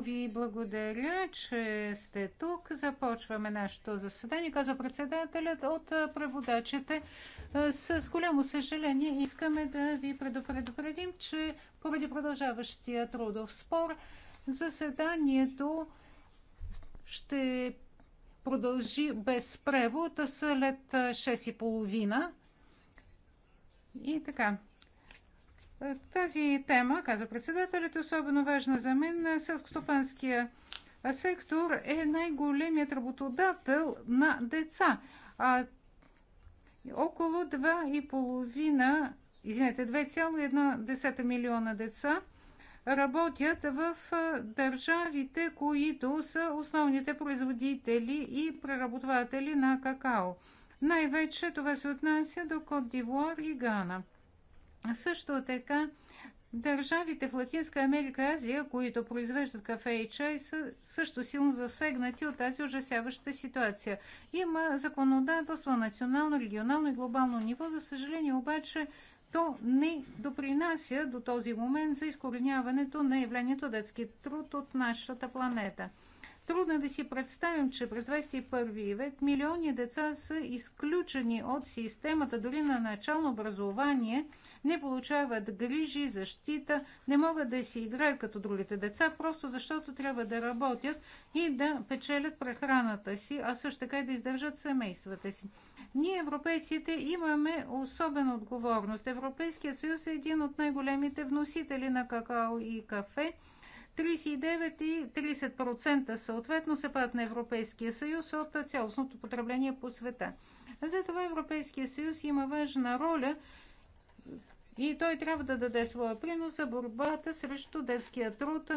ви благодаря, че сте тук. Започваме нашето заседание, каза председателят от преводачите. С голямо съжаление искаме да ви предупредим, че поради продължаващия трудов спор, заседанието ще продължи без превод след 6.30. И така, тази тема, каза председателят, е особено важна за мен. Селскостопанския сектор е най-големият работодател на деца. А, около 2,5, извинете, 2,1 милиона деца работят в държавите, които са основните производители и преработватели на какао. Най-вече това се отнася до Кот Дивуар и Гана – също така, държавите в Латинска Америка и Азия, които произвеждат кафе и чай, са също силно засегнати от тази ужасяваща ситуация. Има законодателство на национално, регионално и глобално ниво. За съжаление обаче, то не допринася до този момент за изкореняването на явлението детски труд от нашата планета. Трудно е да си представим, че през 21 век милиони деца са изключени от системата дори на начално образование – не получават грижи, защита, не могат да си играят като другите деца, просто защото трябва да работят и да печелят прехраната си, а също така и да издържат семействата си. Ние, европейците, имаме особена отговорност. Европейският съюз е един от най-големите вносители на какао и кафе. 39 и 30% съответно се падат на Европейския съюз от цялостното потребление по света. Затова Европейския съюз има важна роля и той трябва да даде своя принос за борбата срещу детския труд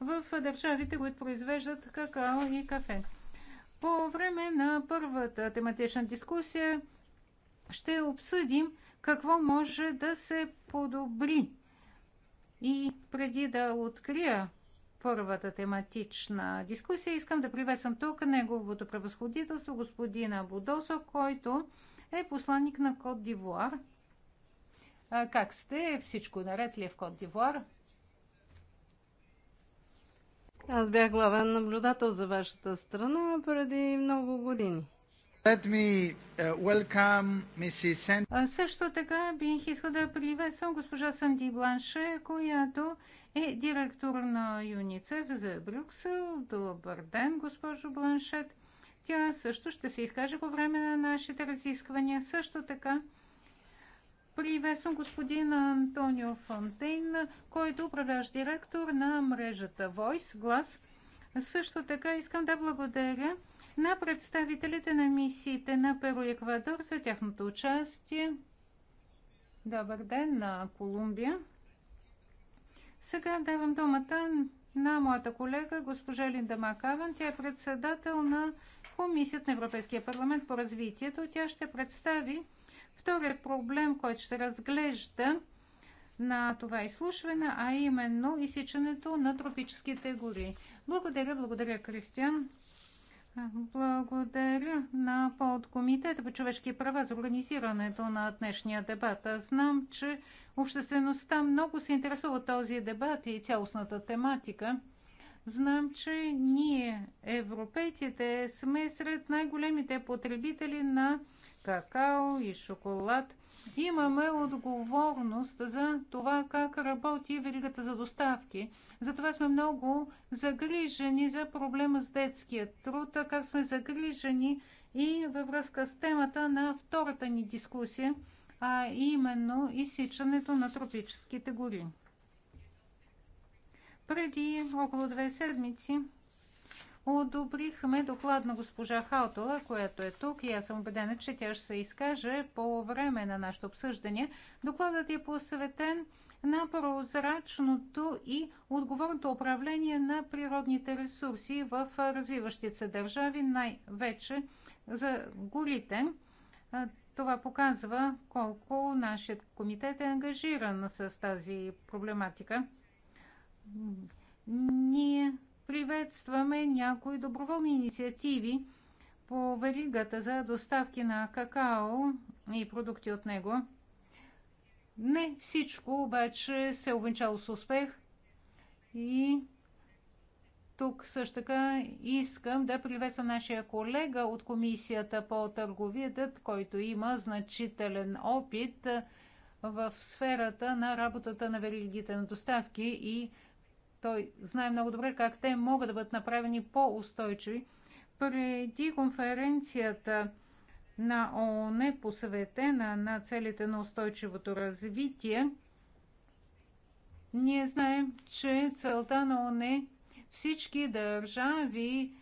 в държавите, които произвеждат какао и кафе. По време на първата тематична дискусия ще обсъдим какво може да се подобри. И преди да открия първата тематична дискусия, искам да приветствам тук неговото превъзходителство, господина Будосо, който е посланник на Кот Дивуар – а, как сте? Всичко наред ли е в Кот Дивуар? Аз бях главен наблюдател за вашата страна преди много години. Let me uh, welcome Mrs. Sand... А също така бих искал да приветствам госпожа Санди Бланше, която е директор на ЮНИЦЕФ за Брюксел. Добър ден, госпожо Бланшет. Тя също ще се изкаже по време на нашите разисквания. Също така Приветствам господин Антонио Фонтейн, който управляващ директор на мрежата Voice, глас. Също така искам да благодаря на представителите на мисиите на Перу и Еквадор за тяхното участие. Добър ден на Колумбия. Сега давам думата на моята колега, госпожа Линда Макаван. Тя е председател на Комисията на Европейския парламент по развитието. Тя ще представи Вторият проблем, който ще разглежда на това изслушване, а именно изсичането на тропическите гори. Благодаря, благодаря, Кристиан. Благодаря на подкомитета по човешки права за организирането на днешния дебат. Аз знам, че обществеността много се интересува този дебат и цялостната тематика. Знам, че ние, европейците, сме сред най-големите потребители на какао и шоколад. Имаме отговорност за това как работи веригата за доставки. Затова сме много загрижени за проблема с детския труд, как сме загрижени и във връзка с темата на втората ни дискусия, а именно изсичането на тропическите гори. Преди около две седмици одобрихме доклад на госпожа Халтола, която е тук и аз съм убедена, че тя ще се изкаже по време на нашето обсъждане. Докладът е посветен на прозрачното и отговорното управление на природните ресурси в развиващите се държави, най-вече за горите. Това показва колко нашият комитет е ангажиран с тази проблематика. Ние Приветстваме някои доброволни инициативи по веригата за доставки на какао и продукти от него. Не всичко обаче се е увенчало с успех и тук също така искам да приветствам нашия колега от Комисията по търговията, който има значителен опит в сферата на работата на веригите на доставки и той знае много добре как те могат да бъдат направени по-устойчиви. Преди конференцията на ООН, е посветена на целите на устойчивото развитие, ние знаем, че целта на ООН е всички държави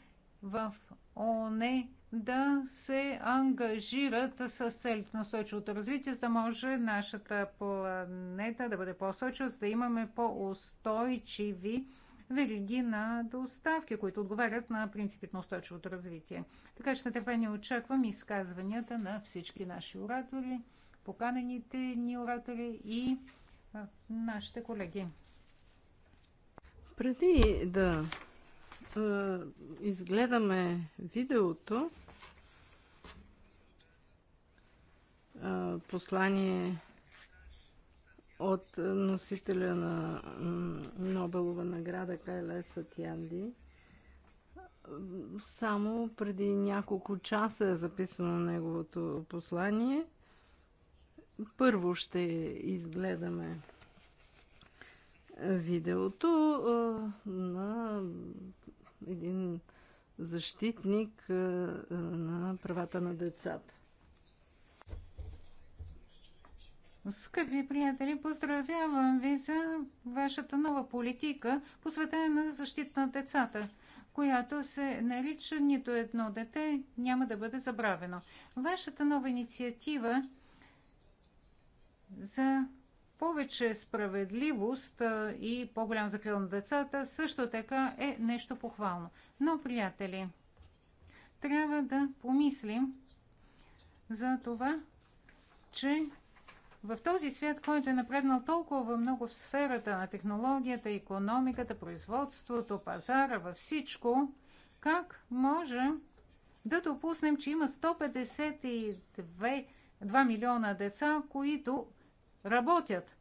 в ООН да се ангажират с целите на устойчивото развитие, за да може нашата планета да бъде по-устойчива, за да имаме по-устойчиви вериги на доставки, които отговарят на принципите на устойчивото развитие. Така че на търпение очаквам изказванията на всички наши оратори, поканените ни оратори и нашите колеги. Преди да изгледаме видеото, послание от носителя на Нобелова награда Кайле Сатянди. Само преди няколко часа е записано неговото послание. Първо ще изгледаме видеото на един защитник на правата на децата. Скъпи приятели, поздравявам ви за вашата нова политика, посветена на защита на децата, която се нарича нито едно дете няма да бъде забравено. Вашата нова инициатива за повече справедливост и по-голям закрил на децата също така е нещо похвално. Но, приятели, трябва да помислим за това, че в този свят, който е напреднал толкова много в сферата на технологията, економиката, производството, пазара, във всичко, как може да допуснем, че има 152 милиона деца, които работят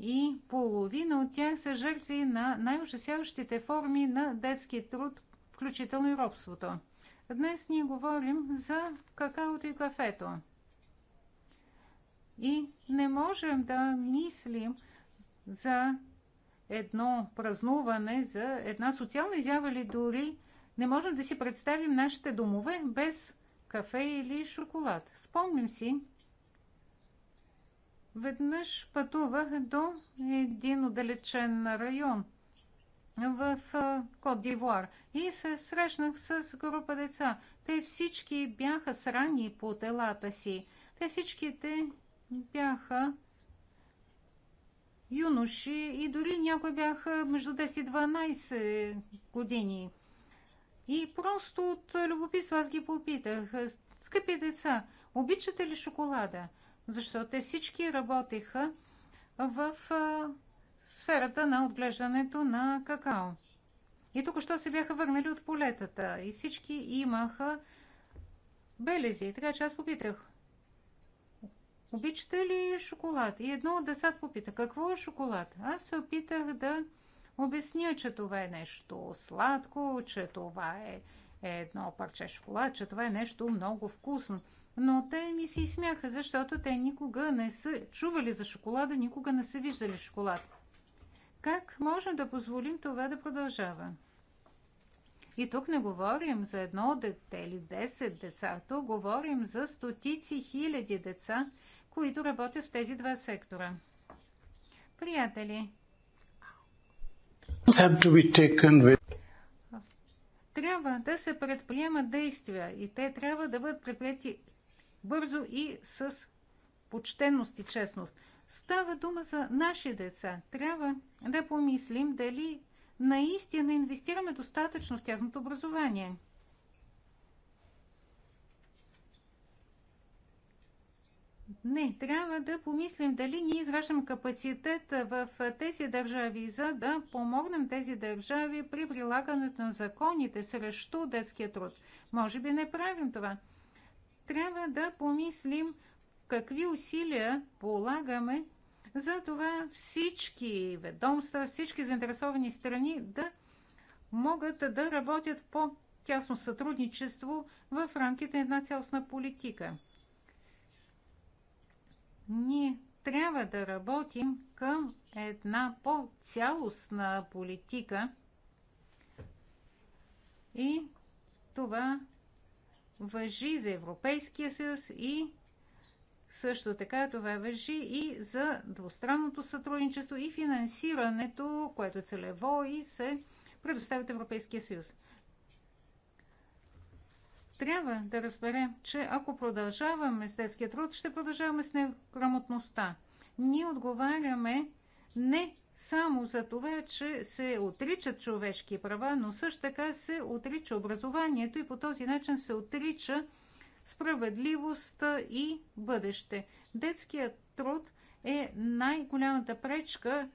и половина от тях са жертви на най-ужасяващите форми на детски труд, включително и робството. Днес ние говорим за какаото и кафето. И не можем да мислим за едно празнуване, за една социална изява или дори не можем да си представим нашите домове без кафе или шоколад. Спомним си, веднъж пътувах до един отдалечен район в Кот Дивуар и се срещнах с група деца. Те всички бяха срани по телата си. Те всичките бяха юноши и дори някои бяха между 10 и 12 години. И просто от любопитство аз ги попитах, скъпи деца, обичате ли шоколада? Защото те всички работеха в сферата на отглеждането на какао. И тук що се бяха върнали от полетата и всички имаха белези. Така че аз попитах, обичате ли шоколад? И едно от децата попита, какво е шоколад? Аз се опитах да обясня, че това е нещо сладко, че това е едно парче шоколад, че това е нещо много вкусно. Но те ми се смяха, защото те никога не са чували за шоколада, никога не са виждали шоколад. Как можем да позволим това да продължава? И тук не говорим за едно дете или 10 деца, тук говорим за стотици хиляди деца, които работят в тези два сектора. Приятели, трябва да се предприемат действия и те трябва да бъдат предприяти бързо и с почтеност и честност. Става дума за наши деца. Трябва да помислим дали наистина инвестираме достатъчно в тяхното образование. Не, трябва да помислим дали ние изграждаме капацитет в тези държави, за да помогнем тези държави при прилагането на законите срещу детския труд. Може би не правим това. Трябва да помислим какви усилия полагаме за това всички ведомства, всички заинтересовани страни да могат да работят по тясно сътрудничество в рамките на една цялостна политика. Ние трябва да работим към една по-цялостна политика и това въжи за Европейския съюз и също така това въжи и за двустранното сътрудничество и финансирането, което целево и се предоставят Европейския съюз. Трябва да разберем, че ако продължаваме с детския труд, ще продължаваме с неграмотността. Ние отговаряме не само за това, че се отричат човешки права, но също така се отрича образованието и по този начин се отрича справедливост и бъдеще. Детският труд е най-голямата пречка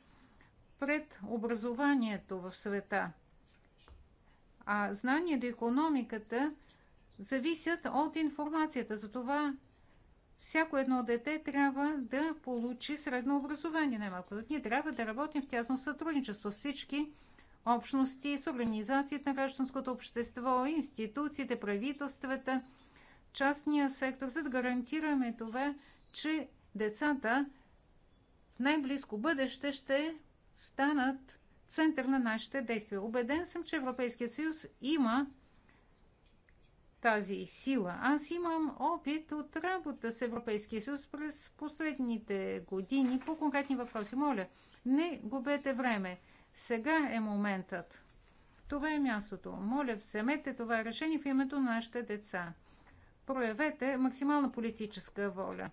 пред образованието в света. А знанието и економиката зависят от информацията. Затова всяко едно дете трябва да получи средно образование. Най-малко ние трябва да работим в тясно сътрудничество с всички общности, с организациите на гражданското общество, институциите, правителствата, частния сектор, за да гарантираме това, че децата в най-близко бъдеще ще станат център на нашите действия. Обеден съм, че Европейския съюз има тази сила. Аз имам опит от работа с Европейския съюз през последните години по конкретни въпроси. Моля, не губете време. Сега е моментът. Това е мястото. Моля, вземете това решение в името на нашите деца. Проявете максимална политическа воля.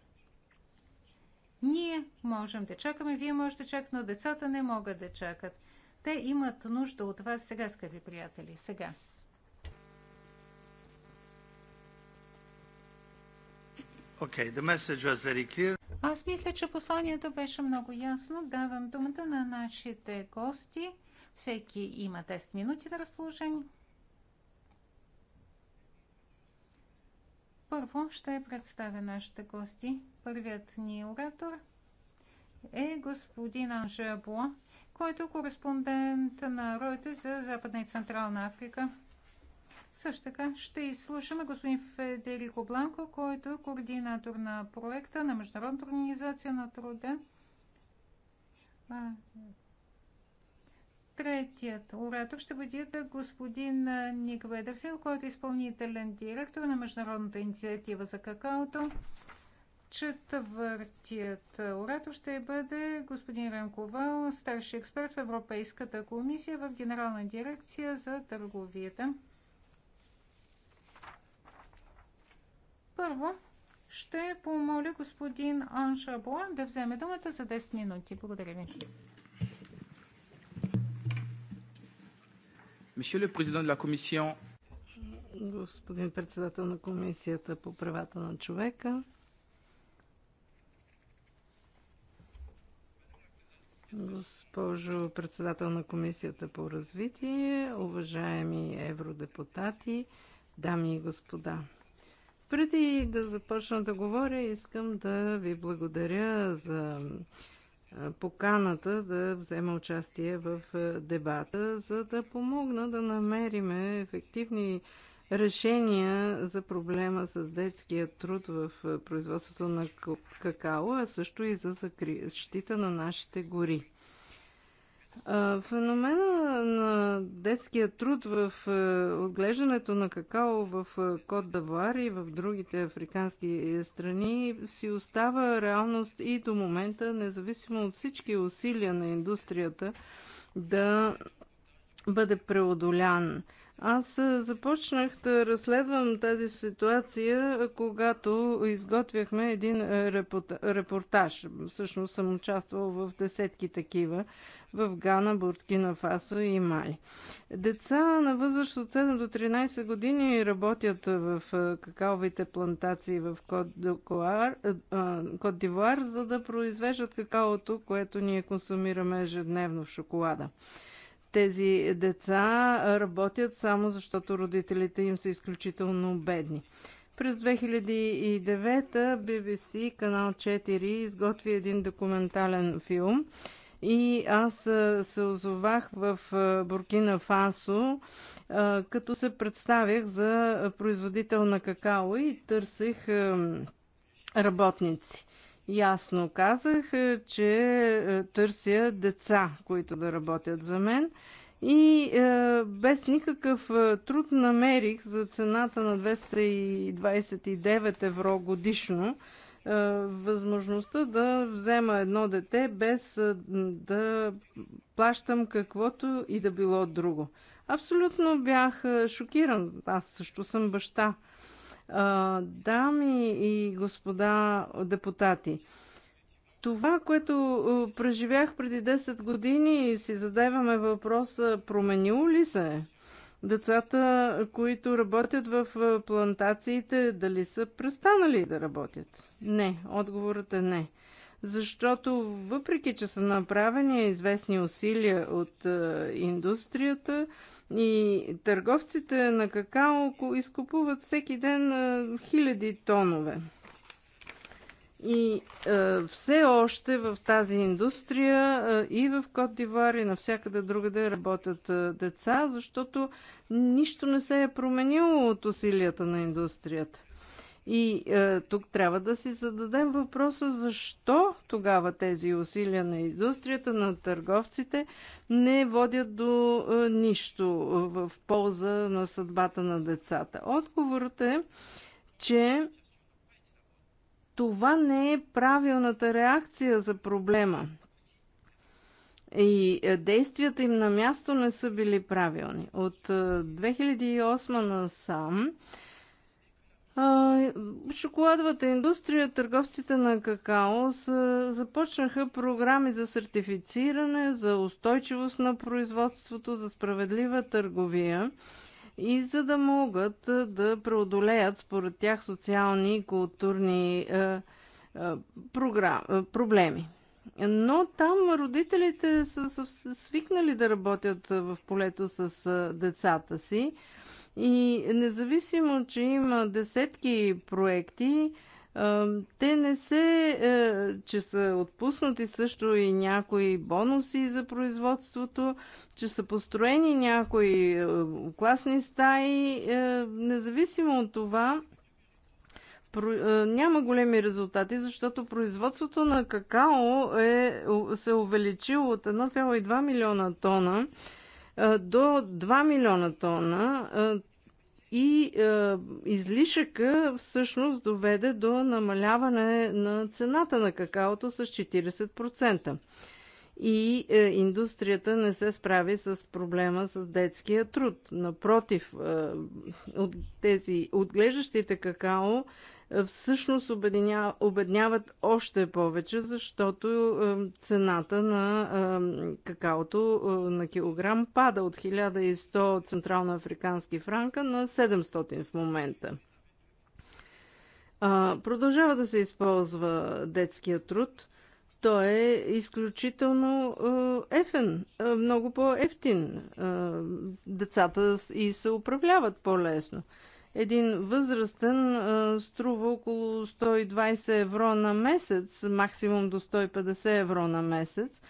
Ние можем да чакаме, вие можете да чакате, но децата не могат да чакат. Те имат нужда от вас сега, скъпи приятели, сега. Okay, the message was very clear. Аз мисля, че посланието беше много ясно. Давам думата на нашите гости. Всеки има 10 минути на разположение. Първо ще представя нашите гости. Първият ни оратор е господин Анже който е кореспондент на Ройте за Западна и Централна Африка – също така ще изслушаме господин Федерико Бланко, който е координатор на проекта на Международната организация на труда. Третият оратор ще бъде господин Ник Ведерхил, който е изпълнителен директор на Международната инициатива за какаото. Четвъртият оратор ще бъде господин Ренковал, старши експерт в Европейската комисия в Генерална дирекция за търговията. Първо ще помоля господин Анша Боан да вземе думата за 10 минути. Благодаря ви. Господин председател на Комисията по правата на човека, Госпожо председател на Комисията по развитие, уважаеми евродепутати, дами и господа. Преди да започна да говоря, искам да ви благодаря за поканата да взема участие в дебата, за да помогна да намериме ефективни решения за проблема с детския труд в производството на какао, а също и за защита на нашите гори. Феномена на детския труд в е, отглеждането на какао в е, Кот Давар и в другите африкански е, страни си остава реалност и до момента, независимо от всички усилия на индустрията да бъде преодолян. Аз започнах да разследвам тази ситуация, когато изготвяхме един репортаж. Всъщност съм участвал в десетки такива в Гана, Буркина Фасо и май. Деца на възраст от 7 до 13 години работят в какаовите плантации в Кот Дивуар, за да произвеждат какаото, което ние консумираме ежедневно в шоколада. Тези деца работят само защото родителите им са изключително бедни. През 2009 BBC канал 4 изготви един документален филм и аз се озовах в Буркина Фасо, като се представях за производител на какао и търсих работници ясно казах, е, че е, търся деца, които да работят за мен. И е, без никакъв е, труд намерих за цената на 229 евро годишно е, възможността да взема едно дете без да плащам каквото и да било друго. Абсолютно бях шокиран. Аз също съм баща дами и господа депутати, това, което преживях преди 10 години, си задаваме въпроса, променило ли се? Децата, които работят в плантациите, дали са престанали да работят? Не, отговорът е не. Защото въпреки, че са направени известни усилия от индустрията, и търговците на какао изкупуват всеки ден хиляди тонове. И е, все още в тази индустрия е, и в Кот Дивар и навсякъде другаде работят е, деца, защото нищо не се е променило от усилията на индустрията. И е, тук трябва да си зададем въпроса защо тогава тези усилия на индустрията, на търговците не водят до е, нищо в полза на съдбата на децата. Отговорът е, че това не е правилната реакция за проблема. И е, действията им на място не са били правилни. От 2008 е, насам сам Шоколадовата индустрия, търговците на какао са, започнаха програми за сертифициране, за устойчивост на производството, за справедлива търговия и за да могат да преодолеят според тях социални и културни е, е, програм, е, проблеми. Но там родителите са свикнали да работят в полето с децата си и независимо, че има десетки проекти, те не се, е, че са отпуснати също и някои бонуси за производството, че са построени някои е, класни стаи. Е, независимо от това, няма големи резултати, защото производството на какао е, се увеличило от 1,2 милиона тона до 2 милиона тона и излишъка всъщност доведе до намаляване на цената на какаото с 40%. И е, индустрията не се справи с проблема с детския труд. Напротив, е, от тези отглеждащите какао е, всъщност обедняват още повече, защото е, цената на е, какаото на килограм пада от 1100 централноафрикански франка на 700 в момента. Продължава да се използва детския труд. Той е изключително ефен, много по-ефтин. Децата и се управляват по-лесно един възрастен струва около 120 евро на месец, максимум до 150 евро на месец.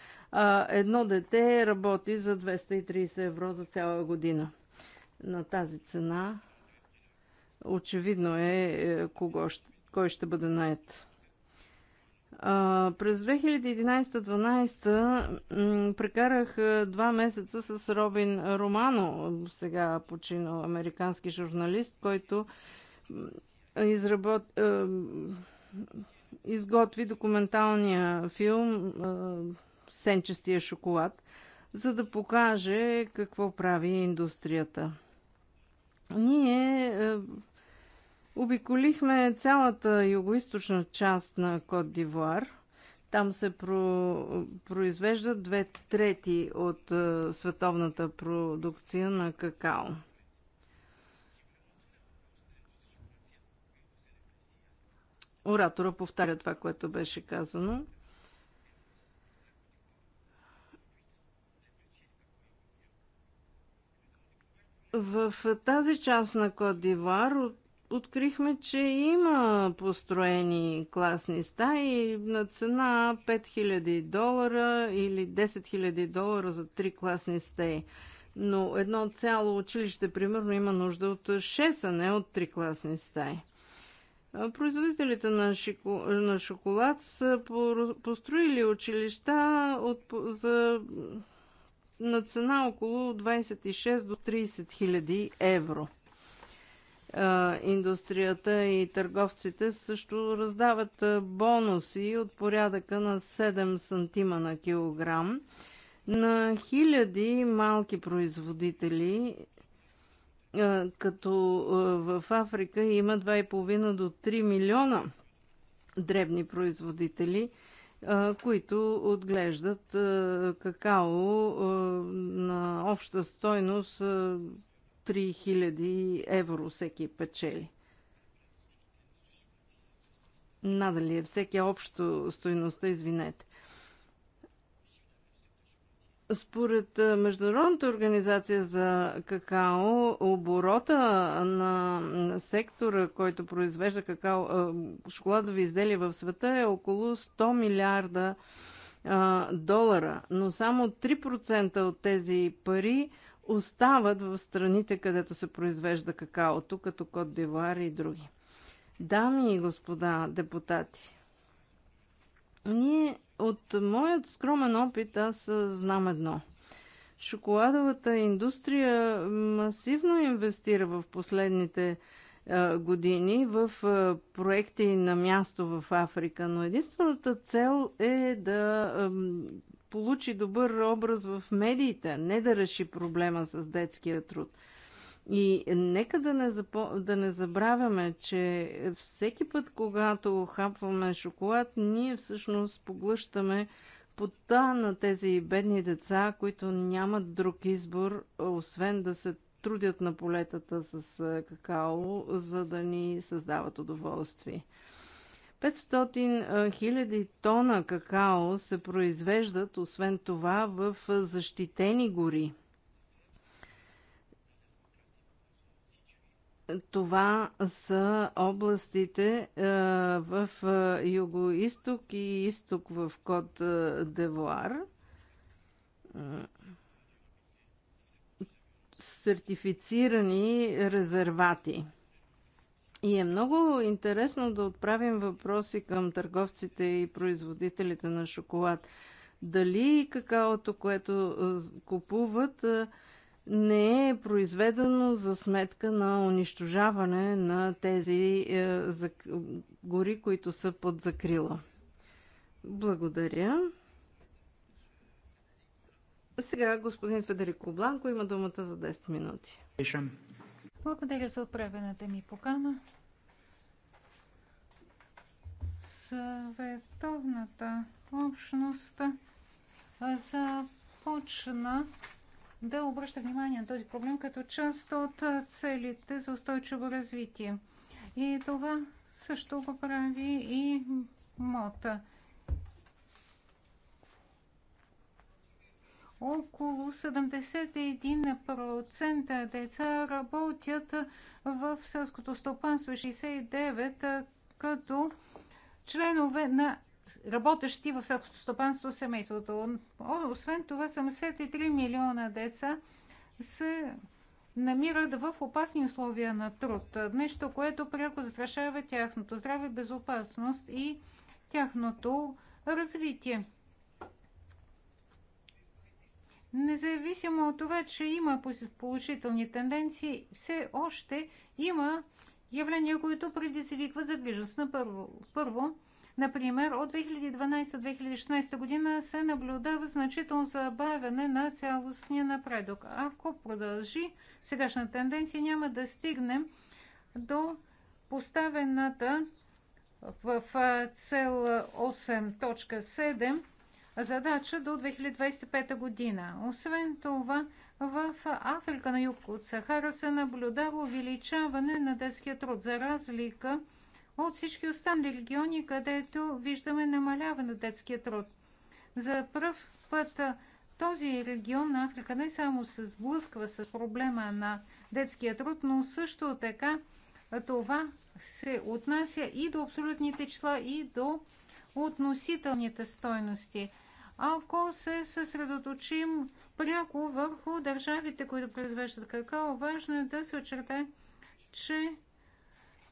Едно дете работи за 230 евро за цяла година. На тази цена очевидно е, е кого кой ще бъде наед през 2011-2012 прекарах два месеца с Робин Романо, сега починал американски журналист, който изработ... изготви документалния филм Сенчестия шоколад, за да покаже какво прави индустрията. Ние Обиколихме цялата югоисточна част на Кот Дивуар. Там се про... произвеждат две трети от е, световната продукция на какао. Оратора повтаря това, което беше казано. В тази част на Кот Дивуар от открихме, че има построени класни стаи на цена 5000 долара или 10 000 долара за три класни стаи. Но едно цяло училище, примерно, има нужда от 6, а не от три класни стаи. Производителите на, шико... на шоколад са построили училища от... за... на цена около 26 до 30 000 евро – индустрията и търговците също раздават бонуси от порядъка на 7 сантима на килограм на хиляди малки производители, като в Африка има 2,5 до 3 милиона дребни производители, които отглеждат какао на обща стойност 3000 евро всеки печели. Надали е всеки общо стоиността, извинете. Според Международната организация за какао, оборота на сектора, който произвежда какао, шоколадови изделия в света е около 100 милиарда долара, но само 3% от тези пари остават в страните, където се произвежда какаото, като Кот Дивуар и други. Дами и господа депутати, ние от моят скромен опит аз знам едно. Шоколадовата индустрия масивно инвестира в последните години в проекти на място в Африка, но единствената цел е да получи добър образ в медиите, не да реши проблема с детския труд. И нека да не, запо... да не забравяме, че всеки път, когато хапваме шоколад, ние всъщност поглъщаме пота на тези бедни деца, които нямат друг избор, освен да се трудят на полетата с какао, за да ни създават удоволствие. 500 хиляди тона какао се произвеждат, освен това, в защитени гори. Това са областите в юго-исток и изток в Кот Девуар. Сертифицирани резервати – и е много интересно да отправим въпроси към търговците и производителите на шоколад. Дали какаото, което купуват, не е произведено за сметка на унищожаване на тези гори, които са под закрила. Благодаря. Сега господин Федерико Бланко има думата за 10 минути. Благодаря за отправената ми покана. Световната общност започна да обръща внимание на този проблем като част от целите за устойчиво развитие. И това също го прави и МОТА. Около 71% деца работят в селското стопанство 69 като членове на работещи в селското стопанство семейството. Освен това, 73 милиона деца се намират в опасни условия на труд. Нещо, което пряко застрашава тяхното здраве, безопасност и тяхното развитие. Независимо от това, че има положителни тенденции, все още има явления, които предизвикват загриженост. На първо, първо, например, от 2012-2016 година се наблюдава значително забавяне на цялостния напредък. Ако продължи сегашна тенденция, няма да стигнем до поставената в цел 8.7 задача до 2025 година. Освен това, в Африка на юг от Сахара се наблюдава увеличаване на детския труд, за разлика от всички останали региони, където виждаме намаляване на детския труд. За първ път този регион на Африка не само се сблъсква с проблема на детския труд, но също така това се отнася и до абсолютните числа, и до относителните стойности – ако се съсредоточим пряко върху държавите, които произвеждат какао, важно е да се очерта, че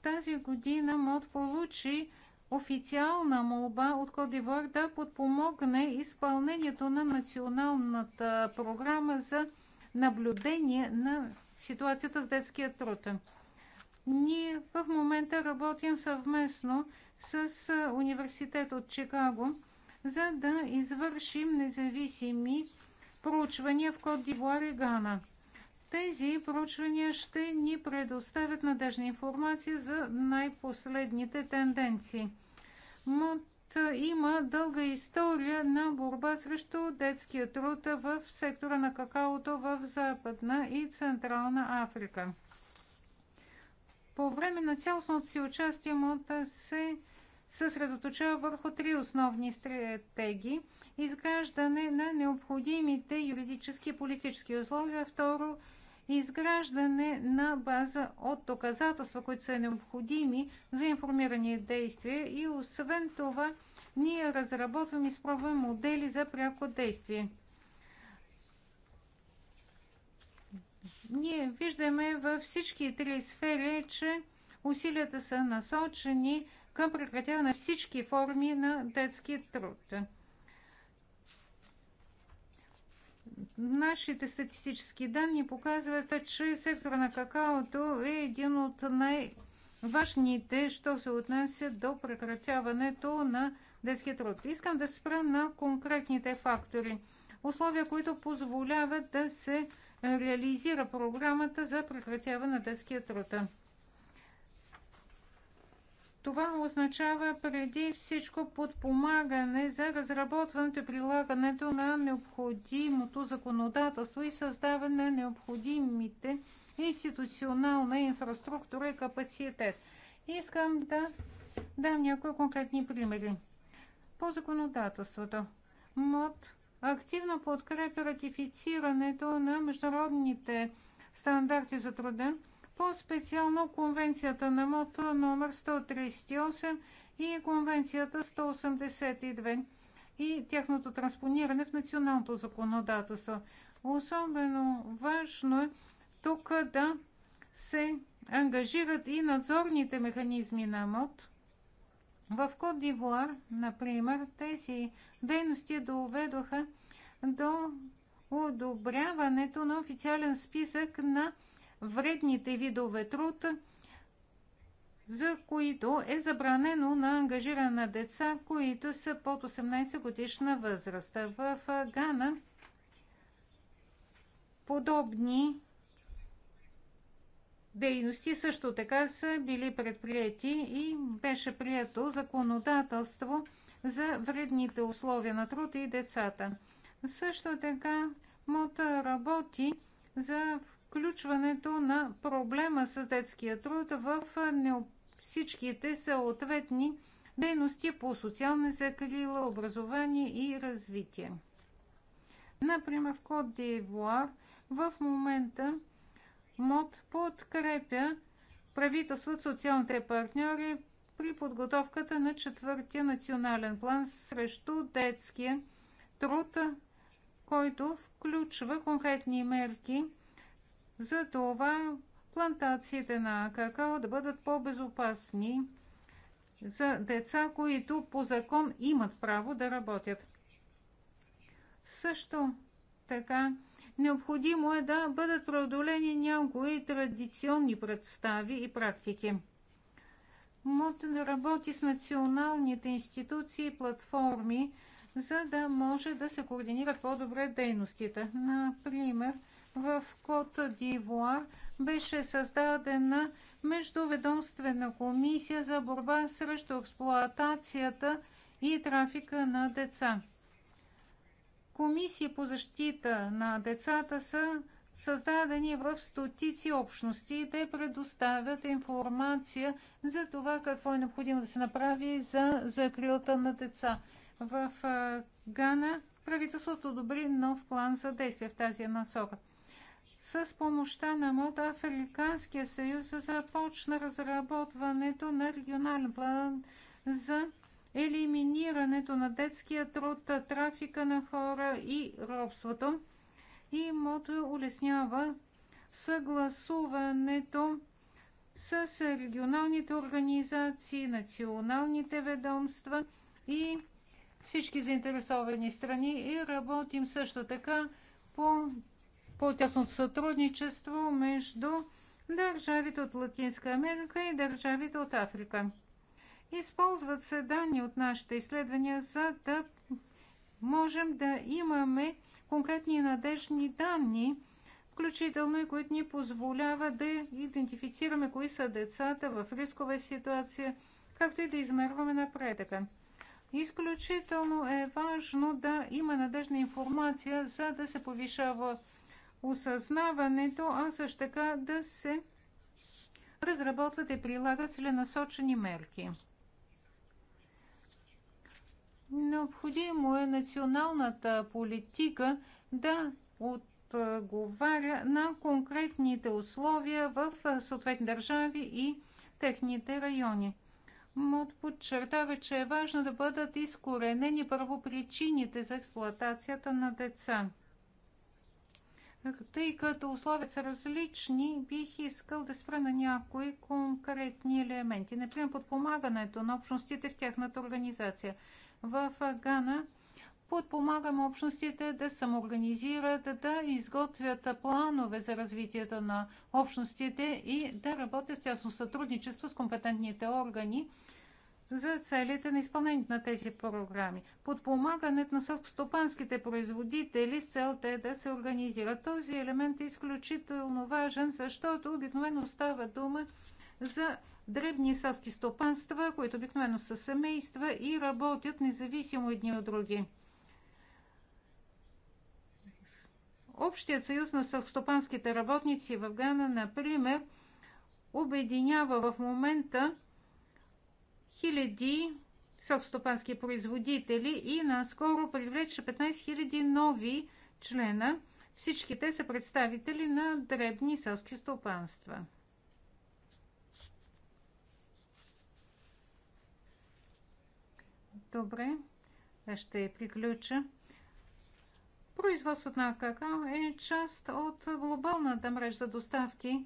тази година МОД получи официална молба от Кодивор да подпомогне изпълнението на националната програма за наблюдение на ситуацията с детския труд. Ние в момента работим съвместно с университет от Чикаго за да извършим независими проучвания в Кот Дивуар и Гана. Тези проучвания ще ни предоставят надежна информация за най-последните тенденции. МОД има дълга история на борба срещу детския труд в сектора на какаото в Западна и Централна Африка. По време на цялостното си участие МОД се съсредоточава върху три основни стратегии. Изграждане на необходимите юридически и политически условия. Второ, изграждане на база от доказателства, които са необходими за информирани действия и освен това ние разработваме и спробваме модели за пряко действие. Ние виждаме във всички три сфери, че усилията са насочени към прекратяване на всички форми на детски труд. Нашите статистически данни показват, че сектора на какаото е един от най-важните, що се отнася до прекратяването на детския труд. Искам да спра на конкретните фактори. Условия, които позволяват да се реализира програмата за прекратяване на детския труд. Това означава преди всичко подпомагане за разработването и прилагането на необходимото законодателство и създаване на необходимите институционална инфраструктура и капацитет. Искам да дам някои конкретни примери. По законодателството. МОД активно подкрепя ратифицирането на международните стандарти за труда по-специално Конвенцията на МОТО номер 138 и Конвенцията 182 и тяхното транспониране в националното законодателство. Особено важно е тук да се ангажират и надзорните механизми на МОД. В код Дивуар, например, тези дейности доведоха до одобряването на официален списък на вредните видове труд, за които е забранено на ангажирана на деца, които са под 18 годишна възраст. В Гана подобни дейности също така са били предприяти и беше прието законодателство за вредните условия на труд и децата. Също така МОТ работи за включването на проблема с детския труд в всичките съответни дейности по социална закрила, образование и развитие. Например, в Код Дивуар в момента МОД подкрепя от социалните партньори при подготовката на четвъртия национален план срещу детския труд, който включва конкретни мерки за това плантациите на какао да бъдат по-безопасни за деца, които по закон имат право да работят. Също така необходимо е да бъдат преодолени някои традиционни представи и практики. МОД работи с националните институции и платформи, за да може да се координират по-добре дейностите. Например, в Кот Дивуа беше създадена Междуведомствена комисия за борба срещу експлоатацията и трафика на деца. Комисии по защита на децата са създадени в стотици общности и те предоставят информация за това какво е необходимо да се направи за закрилата на деца. В Гана правителството одобри нов план за действие в тази насока. С помощта на МОД Африканския съюз започна разработването на регионален план за елиминирането на детския труд, трафика на хора и робството. И МОД улеснява съгласуването с регионалните организации, националните ведомства и всички заинтересовани страни и работим също така по по-тясното сътрудничество между държавите от Латинска Америка и държавите от Африка. Използват се данни от нашите изследвания, за да можем да имаме конкретни надежни данни, включително и които ни позволяват да идентифицираме кои са децата в рискова ситуация, както и да измерваме напредъка. Изключително е важно да има надежна информация, за да се повишава осъзнаването, а също така да се разработват и прилагат целенасочени мерки. Необходимо е националната политика да отговаря на конкретните условия в съответни държави и техните райони. МОД подчертава, че е важно да бъдат изкоренени първопричините за експлоатацията на деца – тъй като условията са различни, бих искал да спра на някои конкретни елементи. Например, подпомагането на общностите в тяхната организация. В Гана подпомагаме общностите да самоорганизират, да изготвят планове за развитието на общностите и да работят в тясно сътрудничество с компетентните органи за целите на изпълнението на тези програми. Подпомагането на селскостопанските производители с цел те да се организират. Този елемент е изключително важен, защото обикновено става дума за дребни селски стопанства, които обикновено са семейства и работят независимо едни от други. Общият съюз на селскостопанските работници в Гана, например, обединява в момента хиляди селскостопански производители и наскоро привлече 15 000 нови члена. Всички те са представители на дребни селски стопанства. Добре, ще приключа. Производството на какао е част от глобалната мрежа за доставки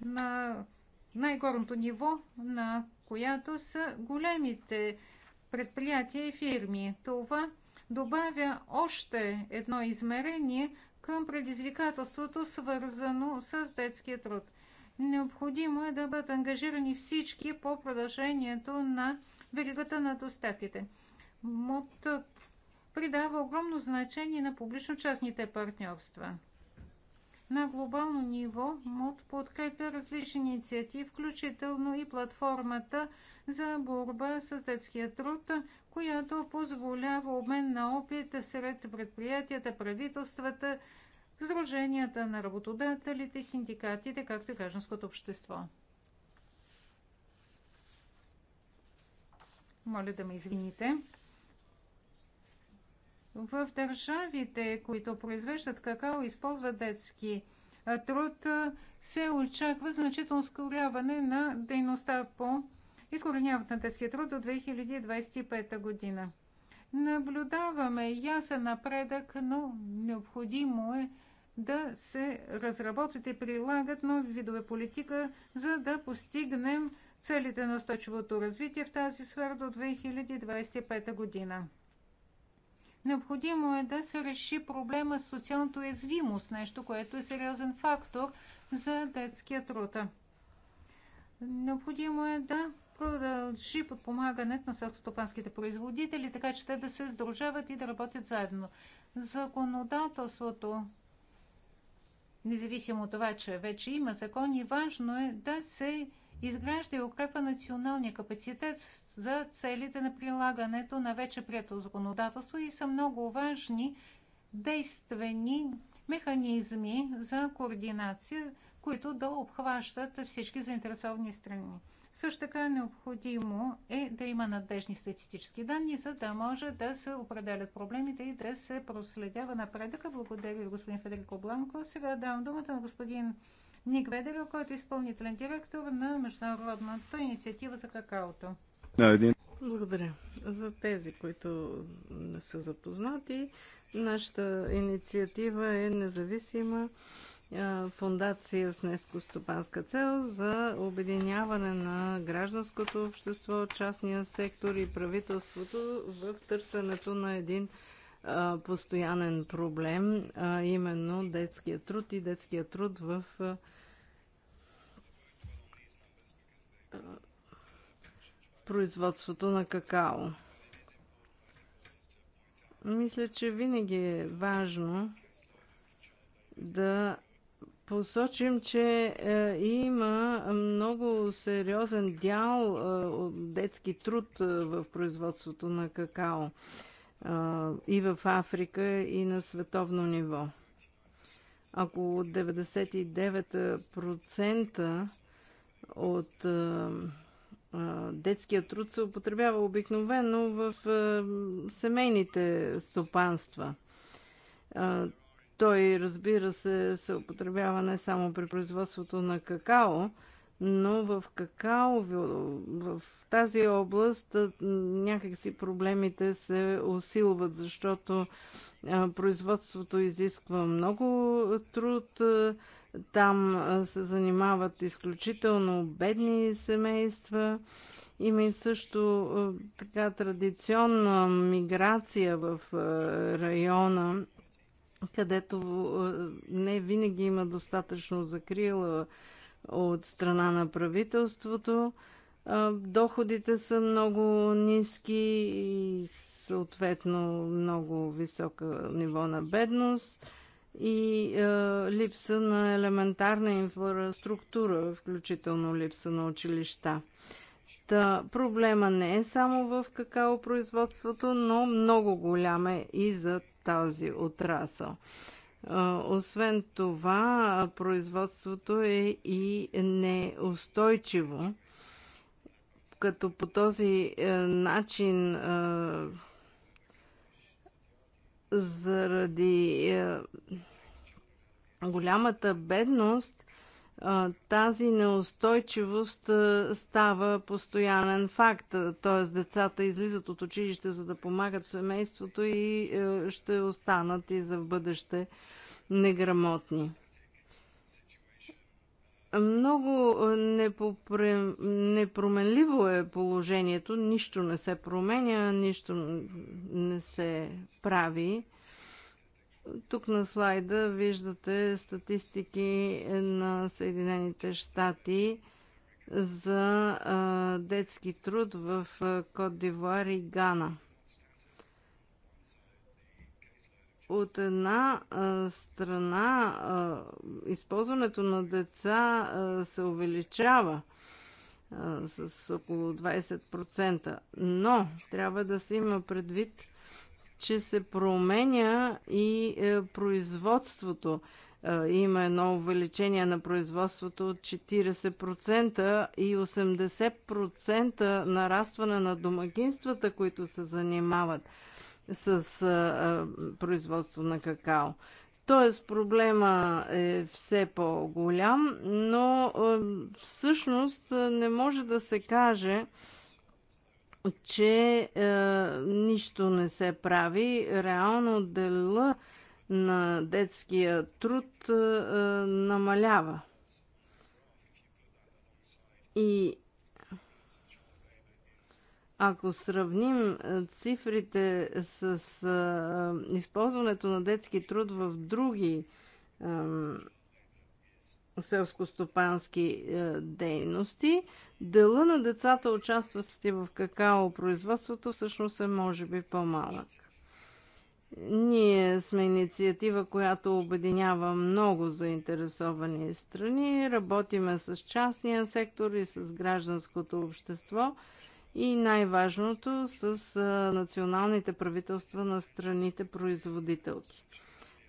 на най-горното ниво на която са големите предприятия и фирми. Това добавя още едно измерение към предизвикателството, свързано с детския труд. Необходимо е да бъдат ангажирани всички по продължението на веригата на доставките. МОТ придава огромно значение на публично-частните партньорства на глобално ниво МОД подкрепя различни инициативи, включително и платформата за борба с детския труд, която позволява обмен на опит сред предприятията, правителствата, сдруженията на работодателите, синдикатите, както и гражданското общество. Моля да ме извините. В държавите, които произвеждат какао, използват детски труд, се очаква значително скоряване на дейността по изкореняването на детския труд до 2025 година. Наблюдаваме ясен напредък, но необходимо е да се разработят и прилагат нови видове политика, за да постигнем целите на устойчивото развитие в тази сфера до 2025 година. Необходимо е да се реши проблема с социалната уязвимост, нещо, което е сериозен фактор за детския труд. Необходимо е да продължи подпомагането на селскостопанските производители, така че те да се сдружават и да работят заедно. Законодателството, независимо от това, че вече има закони, важно е да се изгражда и укрепва националния капацитет за целите на прилагането на вече прието законодателство и са много важни действени механизми за координация, които да обхващат всички заинтересовани страни. Също така необходимо е да има надежни статистически данни, за да може да се определят проблемите и да се проследява напредъка. Благодаря ви, господин Федерико Бланко. Сега давам думата на господин Ник Ведерил, който е изпълнителен директор на Международната инициатива за какаото. Благодаря. За тези, които не са запознати, нашата инициатива е независима фундация с нескостопанска цел за обединяване на гражданското общество, частния сектор и правителството в търсенето на един постоянен проблем, а именно детския труд и детския труд в производството на какао. Мисля, че винаги е важно да посочим, че е, има много сериозен дял е, детски труд е, в производството на какао е, и в Африка, и на световно ниво. Ако 99% от е, детския труд се употребява обикновено в семейните стопанства. Той, разбира се, се употребява не само при производството на какао, но в какао, в тази област някакси проблемите се усилват, защото производството изисква много труд, там се занимават изключително бедни семейства. Има и също така традиционна миграция в района, където не винаги има достатъчно закрила от страна на правителството. Доходите са много ниски и съответно много високо ниво на бедност и е, липса на елементарна инфраструктура, включително липса на училища. Та, проблема не е само в производството, но много голям е и за тази отрасъл. Е, освен това, производството е и неустойчиво, като по този е, начин е, заради е, голямата бедност е, тази неустойчивост е, става постоянен факт. Т.е. децата излизат от училище, за да помагат в семейството и ще останат и за в бъдеще неграмотни. Много непроменливо е положението. Нищо не се променя, нищо не се прави. Тук на слайда виждате статистики на Съединените щати за детски труд в Кот Дивуар и Гана. От една страна използването на деца се увеличава с около 20%, но трябва да се има предвид, че се променя и е, производството. Има едно увеличение на производството от 40% и 80% нарастване на домакинствата, които се занимават с а, а, производство на какао. Тоест проблема е все по-голям, но а, всъщност не може да се каже, че а, нищо не се прави. Реално дела на детския труд а, намалява. И ако сравним е, цифрите с е, е, използването на детски труд в други селскостопански дейности, дела на децата, участващи в какао производството, всъщност е може би по-малък. Ние сме инициатива, която обединява много заинтересовани страни. Работиме с частния сектор и с гражданското общество – и най-важното с националните правителства на страните производителки.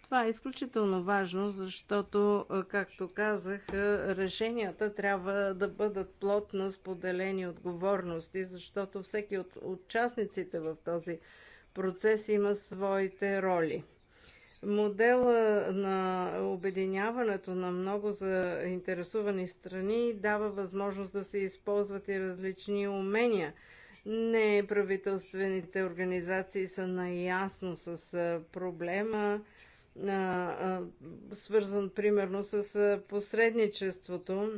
Това е изключително важно, защото, както казах, решенията трябва да бъдат плотно споделени отговорности, защото всеки от участниците в този процес има своите роли. Модела на обединяването на много заинтересувани страни дава възможност да се използват и различни умения. Не правителствените организации са наясно с проблема, свързан примерно с посредничеството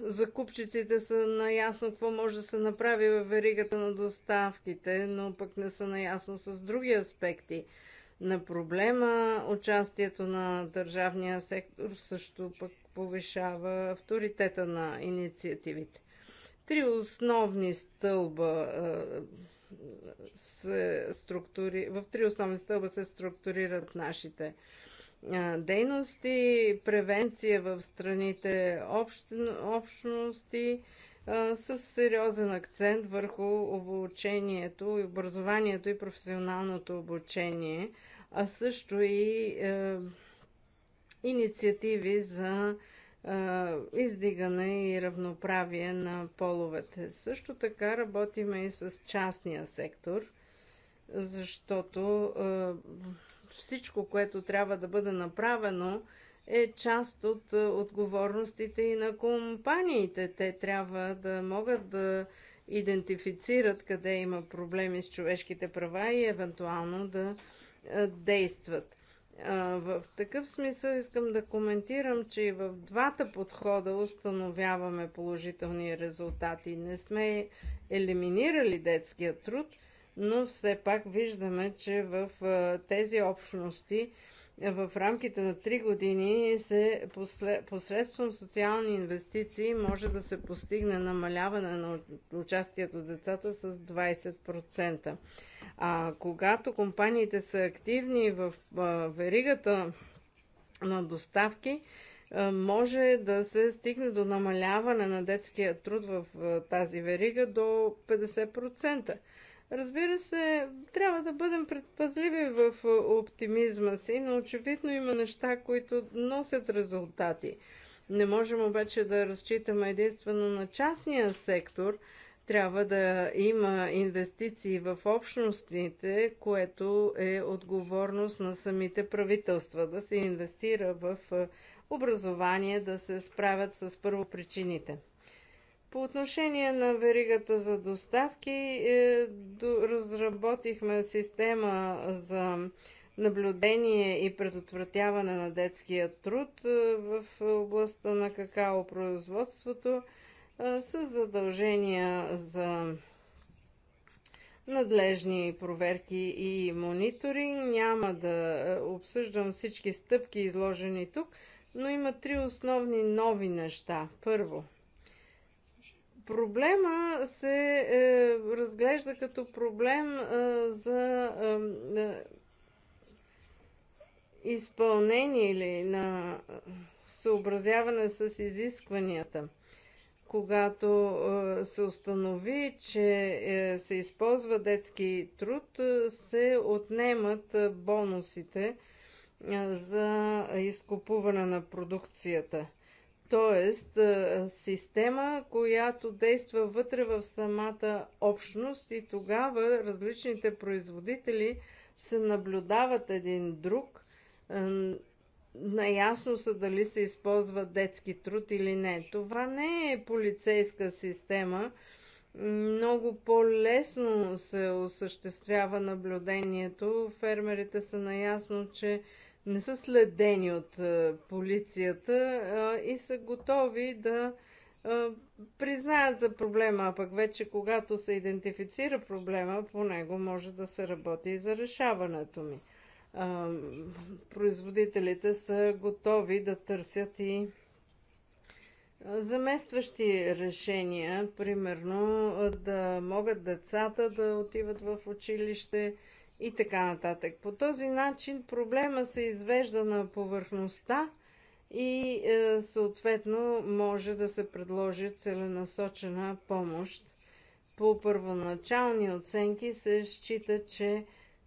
закупчиците са наясно какво може да се направи в веригата на доставките, но пък не са наясно с други аспекти на проблема. Участието на държавния сектор също пък повишава авторитета на инициативите. Три основни стълба е, се структури... в три основни стълба се структурират нашите дейности, превенция в страните общности с сериозен акцент върху обучението и образованието и професионалното обучение, а също и е, инициативи за е, издигане и равноправие на половете. Също така работиме и с частния сектор, защото е, всичко, което трябва да бъде направено, е част от е, отговорностите и на компаниите. Те трябва да могат да идентифицират къде има проблеми с човешките права и евентуално да е, действат. В такъв смисъл искам да коментирам, че и в двата подхода установяваме положителни резултати. Не сме елиминирали детския труд – но все пак виждаме, че в тези общности в рамките на 3 години се посредством социални инвестиции може да се постигне намаляване на участието в децата с 20%. А когато компаниите са активни в веригата на доставки, може да се стигне до намаляване на детския труд в тази верига до 50%. Разбира се, трябва да бъдем предпазливи в е, оптимизма си, но очевидно има неща, които носят резултати. Не можем обаче да разчитаме единствено на частния сектор. Трябва да има инвестиции в общностите, което е отговорност на самите правителства. Да се инвестира в е, образование, да се справят с първопричините. По отношение на веригата за доставки, е, разработихме система за наблюдение и предотвратяване на детския труд е, в областта на какао-производството е, с задължения за надлежни проверки и мониторинг. Няма да обсъждам всички стъпки изложени тук, но има три основни нови неща. Първо – Проблема се е, разглежда като проблем е, за е, е изпълнение или на е, съобразяване с изискванията. Когато е, се установи, че е, се използва детски труд, е, се отнемат бонусите за изкупуване на продукцията. Тоест, система, която действа вътре в самата общност и тогава различните производители се наблюдават един друг, наясно са дали се използва детски труд или не. Това не е полицейска система. Много по-лесно се осъществява наблюдението. Фермерите са наясно, че не са следени от е, полицията и са готови да признаят за проблема, а пък вече когато се идентифицира проблема, по него може да се работи и за решаването ми. Производителите са готови да търсят и заместващи решения, примерно да могат децата да отиват в училище, и така нататък. По този начин проблема се извежда на повърхността и е, съответно може да се предложи целенасочена помощ. По първоначални оценки се счита, че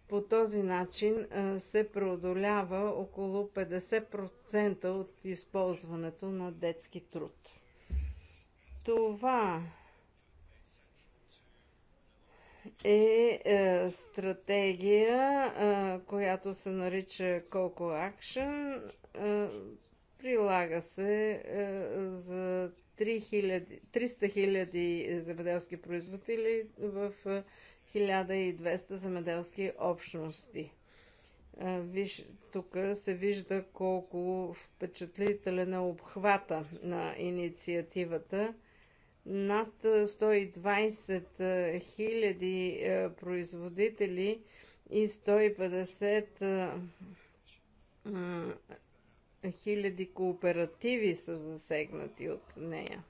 по този начин е, се преодолява около 50% от използването на детски труд. Това е, е стратегия, е, която се нарича Coco Action. Е, прилага се е, за 3000, 300 000 земеделски производители в 1200 е, земеделски общности. Е, виж, тук се вижда колко впечатлителен е обхвата на инициативата – над 120 хиляди производители и 150 хиляди кооперативи са засегнати от нея.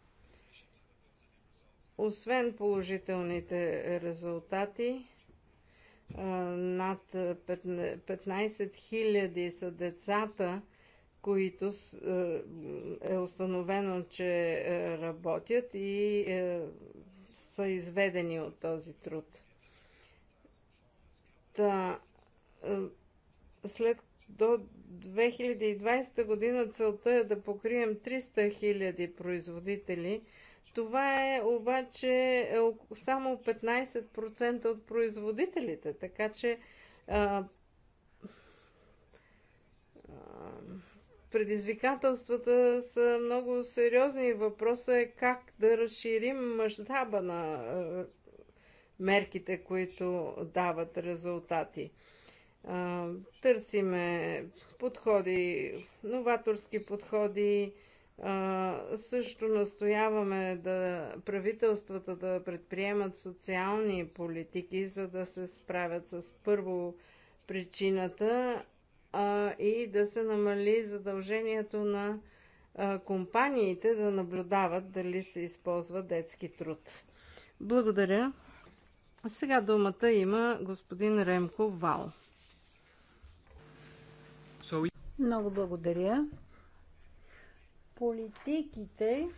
Освен положителните резултати, над 15 000 са децата, които е, е установено, че е, работят и е, са изведени от този труд. Та, след до 2020 година целта е да покрием 300 000 производители. Това е обаче само 15% от производителите, така че Предизвикателствата са много сериозни. Въпросът е как да разширим мащаба на е, мерките, които дават резултати. Търсиме подходи, новаторски подходи. Също настояваме да правителствата да предприемат социални политики, за да се справят с първо причината, а и да се намали задължението на компаниите да наблюдават дали се използва детски труд. Благодаря. Сега думата има господин Ремко Вал. Много благодаря. Политиките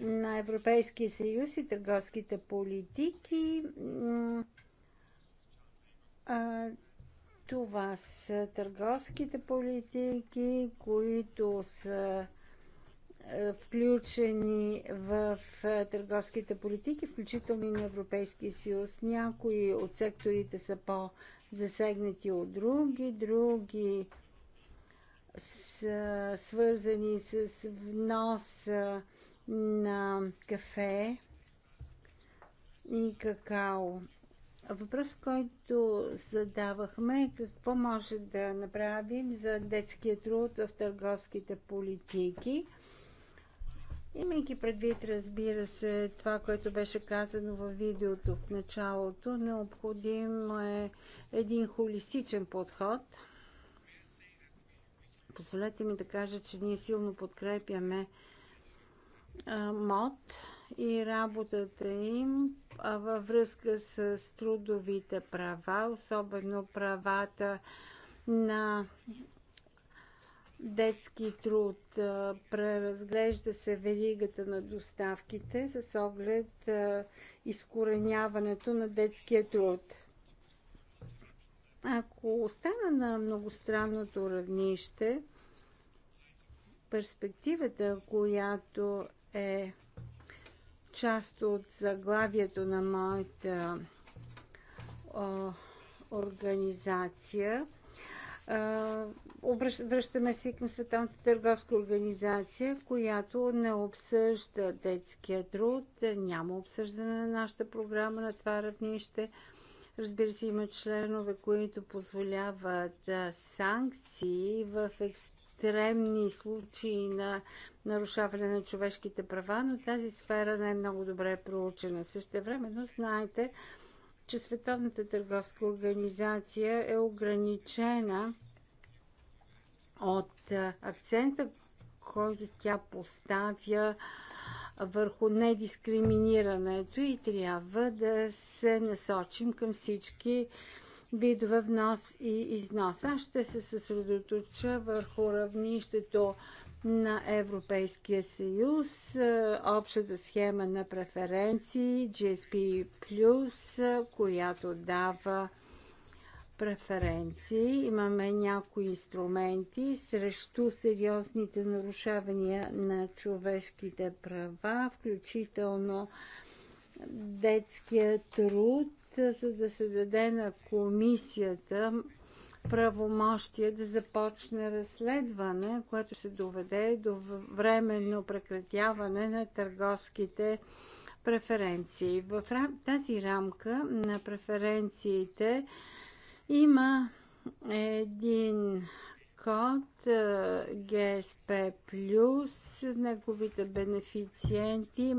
на Европейския съюз и търговските политики това са търговските политики, които са е, включени в е, търговските политики, включително и на Европейския съюз. Някои от секторите са по-засегнати от други, други са свързани с внос на кафе и какао. Въпрос, който задавахме е какво може да направим за детския труд в търговските политики. Имайки предвид, разбира се, това, което беше казано във видеото в началото, необходим е един холистичен подход. Позволете ми да кажа, че ние силно подкрепяме МОД и работата им във връзка с трудовите права, особено правата на детски труд. Преразглежда се веригата на доставките с оглед изкореняването на детския труд. Ако остана на многостранното равнище, перспективата, която е част от заглавието на моята о, организация. Връщаме се към Световната търговска организация, която не обсъжда детския труд. Няма обсъждане на нашата програма на това равнище. Разбира се, има членове, които позволяват санкции в екстремизъм екстремни случаи на нарушаване на човешките права, но тази сфера не е много добре проучена. Също времено знаете, че Световната търговска организация е ограничена от акцента, който тя поставя върху недискриминирането и трябва да се насочим към всички видове внос и износ. Аз ще се съсредоточа върху равнището на Европейския съюз, е, общата схема на преференции GSP+, е, която дава преференции. Имаме някои инструменти срещу сериозните нарушавания на човешките права, включително детския труд за да се даде на комисията правомощие да започне разследване, което ще доведе до временно прекратяване на търговските преференции. В тази рамка на преференциите има един код GSP+, неговите бенефициенти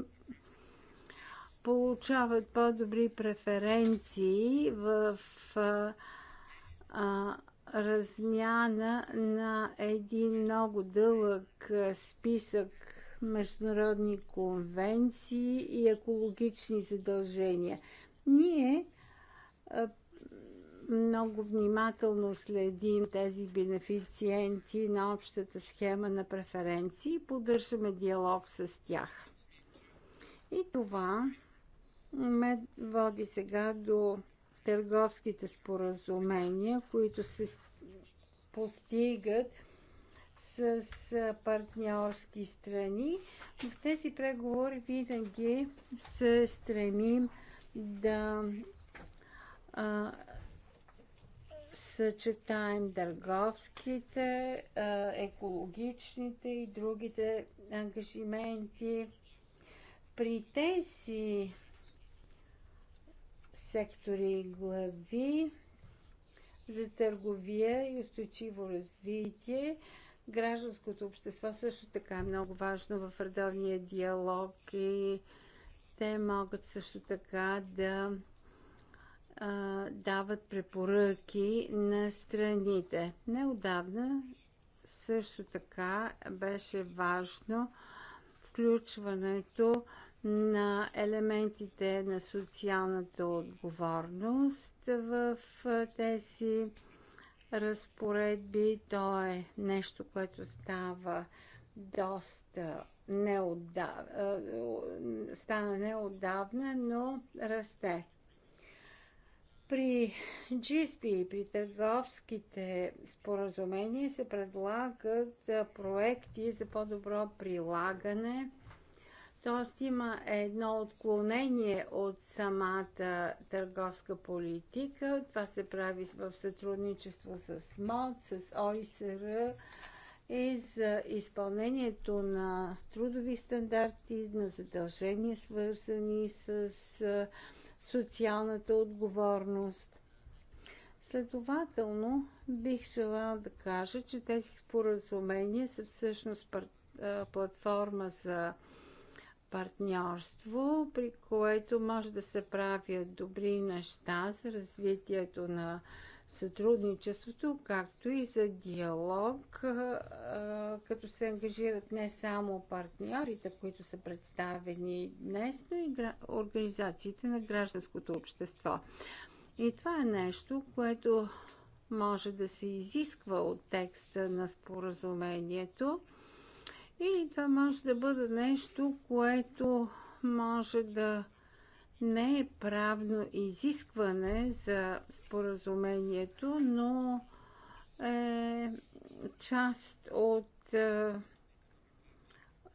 получават по-добри преференции в а, а, размяна на един много дълъг списък международни конвенции и екологични задължения. Ние много внимателно следим тези бенефициенти на общата схема на преференции и поддържаме диалог с тях. И това ме води сега до търговските споразумения, които се постигат с партньорски страни. В тези преговори винаги се стремим да а, съчетаем търговските, а, екологичните и другите ангажименти. При тези сектори и глави за търговия и устойчиво развитие. Гражданското общество също така е много важно в редовния диалог и те могат също така да а, дават препоръки на страните. Неодавна също така беше важно включването на елементите на социалната отговорност в тези разпоредби. То е нещо, което става доста неотдав... стана неотдавна, но расте. При GSP, и при търговските споразумения се предлагат проекти за по-добро прилагане Тоест има едно отклонение от самата търговска политика. Това се прави в сътрудничество с МОД, с ОИСР и за изпълнението на трудови стандарти, на задължения, свързани с социалната отговорност. Следователно, бих желала да кажа, че тези споразумения са всъщност платформа за партньорство, при което може да се правят добри неща за развитието на сътрудничеството, както и за диалог, като се ангажират не само партньорите, които са представени днес, но и организациите на гражданското общество. И това е нещо, което може да се изисква от текста на споразумението. Или това може да бъде нещо, което може да не е правно изискване за споразумението, но е част от е,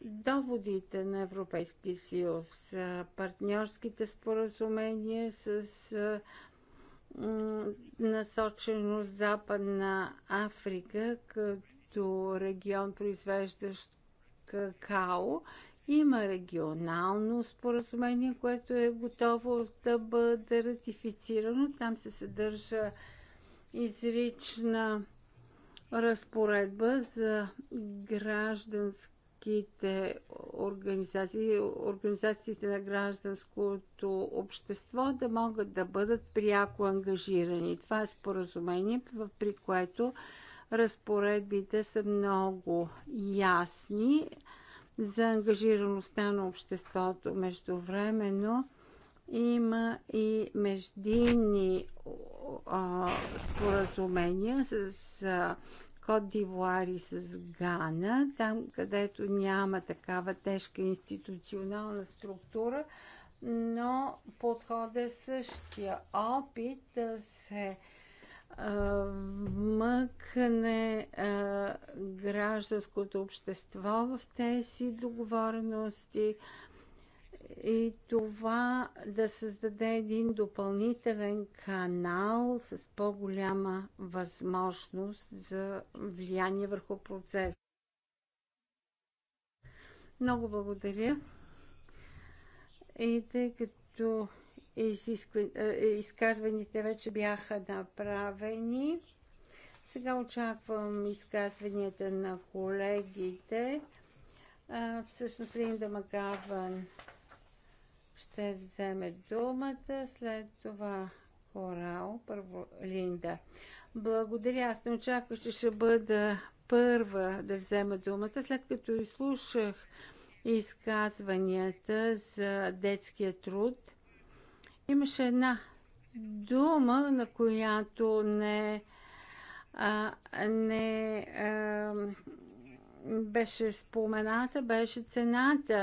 доводите на Европейския съюз, е, партньорските споразумения с е, насоченост Западна Африка като регион, произвеждащ какао. Има регионално споразумение, което е готово да бъде ратифицирано. Там се съдържа изрична разпоредба за гражданските организации, организациите на гражданското общество да могат да бъдат пряко ангажирани. Това е споразумение, при което разпоредбите са много ясни за ангажираността на обществото. Междувременно има и междинни споразумения с а, Кот Дивуар и с Гана, там където няма такава тежка институционална структура, но подходът е същия опит да се а, вмъкне гражданското общество в тези договорености и това да създаде един допълнителен канал с по-голяма възможност за влияние върху процеса. Много благодаря. И тъй като е, изказваните вече бяха направени. Сега очаквам изказванията на колегите. всъщност Линда Магаван ще вземе думата, след това Корал, първо Линда. Благодаря, аз не очаквах, че ще бъда първа да взема думата, след като изслушах изказванията за детския труд – Имаше една дума, на която не, а, не а, беше спомената, беше цената,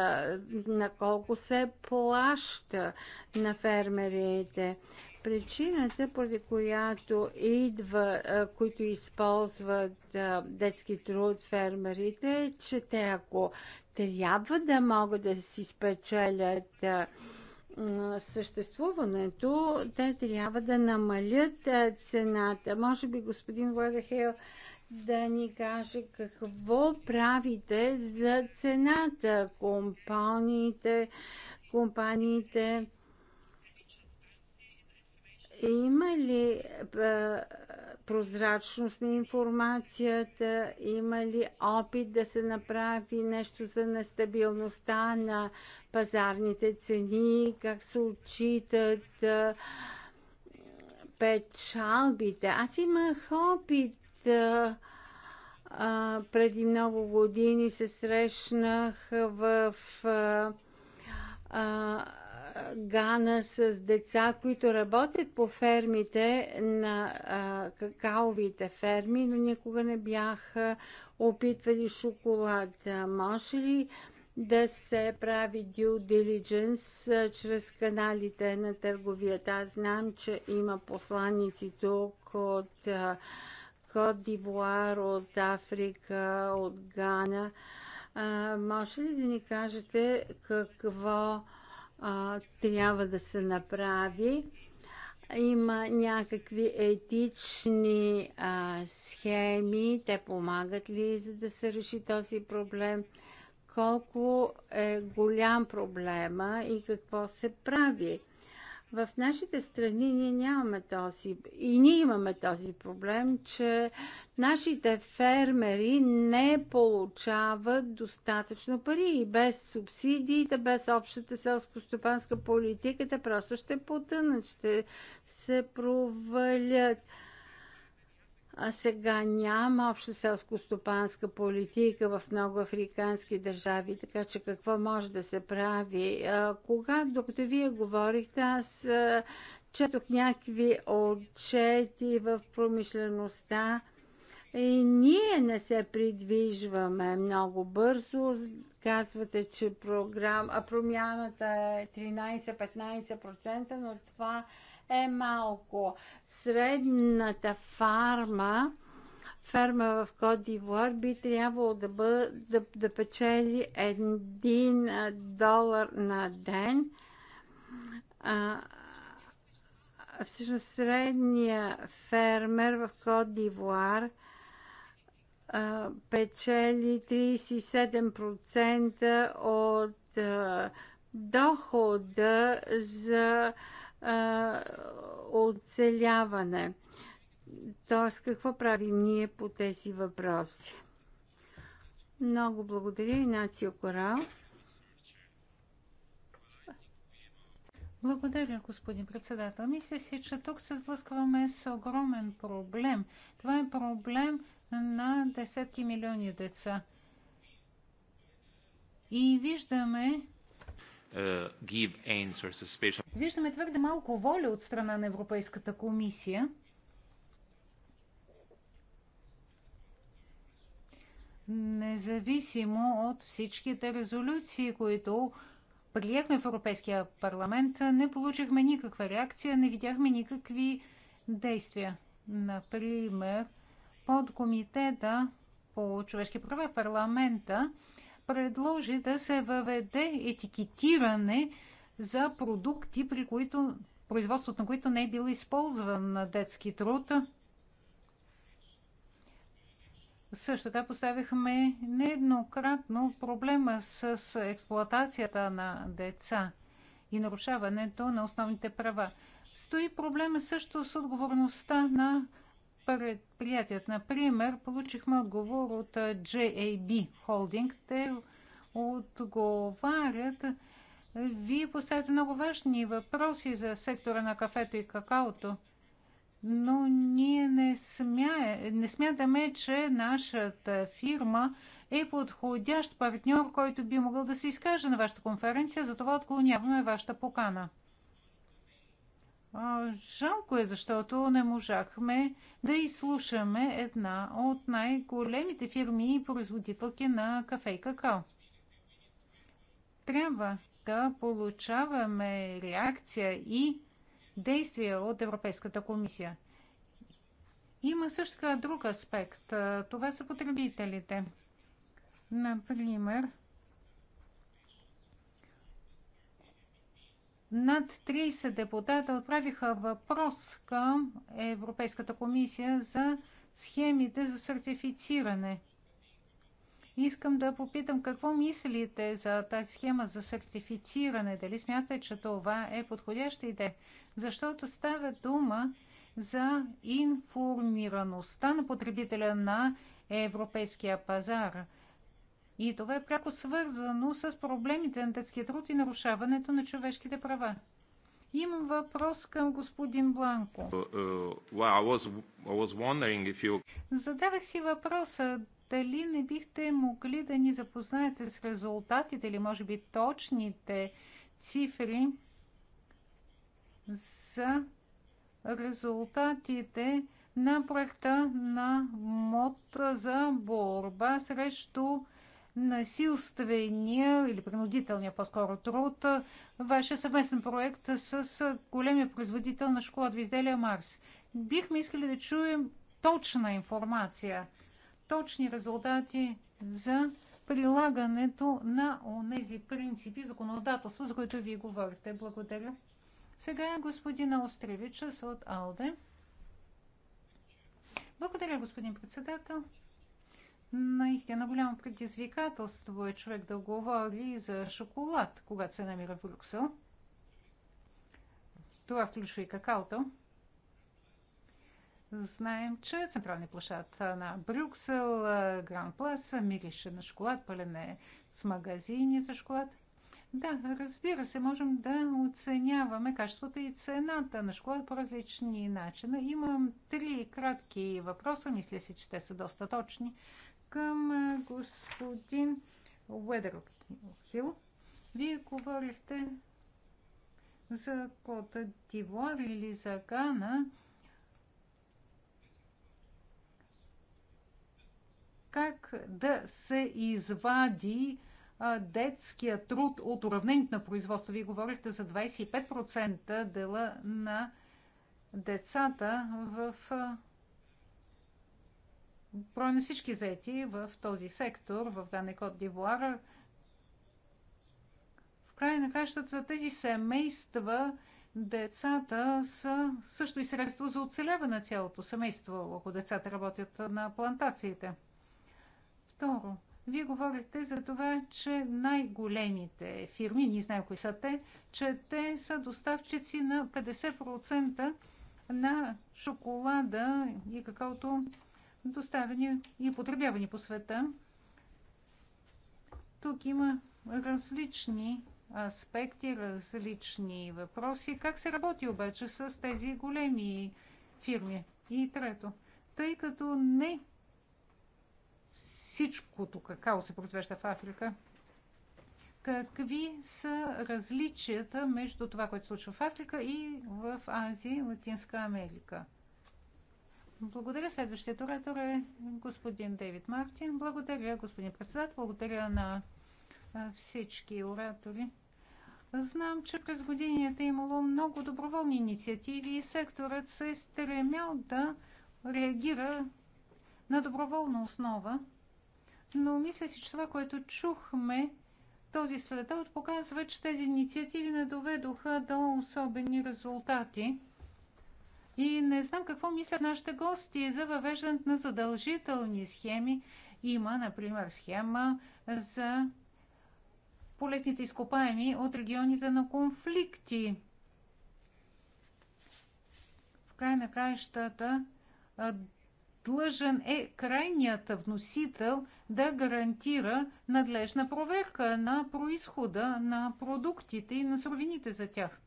на колко се плаща на фермерите. Причината, поради която идва, които използват детски труд фермерите, е, че те ако трябва да могат да си спечелят съществуването, те трябва да намалят цената. Може би господин Владахел да ни каже какво правите за цената. Компаниите, компаниите има ли прозрачност на информацията, има ли опит да се направи нещо за нестабилността на пазарните цени, как се отчитат печалбите. Аз имах опит а, а, преди много години се срещнах в а, а, Гана с деца, които работят по фермите на а, какаовите ферми, но никога не бяха опитвали шоколад. Може ли да се прави due diligence а, чрез каналите на търговията? Аз знам, че има посланици тук от Кот Дивуар, от Африка, от Гана. А, може ли да ни кажете какво а, трябва да се направи. Има някакви етични а, схеми, те помагат ли за да се реши този проблем? Колко е голям проблема и какво се прави? В нашите страни ние нямаме този и ние имаме този проблем, че нашите фермери не получават достатъчно пари и без субсидиите, без общата селско-стопанска политика, те просто ще потънат, ще се провалят. А сега няма обща селско-стопанска политика в много африкански държави, така че какво може да се прави? А, кога, докато вие говорихте, аз четох някакви отчети в промишлеността и ние не се придвижваме много бързо. Казвате, че програм... а промяната е 13-15%, но това е малко. Средната фарма ферма в Кот Дивуар би трябвало да, бъде, да, да печели 1 долар на ден. А, всъщност средния фермер в Кот Дивуар печели 37% от а, дохода за а, а, оцеляване. Тоест, какво правим ние по тези въпроси? Много благодаря, Инацио Корал. Благодаря, господин председател. Мисля си, че тук се сблъскваме с огромен проблем. Това е проблем на десетки милиони деца. И виждаме, е, give answers, especially... Виждаме твърде малко воля от страна на Европейската комисия. Независимо от всичките резолюции, които приехме в Европейския парламент, не получихме никаква реакция, не видяхме никакви действия. Например, под комитета по човешки права в парламента предложи да се въведе етикетиране за продукти, при които производството на които не е бил използван на детски труд. Също така поставихме нееднократно проблема с експлоатацията на деца и нарушаването на основните права. Стои проблема също с отговорността на предприятият. Например, получихме отговор от JAB Holding. Те отговарят вие поставяте много важни въпроси за сектора на кафето и какаото, но ние не, смя... не смятаме, че нашата фирма е подходящ партньор, който би могъл да се изкаже на вашата конференция, затова отклоняваме вашата покана. Жалко е, защото не можахме да изслушаме една от най-големите фирми и производителки на кафе и какао. Трябва да получаваме реакция и действия от Европейската комисия. Има също друг аспект. Това са потребителите. Например, Над 30 депутата отправиха въпрос към Европейската комисия за схемите за сертифициране. Искам да попитам какво мислите за тази схема за сертифициране. Дали смятате, че това е подходяща идея? Защото става дума за информираността на потребителя на европейския пазар – и това е пряко свързано с проблемите на детския труд и нарушаването на човешките права. Имам въпрос към господин Бланко. Uh, Задавах си въпроса дали не бихте могли да ни запознаете с резултатите или може би точните цифри за резултатите на проекта на МОД за борба срещу насилствения или принудителния по-скоро труд, вашия съвместен проект с големия производител на шоколадови изделия Марс. Бихме искали да чуем точна информация, точни резултати за прилагането на тези принципи, законодателство, за които вие говорите. Благодаря. Сега е господин Остревича от АЛДЕ. Благодаря, господин председател наистина голямо предизвикателство е човек да говори за шоколад, когато се намира в Брюксел. Това включва и какаото. Знаем, че централният площад на Брюксел, Гранд Плас, мирише на шоколад, пълен е с магазини за шоколад. Да, разбира се, можем да оценяваме качеството и цената на шоколад по различни начина. Имам три кратки въпроса, мисля си, че те са доста точни към господин Уедерхил. Вие говорихте за Кота Дивор или за Гана. Как да се извади детския труд от уравнението на производство. Вие говорихте за 25% дела на децата в брой на всички заети в този сектор, в Гана и Кот Дивуара. В край на кращата за тези семейства децата са също и средство за оцеляване на цялото семейство, ако децата работят на плантациите. Второ, вие говорите за това, че най-големите фирми, ние знаем кои са те, че те са доставчици на 50% на шоколада и какаото доставени и потребявани по света. Тук има различни аспекти, различни въпроси. Как се работи обаче с тези големи фирми? И трето, тъй като не всичкото какао се произвежда в Африка, какви са различията между това, което се случва в Африка и в Азия и Латинска Америка? Благодаря. Следващият оратор е господин Дейвид Мартин. Благодаря, господин председател. Благодаря на всички оратори. Знам, че през годините е имало много доброволни инициативи и секторът се е стремял да реагира на доброволна основа. Но мисля си, че това, което чухме този следа, показва, че тези инициативи не доведоха до особени резултати. И не знам какво мислят нашите гости за въвеждането на задължителни схеми. Има, например, схема за полезните изкопаеми от регионите на конфликти. В край на краищата длъжен е крайният вносител да гарантира надлежна проверка на происхода на продуктите и на суровините за тях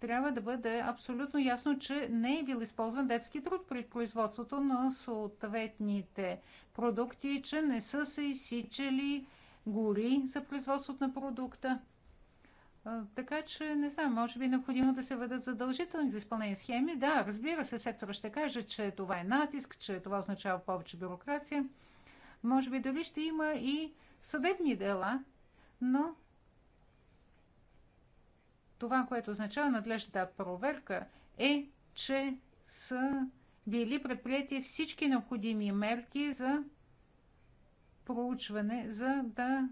трябва да бъде абсолютно ясно, че не е бил използван детски труд при производството на съответните продукти, че не са се изсичали гори за производството на продукта. Така че, не знам, може би е необходимо да се въдат задължителни за изпълнение схеми. Да, разбира се, сектора ще каже, че това е натиск, че това означава повече бюрокрация. Може би дори ще има и съдебни дела, но това, което означава надлежната проверка, е, че са били предприяти всички необходими мерки за проучване, за да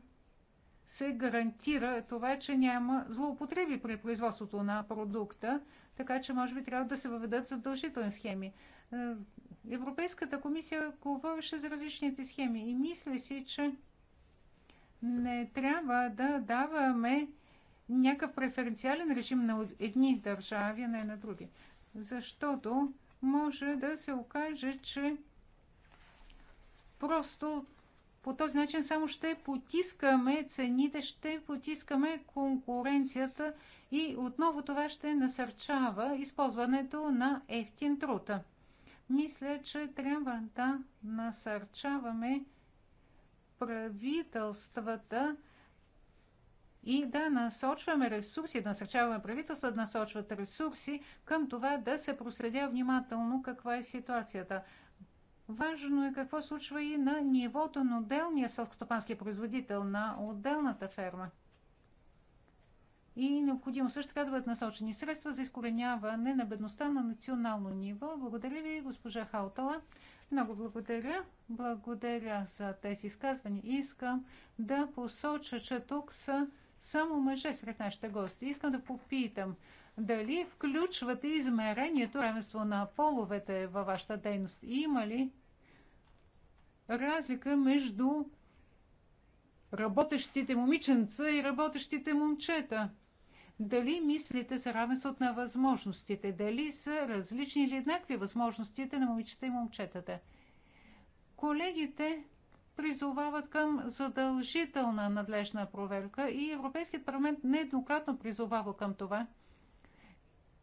се гарантира това, че няма злоупотреби при производството на продукта, така че може би трябва да се въведат задължителни схеми. Е, Европейската комисия говореше за различните схеми и мисля си, че не трябва да даваме някакъв преференциален режим на едни държави, а не на други. Защото може да се окаже, че просто по този начин само ще потискаме цените, ще потискаме конкуренцията и отново това ще насърчава използването на ефтин труд. Мисля, че трябва да насърчаваме правителствата и да насочваме ресурси, да насърчаваме правителства да насочват ресурси към това да се проследя внимателно каква е ситуацията. Важно е какво случва и на нивото на отделния сълскостопански производител, на отделната ферма. И необходимо също така да бъдат насочени средства за изкореняване на бедността на национално ниво. Благодаря ви, госпожа Хаутала. Много благодаря. Благодаря за тези изказвания. Искам да посоча, че тук са само мъже сред нашите гости. Искам да попитам, дали включвате измерението равенство на половете във вашата дейност? Има ли разлика между работещите момиченца и работещите момчета? Дали мислите за равенството на възможностите? Дали са различни или еднакви възможностите на момичета и момчетата? Колегите призовават към задължителна надлежна проверка и Европейският парламент нееднократно призовава към това.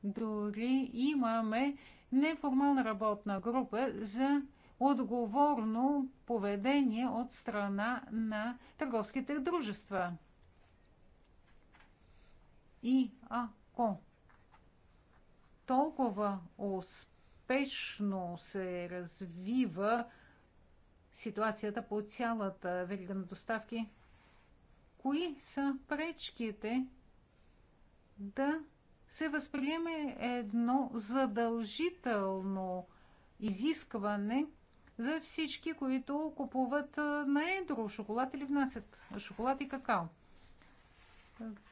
Дори имаме неформална работна група за отговорно поведение от страна на търговските дружества. И ако толкова успешно се развива ситуацията по цялата верига на доставки, кои са пречките да се възприеме едно задължително изискване за всички, които купуват на едро шоколад или внасят шоколад и какао.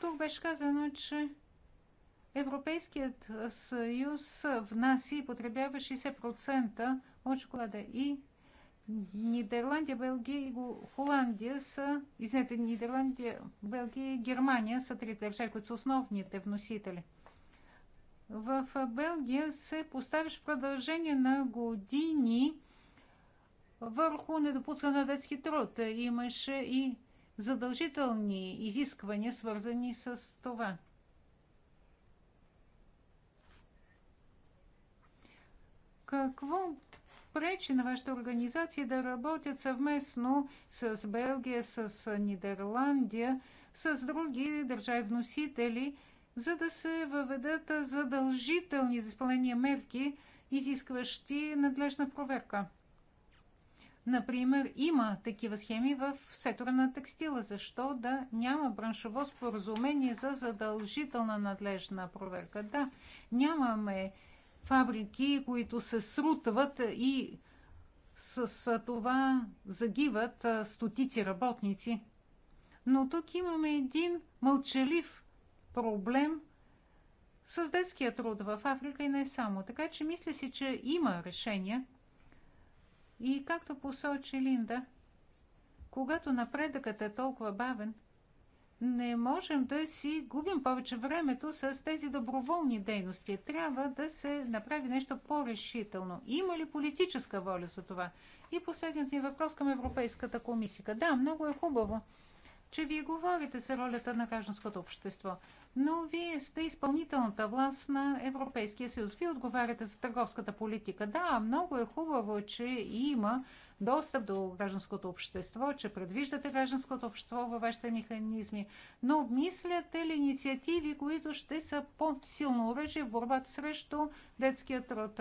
Тук беше казано, че Европейският съюз внаси и потребява 60% от шоколада и Нидерландия, Белгия и Холандия са, извинете, Нидерландия, Белгия и Германия са три държави, които са основните вносители. В Белгия се поставиш в продължение на години върху недопускане на детски труд. Имаше и задължителни изисквания, свързани с това. Какво пречи на вашата организация да работят съвместно с Белгия, с Нидерландия, с други държави вносители, за да се въведат задължителни за изпълнение мерки, изискващи надлежна проверка. Например, има такива схеми в сектора на текстила. Защо да няма браншово споразумение за задължителна надлежна проверка? Да, нямаме фабрики, които се срутват и с това загиват стотици работници. Но тук имаме един мълчалив проблем с детския труд в Африка и не само. Така че мисля си, че има решение. И както посочи Линда, когато напредъкът е толкова бавен – не можем да си губим повече времето с тези доброволни дейности. Трябва да се направи нещо по-решително. Има ли политическа воля за това? И последният ми въпрос към Европейската комисия. Да, много е хубаво, че вие говорите за ролята на гражданското общество но вие сте изпълнителната власт на Европейския съюз. Вие отговаряте за търговската политика. Да, много е хубаво, че има достъп до гражданското общество, че предвиждате гражданското общество във вашите механизми, но мисляте ли инициативи, които ще са по-силно оръжие в борбата срещу детския труд?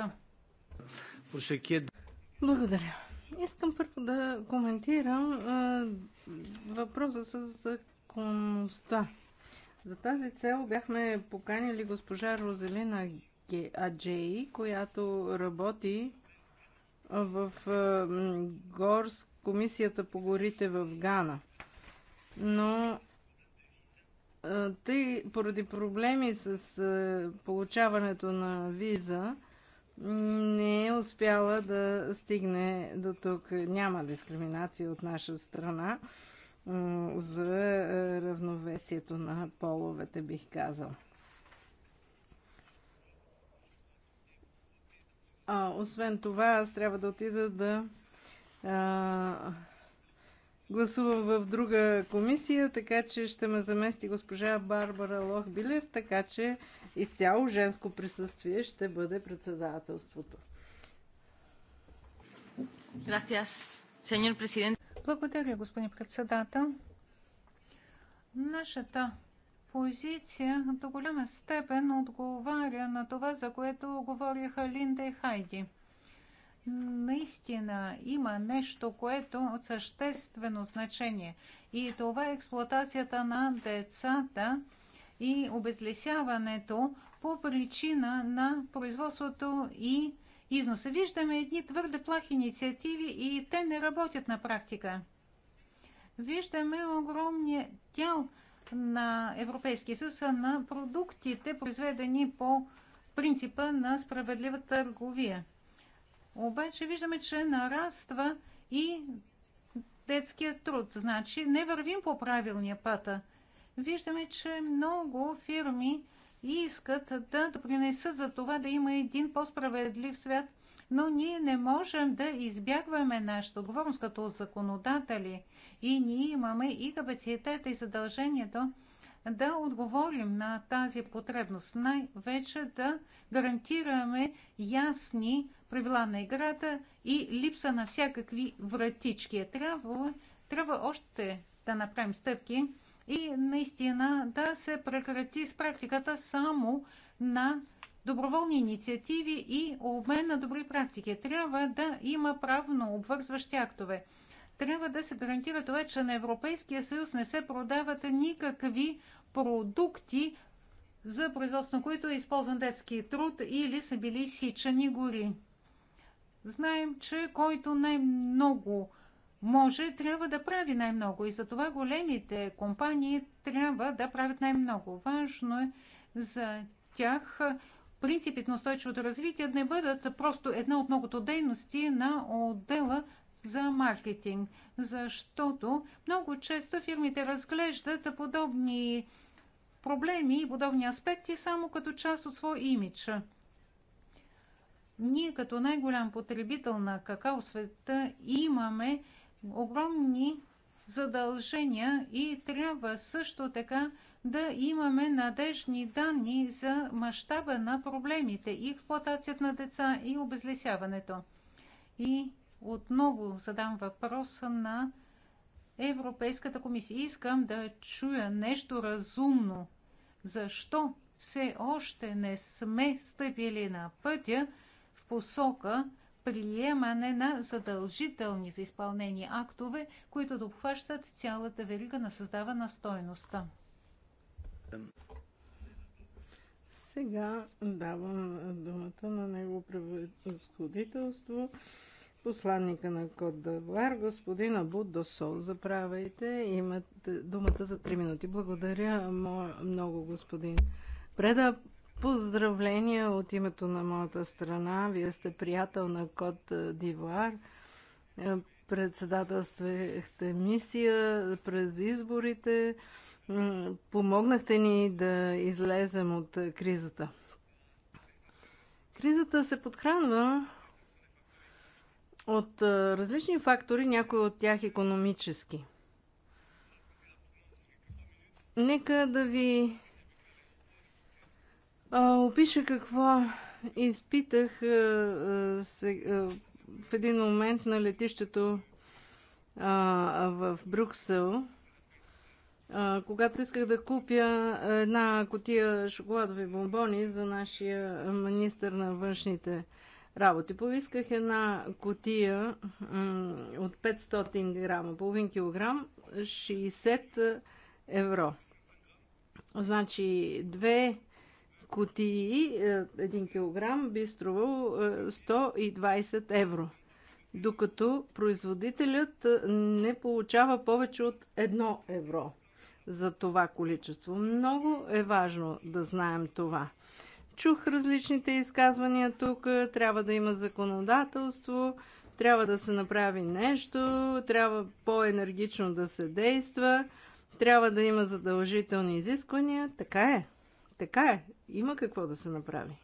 Благодаря. Искам първо да коментирам въпроса с законността. За тази цел бяхме поканили госпожа Розелина Аджей, която работи в е, Горс, комисията по горите в Гана. Но е, тъй, поради проблеми с е, получаването на виза, не е успяла да стигне до тук. Няма дискриминация от наша страна за е, равновесието на половете, бих казал. А, освен това, аз трябва да отида да а, гласувам в друга комисия, така че ще ме замести госпожа Барбара Лохбилев, така че изцяло женско присъствие ще бъде председателството. Gracias, señor presidente. Благодаря, господин председател. Нашата позиция до голяма степен отговаря на това, за което говориха Линда и Хайди. Наистина има нещо, което от съществено значение. И това е експлуатацията на децата и обезлесяването по причина на производството и износа. Виждаме едни твърде плахи инициативи и те не работят на практика. Виждаме огромния дял на Европейския съюз на продуктите, произведени по принципа на справедлива търговия. Обаче виждаме, че нараства и детският труд. Значи не вървим по правилния път. Виждаме, че много фирми и искат да допринесат за това да има един по-справедлив свят. Но ние не можем да избягваме нашата отговорност като законодатели и ние имаме и капацитета и задължението да отговорим на тази потребност, най-вече да гарантираме ясни правила на играта и липса на всякакви вратички. Трябва, трябва още да направим стъпки и наистина да се прекрати с практиката само на доброволни инициативи и обмен на добри практики. Трябва да има правно обвързващи актове. Трябва да се гарантира това, че на Европейския съюз не се продават никакви продукти, за производство на които е използван детски труд или са били сичани гори. Знаем, че който най-много може, трябва да прави най-много и затова големите компании трябва да правят най-много. Важно е за тях принципите на устойчивото развитие да не бъдат просто една от многото дейности на отдела за маркетинг, защото много често фирмите разглеждат подобни проблеми и подобни аспекти само като част от своя имидж. Ние като най-голям потребител на какао света имаме огромни задължения и трябва също така да имаме надежни данни за мащаба на проблемите и експлуатацията на деца и обезлесяването. И отново задам въпрос на Европейската комисия. Искам да чуя нещо разумно. Защо все още не сме стъпили на пътя в посока приемане на задължителни за изпълнение актове, които да обхващат цялата верига на създавана стойността. Сега давам думата на него превъзходителство, посланника на Код Давар, господин Абу Досол. Заправяйте, имате думата за 3 минути. Благодаря много, господин Преда. Поздравления от името на моята страна. Вие сте приятел на Кот Дивуар. Председателствахте мисия през изборите. Помогнахте ни да излезем от кризата. Кризата се подхранва от различни фактори, някои от тях економически. Нека да ви опиша какво изпитах в един момент на летището в Брюксел, когато исках да купя една котия шоколадови бомбони за нашия министр на външните работи. Поисках една котия от 500 грама, половин килограм, 60 евро. Значи две кутии е, един килограм би струвал 120 е, евро, докато производителят е, не получава повече от 1 евро за това количество. Много е важно да знаем това. Чух различните изказвания тук. Трябва да има законодателство, трябва да се направи нещо, трябва по-енергично да се действа, трябва да има задължителни изисквания. Така е. Така е, има какво да се направи.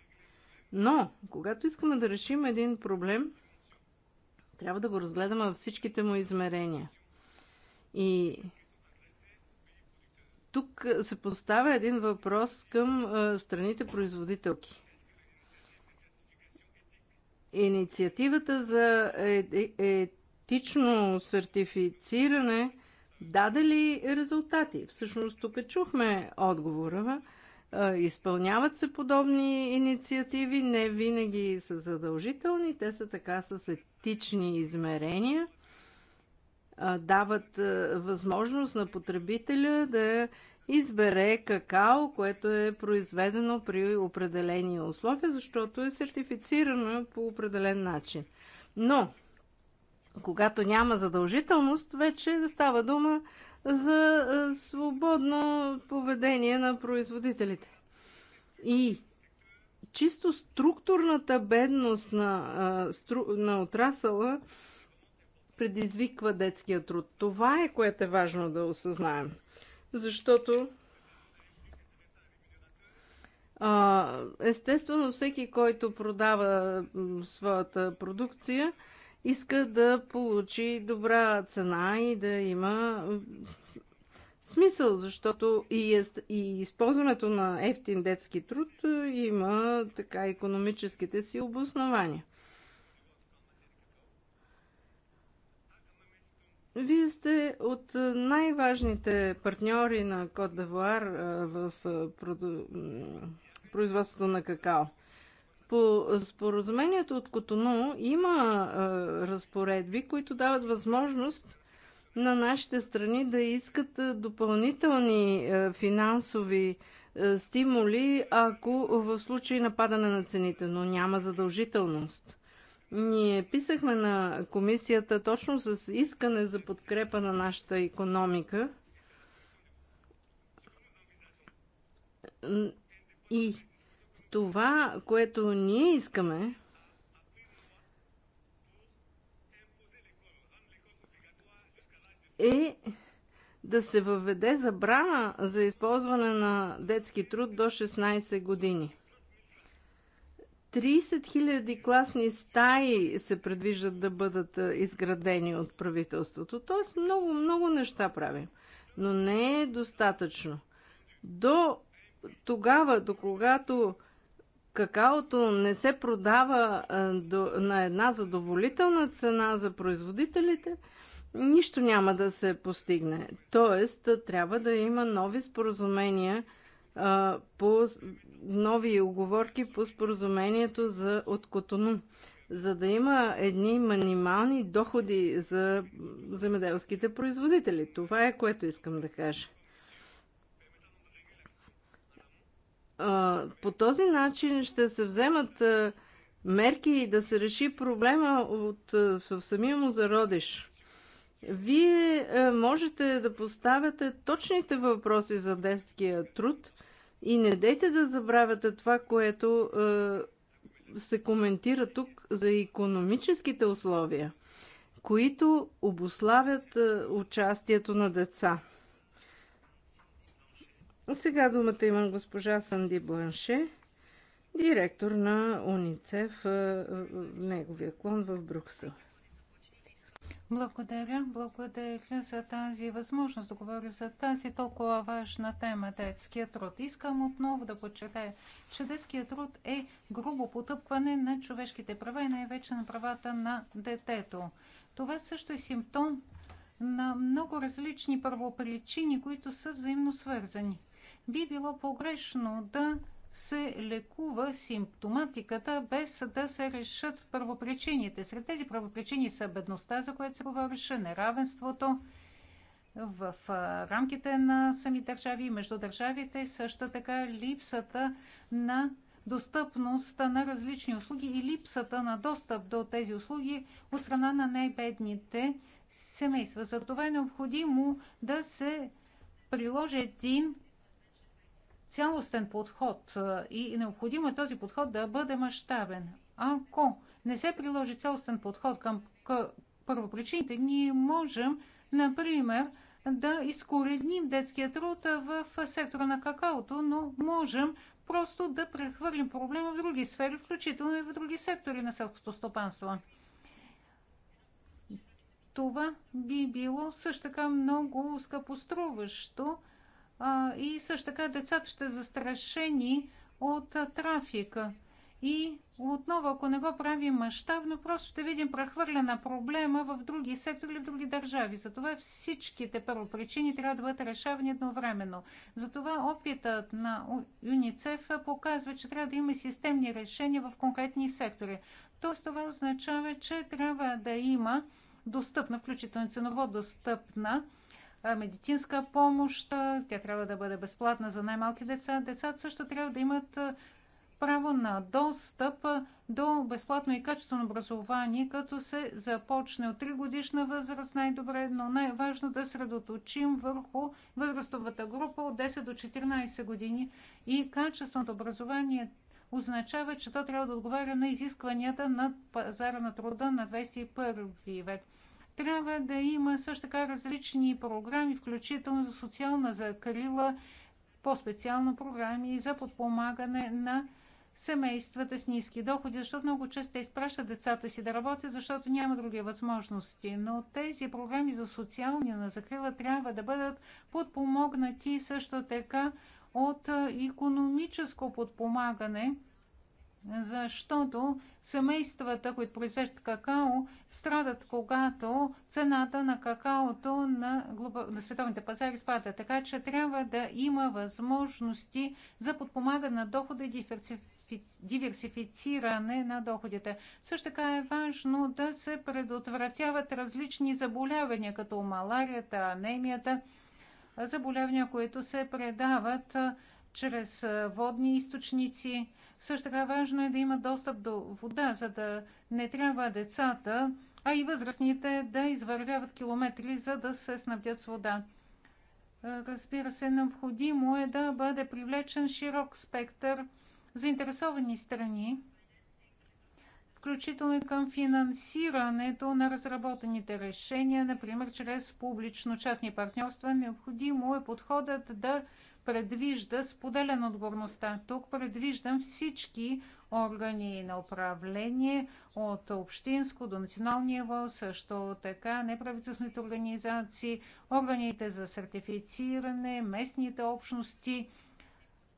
Но, когато искаме да решим един проблем, трябва да го разгледаме във всичките му измерения. И тук се поставя един въпрос към страните производителки. Инициативата за е, е, етично сертифициране даде ли резултати? Всъщност тук чухме отговора. Изпълняват се подобни инициативи, не винаги са задължителни, те са така с етични измерения, дават възможност на потребителя да избере какао, което е произведено при определени условия, защото е сертифицирано по определен начин. Но, когато няма задължителност, вече да става дума за е, свободно поведение на производителите. И чисто структурната бедност на, е, на отрасъла предизвиква детския труд. Това е което е важно да осъзнаем. Защото естествено всеки, който продава своята продукция, иска да получи добра цена и да има смисъл, защото и, е, и използването на ефтин детски труд е, има така економическите си обоснования. Вие сте от най-важните партньори на Кот Девуар е, в е, производството на какао. По споразумението от Котону има е, разпоредби, които дават възможност на нашите страни да искат допълнителни е, финансови е, стимули, ако в случай нападане на цените, но няма задължителност. Ние писахме на комисията точно с искане за подкрепа на нашата економика. И това, което ние искаме, е да се въведе забрана за използване на детски труд до 16 години. 30 000 класни стаи се предвиждат да бъдат е, изградени от правителството. Тоест много, много неща правим. Но не е достатъчно. До тогава, до когато какаото не се продава на една задоволителна цена за производителите, нищо няма да се постигне. Тоест, трябва да има нови споразумения по нови оговорки по споразумението за от Котону, за да има едни минимални доходи за земеделските производители. Това е което искам да кажа. по този начин ще се вземат мерки да се реши проблема от, в самия му зародиш. Вие можете да поставяте точните въпроси за детския труд и не дейте да забравяте това, което се коментира тук за економическите условия, които обославят участието на деца. Сега думата има госпожа Санди Бланше, директор на УНИЦЕФ, неговия клон в Брюксел. Благодаря. Благодаря за тази възможност да говоря за тази толкова важна тема – детския труд. Искам отново да подчертая, че детския труд е грубо потъпкване на човешките права и най-вече на правата на детето. Това също е симптом на много различни първопричини, които са взаимно свързани би било погрешно да се лекува симптоматиката, без да се решат първопричините. Сред тези първопричини са бедността, за която се говореше, неравенството в рамките на сами държави и между държавите, също така липсата на достъпността на различни услуги и липсата на достъп до тези услуги от страна на най-бедните семейства. За това е необходимо да се приложи един цялостен подход и необходимо е този подход да бъде мащабен. Ако не се приложи цялостен подход към първопричините, ние можем, например, да изкореним детския труд в сектора на какаото, но можем просто да прехвърлим проблема в други сфери, включително и в други сектори на селското стопанство. Това би било също така много скъпоструващо а, и също така децата ще застрашени от а, трафика. И отново, ако не го правим мащабно, просто ще видим прехвърлена проблема в други сектори или в други държави. Затова всичките първопричини трябва да бъдат решавани едновременно. Затова опитът на ЮНИЦЕФ показва, че трябва да има системни решения в конкретни сектори. Тоест това означава, че трябва да има достъпна, включително ценово достъпна медицинска помощ, тя трябва да бъде безплатна за най-малки деца. Децата също трябва да имат право на достъп до безплатно и качествено образование, като се започне от 3 годишна възраст най-добре, но най-важно да средоточим върху възрастовата група от 10 до 14 години и качественото образование означава, че то трябва да отговаря на изискванията на пазара на труда на 21 век. Трябва да има също така различни програми, включително за социална закрила, по-специално програми за подпомагане на семействата с ниски доходи, защото много често те изпращат децата си да работят, защото няма други възможности. Но тези програми за на закрила трябва да бъдат подпомогнати също така от економическо подпомагане защото семействата, които произвеждат какао, страдат, когато цената на какаото на, глоб... на световните пазари спада. Така че трябва да има възможности за подпомагане на дохода и диверсифициране на доходите. Също така е важно да се предотвратяват различни заболявания, като маларията, анемията, заболявания, които се предават чрез водни източници, също така важно е да има достъп до вода, за да не трябва децата, а и възрастните да извървяват километри, за да се снабдят с вода. Е, разбира се, необходимо е да бъде привлечен широк спектър заинтересовани страни, включително и към финансирането на разработените решения, например чрез публично-частни партньорства. Необходимо е подходът да предвижда споделен отговорността. Тук предвиждам всички органи на управление от общинско до национално ниво, също така неправителствените организации, органите за сертифициране, местните общности,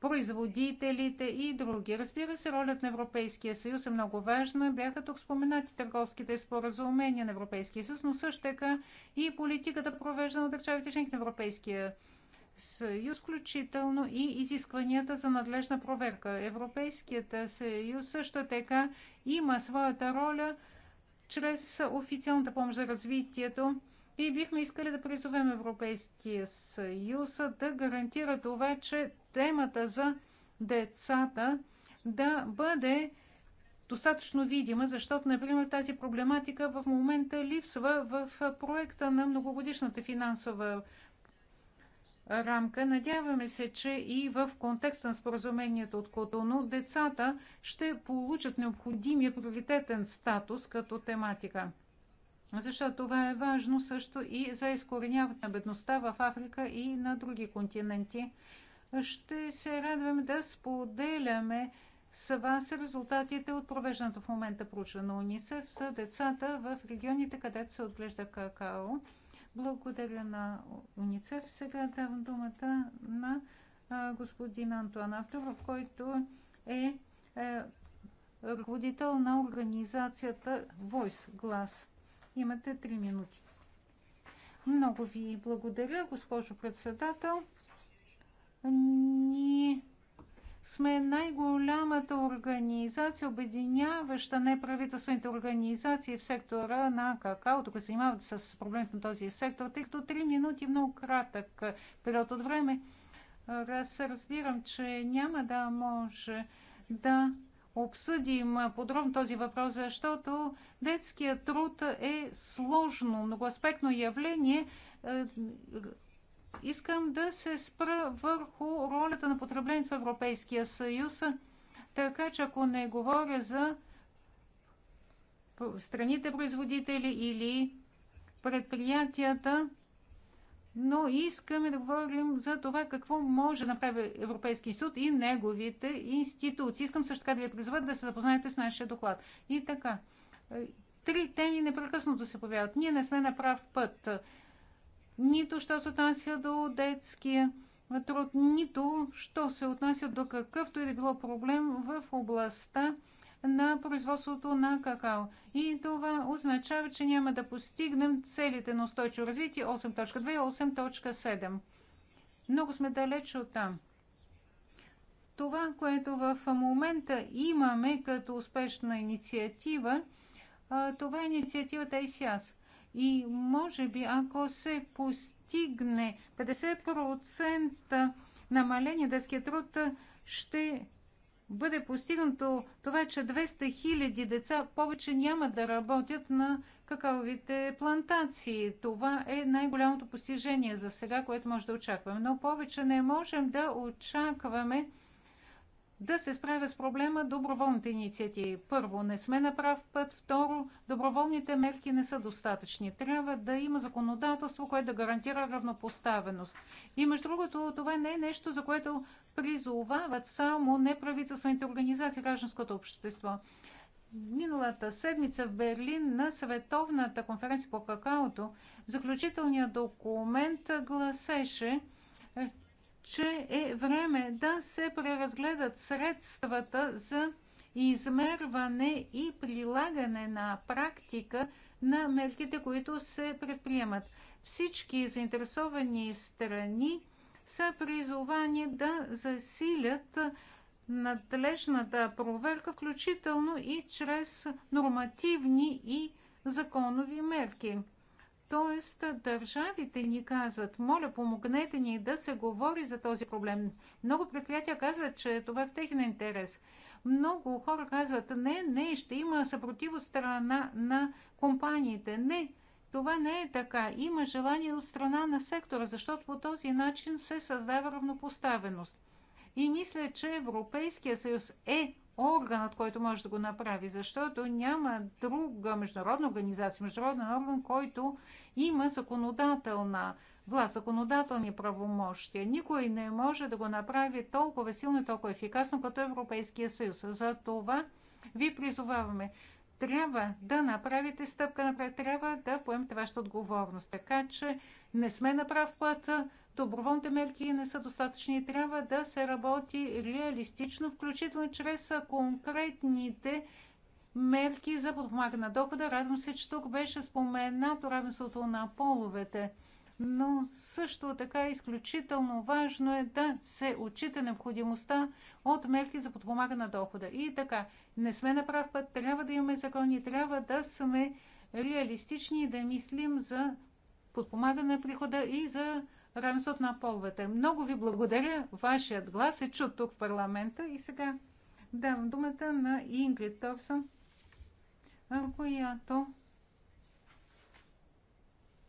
производителите и други. Разбира се, ролята на Европейския съюз е много важна. Бяха тук споменати търговските споразумения на Европейския съюз, но също така и политиката, провеждана от държавите членки на Европейския съюз съюз, включително и изискванията за надлежна проверка. Европейският съюз също така има своята роля чрез официалната помощ за развитието и бихме искали да призовем Европейския съюз да гарантира това, че темата за децата да бъде достатъчно видима, защото, например, тази проблематика в момента липсва в проекта на многогодишната финансова рамка. Надяваме се, че и в контекста на споразумението от Котоно децата ще получат необходимия приоритетен статус като тематика. Защото това е важно също и за изкореняване на бедността в Африка и на други континенти. Ще се радваме да споделяме с вас резултатите от провежданото в момента проучване на УНИСЕФ за децата в регионите, където се отглежда какао. Благодаря на УНИЦЕФ. Сега давам думата на господин Антуан Авторов, който е, е ръководител на организацията Voice Glass. Имате 3 минути. Много ви благодаря, госпожо председател. Ни сме най-голямата организация, обединяваща неправителствените организации в сектора на какао, които се занимават с проблемите на този сектор, тъй като 3 минути е много кратък период от време. Аз разбирам, че няма да може да обсъдим подробно този въпрос, защото детският труд е сложно, многоаспектно явление, Искам да се спра върху ролята на потреблението в Европейския съюз, така че ако не говоря за страните производители или предприятията, но искаме да говорим за това какво може да направи Европейски съд и неговите институции. Искам също така да ви призова да се запознаете с нашия доклад. И така, три теми непрекъснато се появяват. Ние не сме на прав път нито що се отнася до детския труд, нито що се отнася до какъвто и да било проблем в областта на производството на какао. И това означава, че няма да постигнем целите на устойчиво развитие 8.2 и 8.7. Много сме далеч от там. Това, което в момента имаме като успешна инициатива, това е инициативата ICAS. И може би, ако се постигне 50% намаление детския труд, ще бъде постигнато това, че 200 хиляди деца повече няма да работят на какавите плантации. Това е най-голямото постижение за сега, което може да очакваме. Но повече не можем да очакваме да се справя с проблема доброволните инициативи. Първо, не сме на прав път. Второ, доброволните мерки не са достатъчни. Трябва да има законодателство, което да гарантира равнопоставеност. И между другото, това не е нещо, за което призовават само неправителствените организации, гражданското общество. Миналата седмица в Берлин на Световната конференция по какаото заключителният документ гласеше – че е време да се преразгледат средствата за измерване и прилагане на практика на мерките, които се предприемат. Всички заинтересовани страни са призовани да засилят надлежната проверка, включително и чрез нормативни и законови мерки. Тоест, държавите ни казват, моля, помогнете ни да се говори за този проблем. Много предприятия казват, че това е в техен интерес. Много хора казват, не, не, ще има съпротиво страна на компаниите. Не, това не е така. Има желание от страна на сектора, защото по този начин се създава равнопоставеност. И мисля, че Европейския съюз е органът, който може да го направи, защото няма друга международна организация, международен орган, който има законодателна власт, законодателни правомощия. Никой не може да го направи толкова силно и толкова ефикасно, като Европейския съюз. За това ви призоваваме. Трябва да направите стъпка напред, трябва да поемете вашата отговорност. Така че не сме на прав път, доброволните мерки не са достатъчни. Трябва да се работи реалистично, включително чрез конкретните мерки за подпомагане на дохода. Радвам се, че тук беше споменато равенството на половете. Но също така изключително важно е да се отчита необходимостта от мерки за подпомагане на дохода. И така, не сме на прав път, трябва да имаме закони, трябва да сме реалистични и да мислим за подпомагане на прихода и за равенството на половете. Много ви благодаря. Вашият глас е чут тук в парламента. И сега давам думата на Ингрид Торсон, която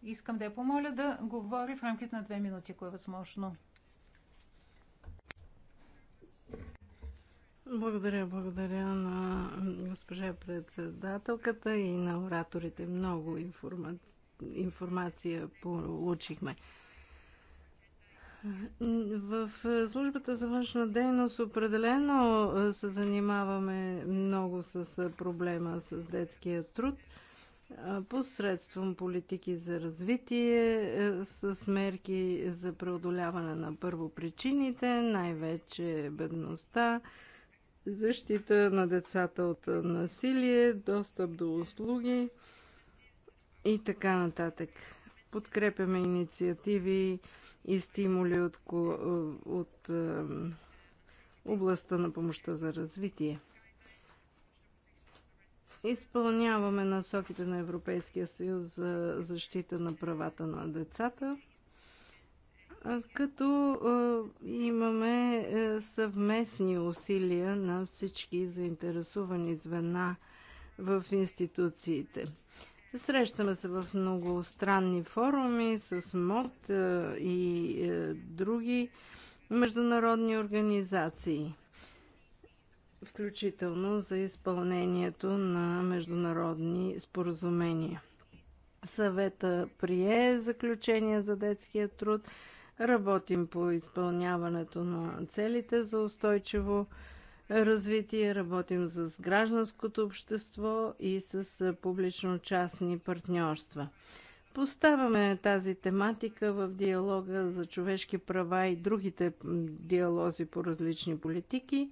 искам да я помоля да говори в рамките на две минути, ако е възможно. Благодаря, благодаря на госпожа председателката и на ораторите. Много информация получихме. В е, службата за външна дейност определено е, се занимаваме много с е, проблема с детския труд посредством политики за развитие, с мерки за преодоляване на първопричините, най-вече бедността, защита на децата от насилие, достъп до услуги и така нататък. Подкрепяме инициативи и стимули от, от областта на помощта за развитие. Изпълняваме насоките на Европейския съюз за защита на правата на децата, като имаме е, съвместни усилия на всички заинтересовани звена в институциите. Срещаме се в много странни форуми с МОД е, и е, други международни организации, включително за изпълнението на международни споразумения. Съвета прие заключение за детския труд. Работим по изпълняването на целите за устойчиво развитие, работим с гражданското общество и с публично-частни партньорства. Поставяме тази тематика в диалога за човешки права и другите диалози по различни политики.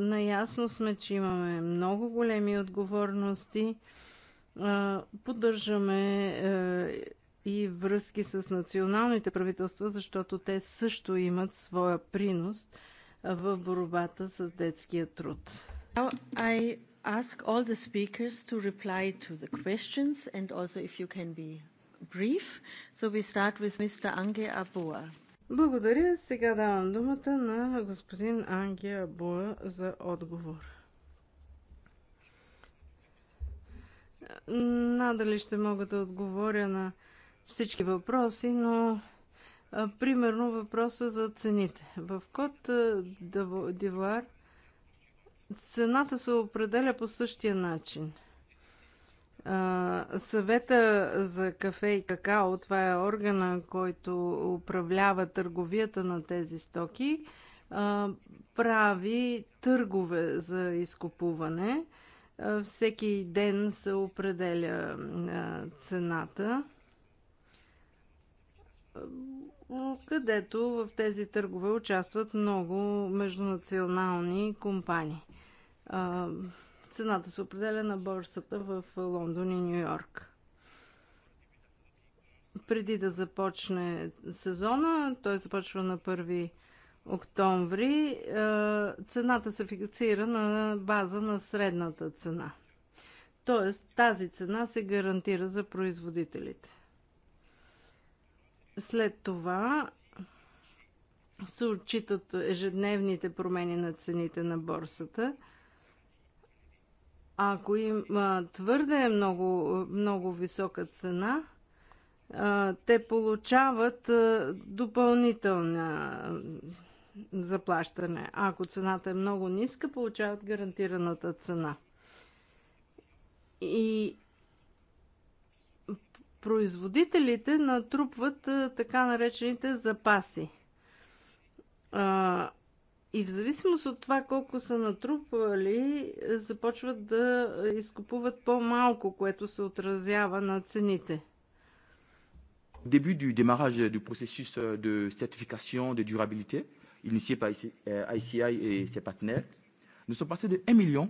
Наясно сме, че имаме много големи отговорности. Поддържаме е, и връзки с националните правителства, защото те също имат своя принос – в борбата с детския труд. I ask all the speakers to reply to the questions and also if you can be brief. So we start with Mr. Ange Благодаря. Сега давам думата на господин Анге Абуа за отговор. Надали ще мога да отговоря на всички въпроси, но Примерно въпроса за цените. В код Дивуар цената се определя по същия начин. Съвета за кафе и какао, това е органа, който управлява търговията на тези стоки, прави търгове за изкупуване. Всеки ден се определя цената където в тези търгове участват много междунационални компании. Цената се определя на борсата в Лондон и Нью Йорк. Преди да започне сезона, той започва на 1 октомври, цената се фиксира на база на средната цена. Тоест тази цена се гарантира за производителите. След това се отчитат ежедневните промени на цените на борсата. Ако има твърде много, много висока цена, те получават допълнителна заплащане. А ако цената е много ниска, получават гарантираната цена. И производителите натрупват така наречените запаси. И в зависимост от това колко са натрупвали, започват да изкупуват по-малко, което се отразява на цените. Début du démarrage du processus euh, de certification de durabilité initié par ICI euh, et ses partenaires, nous sommes passés de 1 million.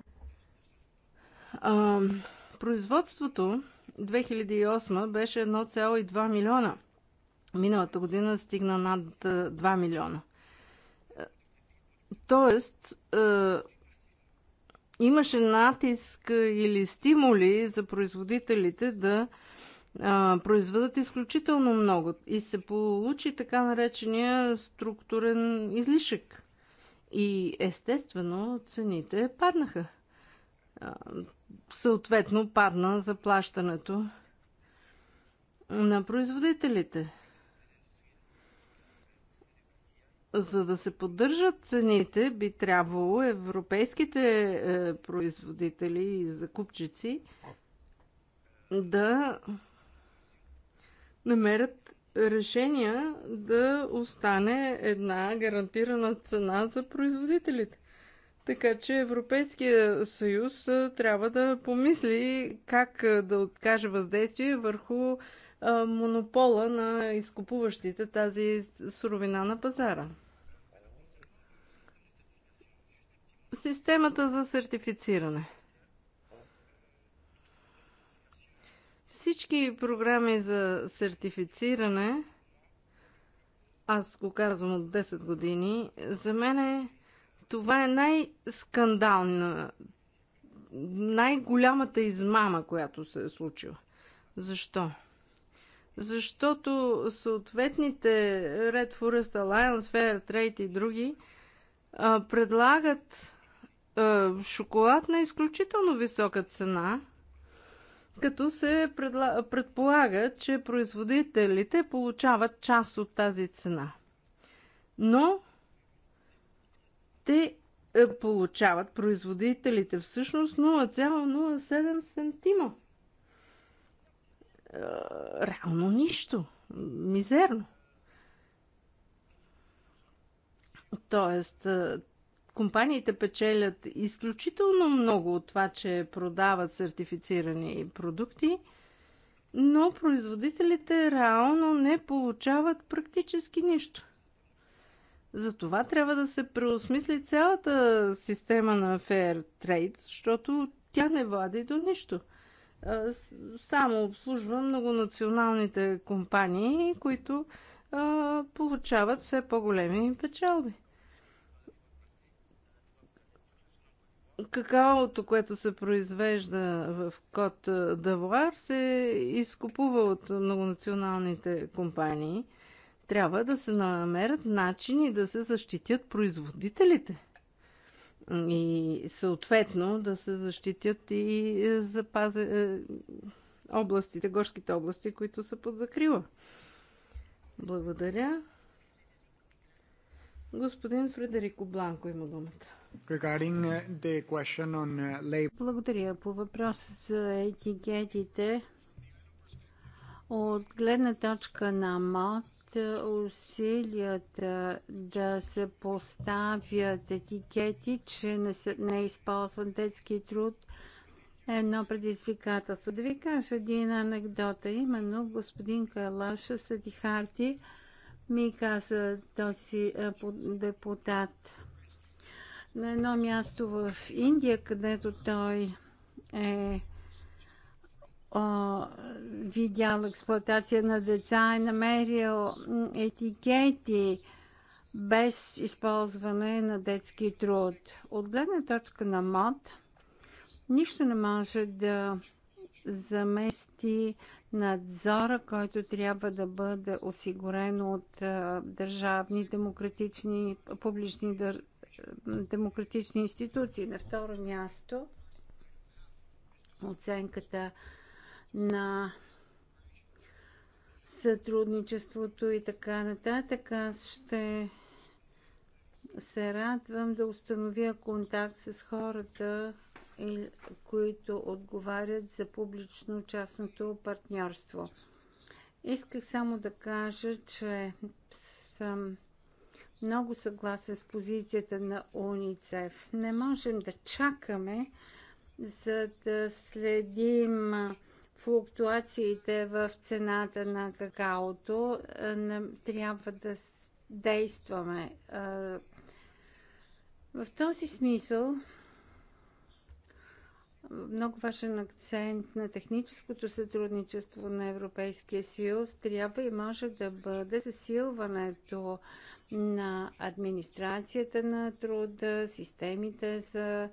производството 2008 беше 1,2 милиона. Миналата година стигна над 2 милиона. Е, тоест, е, имаше натиск или стимули за производителите да произведат изключително много. И се получи така наречения структурен излишък. И естествено цените паднаха съответно падна заплащането на производителите. За да се поддържат цените, би трябвало европейските е, производители и закупчици да намерят решения да остане една гарантирана цена за производителите. Така че Европейския съюз трябва да помисли как да откаже въздействие върху монопола на изкупуващите тази суровина на пазара. Системата за сертифициране. Всички програми за сертифициране, аз го казвам от 10 години, за мен е това е най-скандална, най-голямата измама, която се е случила. Защо? Защото съответните Red Forest Alliance, Fair Trade и други а, предлагат а, шоколад на изключително висока цена – като се предполага, че производителите получават част от тази цена. Но те е, получават производителите всъщност 0,07 сантима. Е, реално нищо. Мизерно. Тоест, е, компаниите печелят изключително много от това, че продават сертифицирани продукти, но производителите реално не получават практически нищо. За това трябва да се преосмисли цялата система на Fair Trade, защото тя не влади до нищо. Само обслужва многонационалните компании, които получават все по-големи печалби. какаото, което се произвежда в Кот Давуар, се изкупува от многонационалните компании. Трябва да се намерят начини да се защитят производителите и съответно да се защитят и е, запазе, областите, горските области, които са под закрила. Благодаря. Господин Фредерико Бланко има думата. Е, on... Е, Благодаря. По въпроса за етикетите, от гледна точка на МОД, усилията да се поставят етикети, че не, се, не е използван детски труд е едно предизвикателство. Да ви кажа един анекдота. Именно господин Кайлаша Садихарти ми каза този е, депутат на едно място в Индия, където той е видял експлуатация на деца, е намерил етикети без използване на детски труд. От гледна точка на МОД, нищо не може да замести надзора, който трябва да бъде осигурен от а, държавни демократични, публични дър, демократични институции. На второ място оценката на сътрудничеството и така нататък. Аз ще се радвам да установя контакт с хората, които отговарят за публично-частното партньорство. Исках само да кажа, че съм много съгласен с позицията на УНИЦЕФ. Не можем да чакаме, за да следим флуктуациите в цената на какаото. Е, трябва да действаме. Е, в този смисъл много важен акцент на техническото сътрудничество на Европейския съюз трябва и може да бъде засилването на администрацията на труда, системите за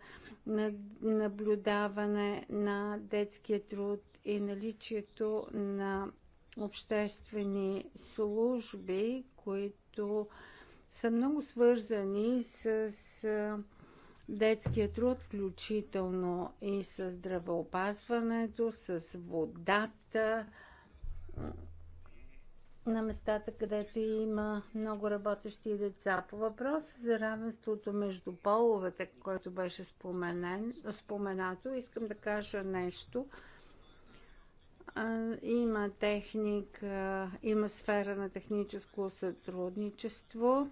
наблюдаване на детския труд и наличието на обществени служби, които са много свързани с детския труд, включително и с здравеопазването, с водата, на местата, където има много работещи деца. По въпроса за равенството между половете, което беше споменен, споменато, искам да кажа нещо. Има техника, има сфера на техническо сътрудничество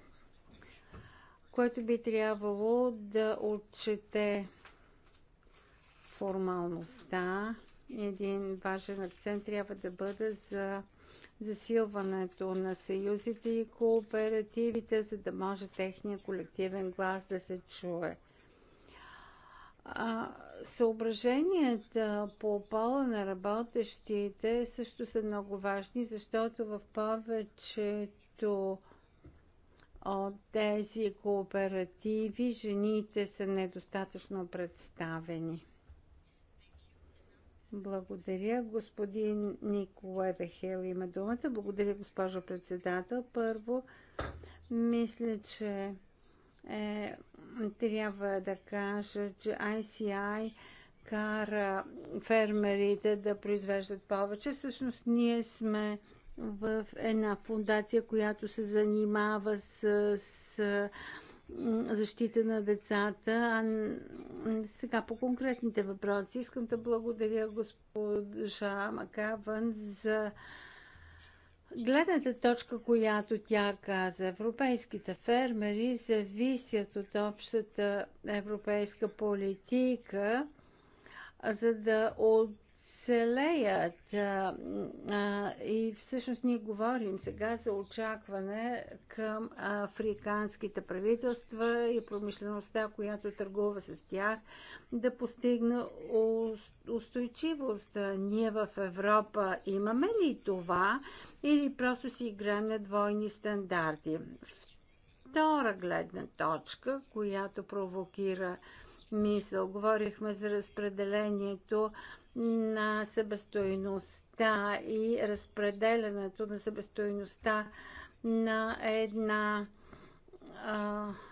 което би трябвало да отчете формалността. Един важен акцент трябва да бъде за засилването на съюзите и кооперативите, за да може техния колективен глас да се чуе. А, съображенията по пола на работещите също са много важни, защото в повечето от тези кооперативи жените са недостатъчно представени. Благодаря. Господин Николай Вехел, има думата. Благодаря, госпожо председател. Първо, мисля, че е, трябва да кажа, че ICI кара фермерите да произвеждат повече. Всъщност ние сме в една фундация, която се занимава с, с защита на децата. А сега по конкретните въпроси искам да благодаря госпожа Макаван за гледната точка, която тя каза. Европейските фермери зависят от общата европейска политика, за да от се леят а, а, и всъщност ние говорим сега за очакване към африканските правителства и промишлеността, която търгува с тях, да постигне устойчивост. Ние в Европа имаме ли това или просто си играем на двойни стандарти? Втора гледна точка, която провокира мисъл. Говорихме за разпределението на събестойността и разпределянето на себестойността на една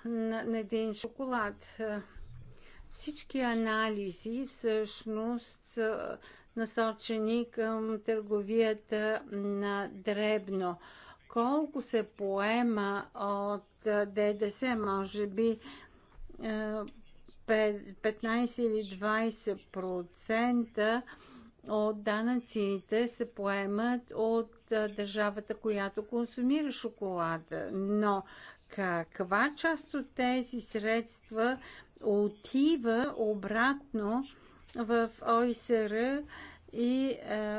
на, на един шоколад. Всички анализи всъщност насочени към търговията на дребно. Колко се поема от ДДС, може би е, 15 или 20% от данъците се поемат от държавата, която консумира шоколада. Но каква част от тези средства отива обратно в ОИСР и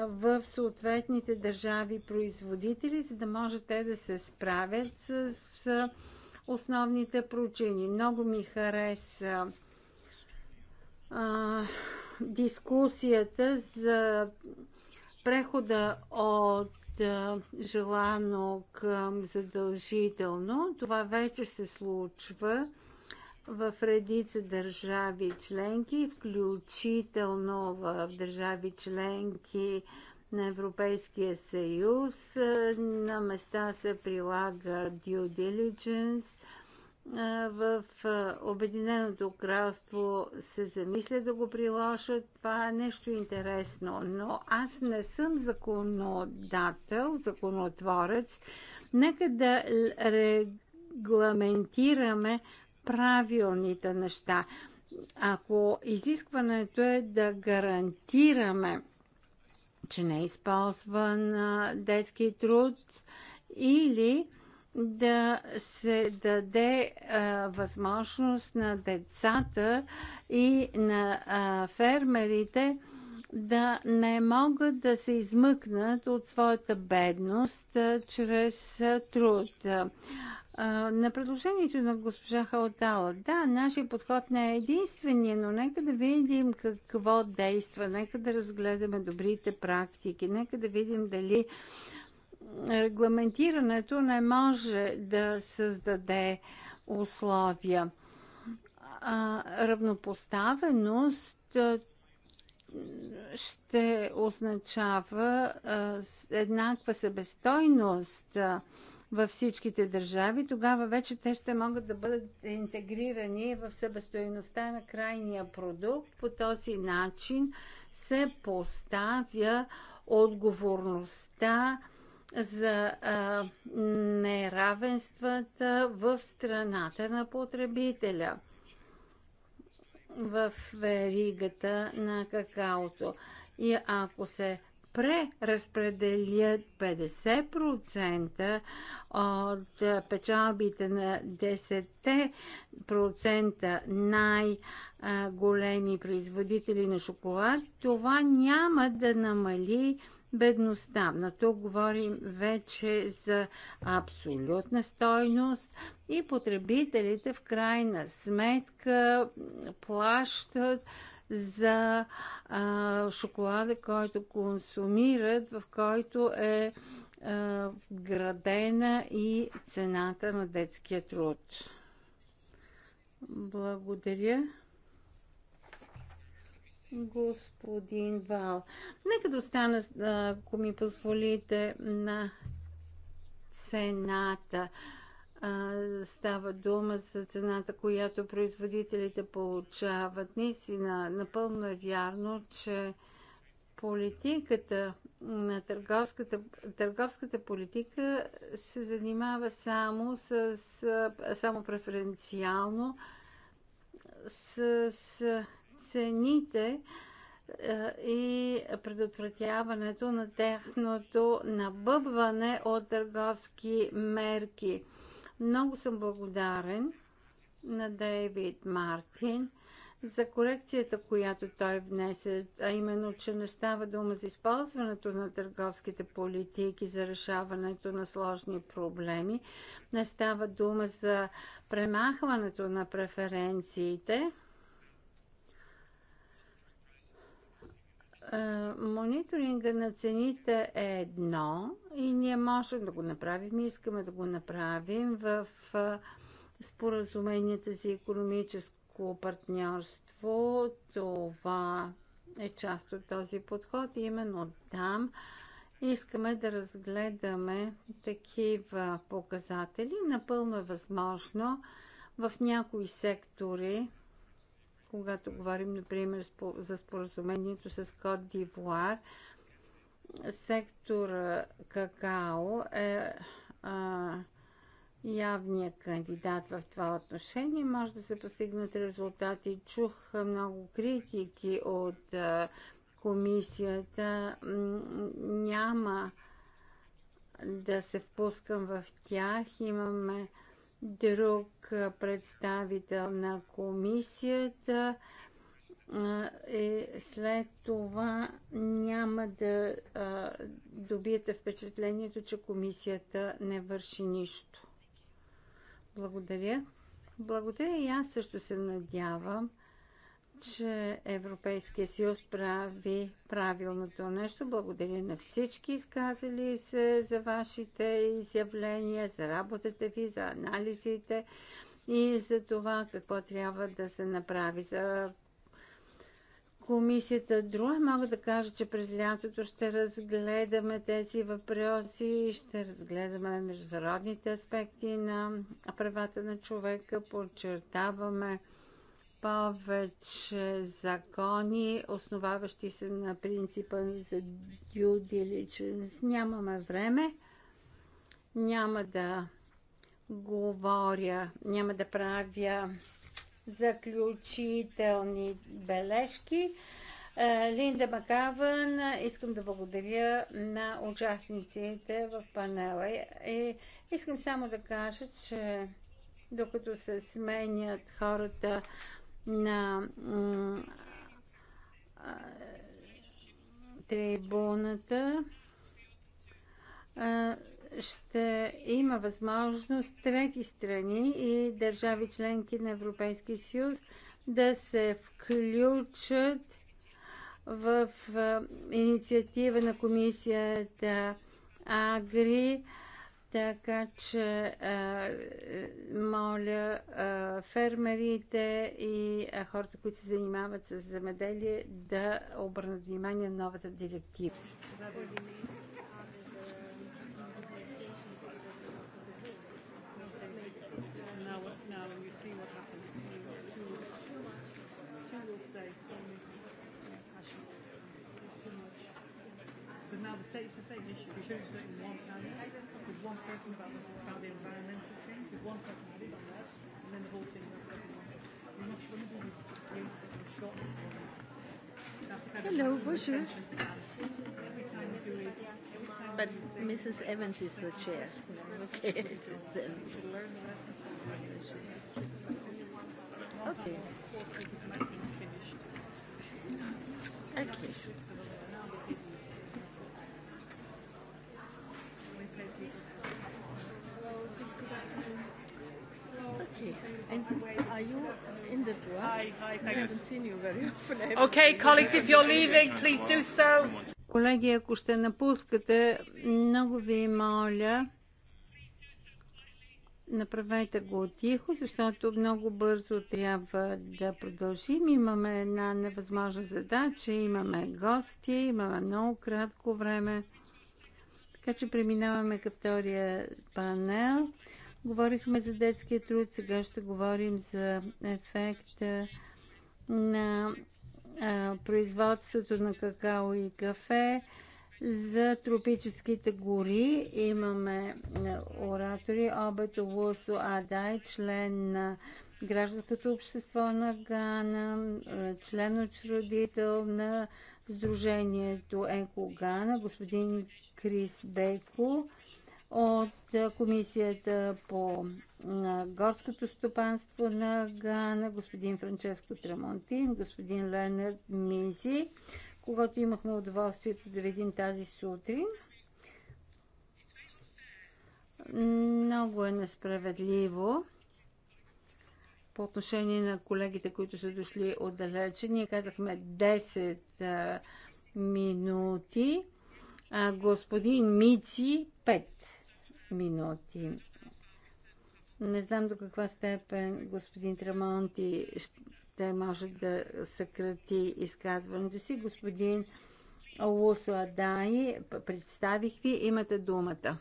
в съответните държави производители, за да може те да се справят с основните причини. Много ми хареса а, дискусията за прехода от желано към задължително. Това вече се случва в редица държави членки, включително в държави членки на Европейския съюз. На места се прилага due diligence – в Обединеното кралство се замислят да го приложат. Това е нещо интересно, но аз не съм законодател, законотворец. Нека да регламентираме правилните неща. Ако изискването е да гарантираме, че не е използван детски труд или да се даде а, възможност на децата и на а, фермерите да не могат да се измъкнат от своята бедност а, чрез а, труд. А, на предложението на госпожа Халтала, да, нашия подход не е единствения, но нека да видим какво действа, нека да разгледаме добрите практики, нека да видим дали а, регламентирането не може да създаде условия. А, равнопоставеност ще означава а, еднаква себестойност а, във всичките държави, тогава вече те ще могат да бъдат интегрирани в себестойността на крайния продукт. По този начин се поставя отговорността за а, неравенствата в страната на потребителя в веригата на какаото. И ако се преразпределят 50% от печалбите на 10% най-големи производители на шоколад, това няма да намали бедността. Но тук говорим вече за абсолютна стойност и потребителите в крайна сметка плащат за а, шоколада, който консумират, в който е градена и цената на детския труд. Благодаря господин Вал. Нека да остана, ако ми позволите, на цената. Става дума за цената, която производителите получават. Наистина, напълно е вярно, че политиката на търговската, търговската политика се занимава само с само преференциално с, с цените е, и предотвратяването на техното набъбване от търговски мерки. Много съм благодарен на Дейвид Мартин за корекцията, която той внесе, а именно, че не става дума за използването на търговските политики за решаването на сложни проблеми, не става дума за премахването на преференциите – Е, мониторинга на цените е едно и ние можем да го направим, ние искаме да го направим в е, споразуменията за економическо партньорство. Това е част от този подход и именно там искаме да разгледаме такива показатели. Напълно е възможно в някои сектори когато говорим, например, за споразумението с Кот Дивуар, сектор какао е а, явният кандидат в това отношение. Може да се постигнат резултати. Чух много критики от а, комисията. Няма да се впускам в тях. Имаме Друг представител на комисията е след това няма да добиете впечатлението, че комисията не върши нищо. Благодаря. Благодаря и аз също се надявам, че Европейския съюз прави правилното нещо. Благодаря на всички изказали се за вашите изявления, за работата ви, за анализите и за това какво трябва да се направи за комисията друга. Мога да кажа, че през лятото ще разгледаме тези въпроси, ще разгледаме международните аспекти на правата на човека, подчертаваме повече закони, основаващи се на принципа за due diligence. Нямаме време. Няма да говоря, няма да правя заключителни бележки. Е, Линда Макаван, искам да благодаря на участниците в панела. И искам само да кажа, че докато се сменят хората на трибуната ще има възможност трети страни и държави членки на Европейския съюз да се включат в инициатива на комисията Агри така че, а, моля, а, фермерите и а, хората, които се занимават с земеделие, да обърнат внимание на новата директива. say it's the same issue. We should have said one panel one person about the, about the environmental change, one person added on that, and then the whole thing We must this Hello, bonjour. But Mrs. Evans is the chair. Okay. okay. Okay. Okay, colleagues, if you're leaving, please do so. Колеги, ако ще напускате, много ви моля, направете го тихо, защото много бързо трябва да продължим. Имаме една невъзможна задача, имаме гости, имаме много кратко време. Така че преминаваме към втория панел. Говорихме за детския труд, сега ще говорим за ефекта на а, производството на какао и кафе. За тропическите гори имаме оратори Обето Лусо Адай, член на гражданското общество на Гана, член учредител на Сдружението Еко Гана, господин Крис Бейко, от Комисията по горското стопанство на Гана, господин Франческо Трамонтин, господин Ленард Мизи, когато имахме удоволствието да видим тази сутрин. Много е несправедливо по отношение на колегите, които са дошли отдалече. Ние казахме 10 минути, а господин Мици 5 минути. Не знам до каква степен господин Трамонти ще може да съкрати изказването си. Господин Олусо Адай, представих ви, имате думата.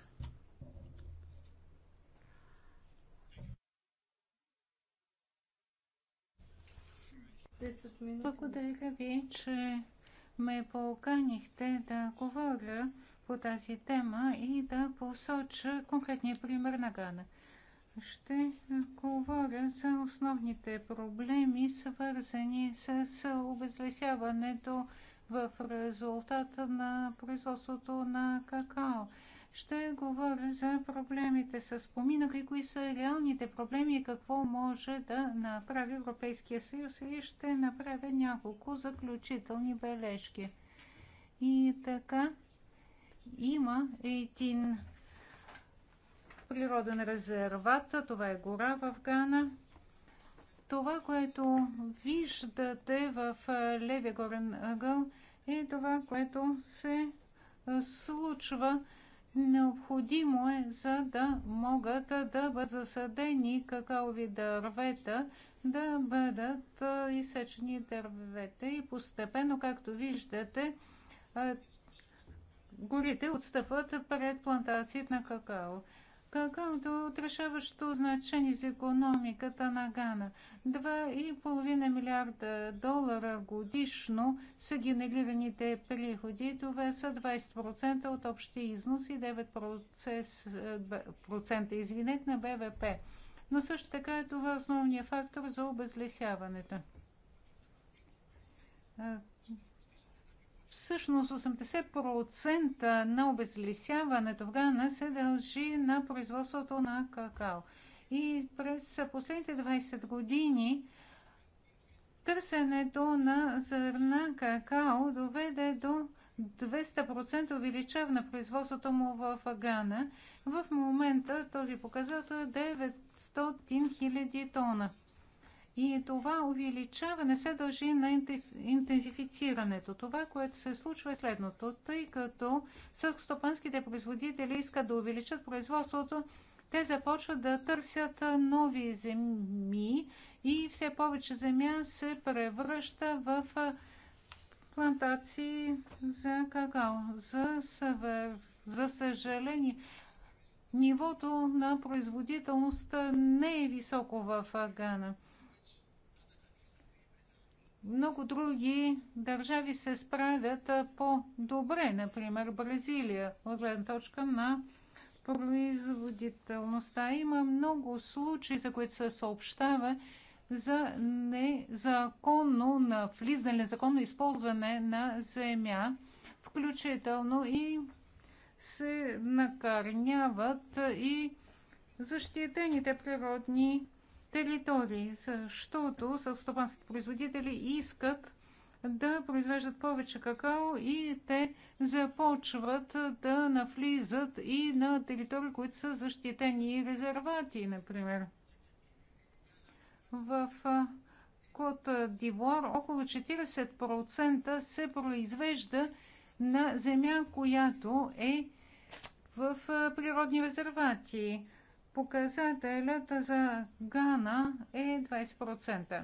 Благодаря ви, че ме поканихте да говоря по тази тема и да посоча конкретния пример на Гана. Ще говоря за основните проблеми, свързани с обезвесяването в резултат на производството на какао. Ще говоря за проблемите с поминък и кои са реалните проблеми и какво може да направи Европейския съюз и ще направя няколко заключителни бележки. И така, има един природен резерват. Това е гора в Гана. Това, което виждате в левия горен ъгъл, е това, което се случва. Необходимо е, за да могат да бъдат засадени какаови дървета, да бъдат изсечени дървета и постепенно, както виждате, горите отстъпват пред плантациите на какао. Какаото е от решаващо значение за економиката на Гана. 2,5 милиарда долара годишно са генерираните приходи. Това са 20% от общия износ и 9% извинет на БВП. Но също така това е основният фактор за обезлесяването Всъщност 80% на обезлисяването в Гана се дължи на производството на какао. И през последните 20 години търсенето на зърна какао доведе до 200% увеличава на производството му в Гана. В момента този показател е 900 000 тона. И това увеличаване се дължи на интензифицирането. Това, което се случва е следното. Тъй като сълскостопанските производители искат да увеличат производството, те започват да търсят нови земи и все повече земя се превръща в плантации за какао. За, съвер... за съжаление, нивото на производителност не е високо в Гана. Много други държави се справят по-добре, например Бразилия, от гледна точка на производителността. Има много случаи, за които се съобщава за незаконно на влизане, незаконно използване на земя, включително и се накърняват и защитените природни територии, защото селстопанските производители искат да произвеждат повече какао и те започват да навлизат и на територии, които са защитени резервати, например. В Кот Дивуар около 40% се произвежда на земя, която е в природни резервати. Показателят за Гана е 20%.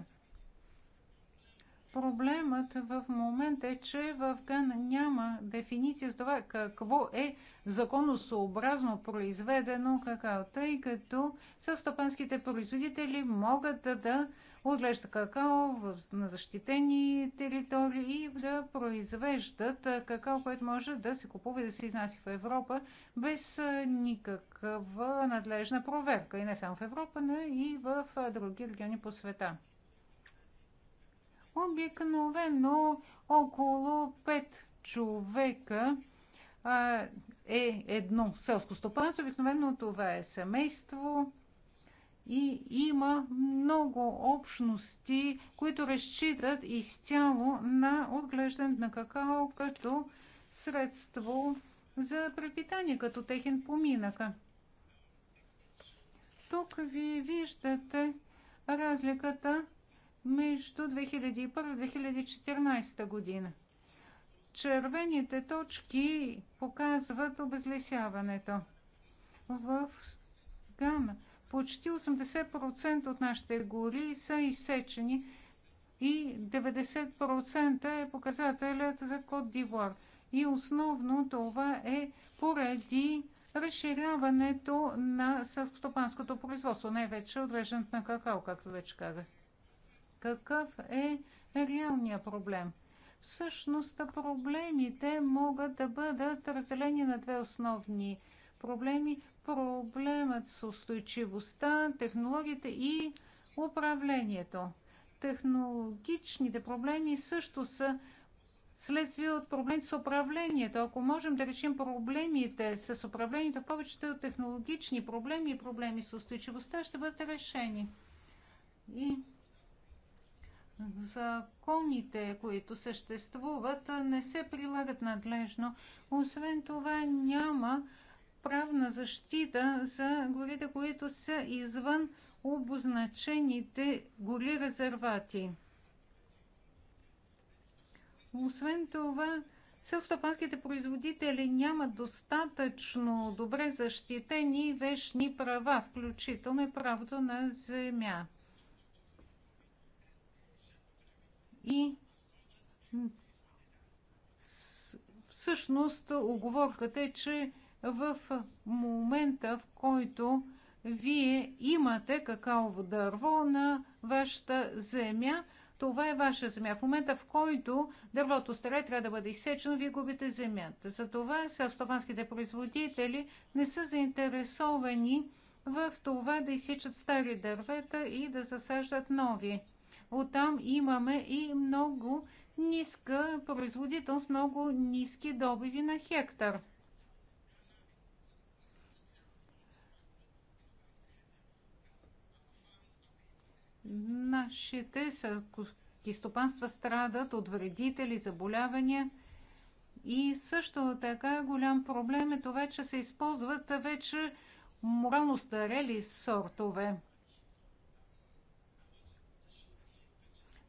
Проблемът в момента е, че в Гана няма дефиниция за това какво е законосообразно произведено какао, тъй като съвстопанските производители могат да отглежда какао на защитени територии и да произвеждат какао, което може да се купува и да се изнася в Европа без никаква надлежна проверка. И не само в Европа, но и в други региони по света. Обикновено около 5 човека е едно селско стопанство. Обикновено това е семейство, и има много общности, които разчитат изцяло на отглеждането на какао като средство за препитание, като техен поминък. Тук ви виждате разликата между 2001-2014 година. Червените точки показват обезлесяването. В Гана почти 80% от нашите гори са изсечени и 90% е показателят за код Дивуар. И основно това е поради разширяването на съвстопанското производство, най-вече отвеждането на какао, както вече казах. Какъв е реалният проблем? Всъщност проблемите могат да бъдат разделени на две основни проблеми проблемът с устойчивостта, технологията и управлението. Технологичните проблеми също са следствие от проблемите с управлението. Ако можем да решим проблемите с управлението, повечето технологични проблеми и проблеми с устойчивостта ще бъдат решени. И законите, които съществуват, не се прилагат надлежно. Освен това няма правна защита за горите, които са извън обозначените гори резервати. Освен това, селстопанските производители нямат достатъчно добре защитени вещни права, включително и правото на земя. И всъщност оговорката е, че в момента, в който вие имате какаово дърво на вашата земя. Това е ваша земя. В момента, в който дървото старе трябва да бъде изсечено, вие губите земята. Затова селстопанските производители не са заинтересовани в това да изсичат стари дървета и да засаждат нови. Оттам имаме и много ниска производителност, много ниски добиви на хектар. Нашите селски стопанства страдат от вредители, заболявания и също така голям проблем е това, че се използват вече морално старели сортове.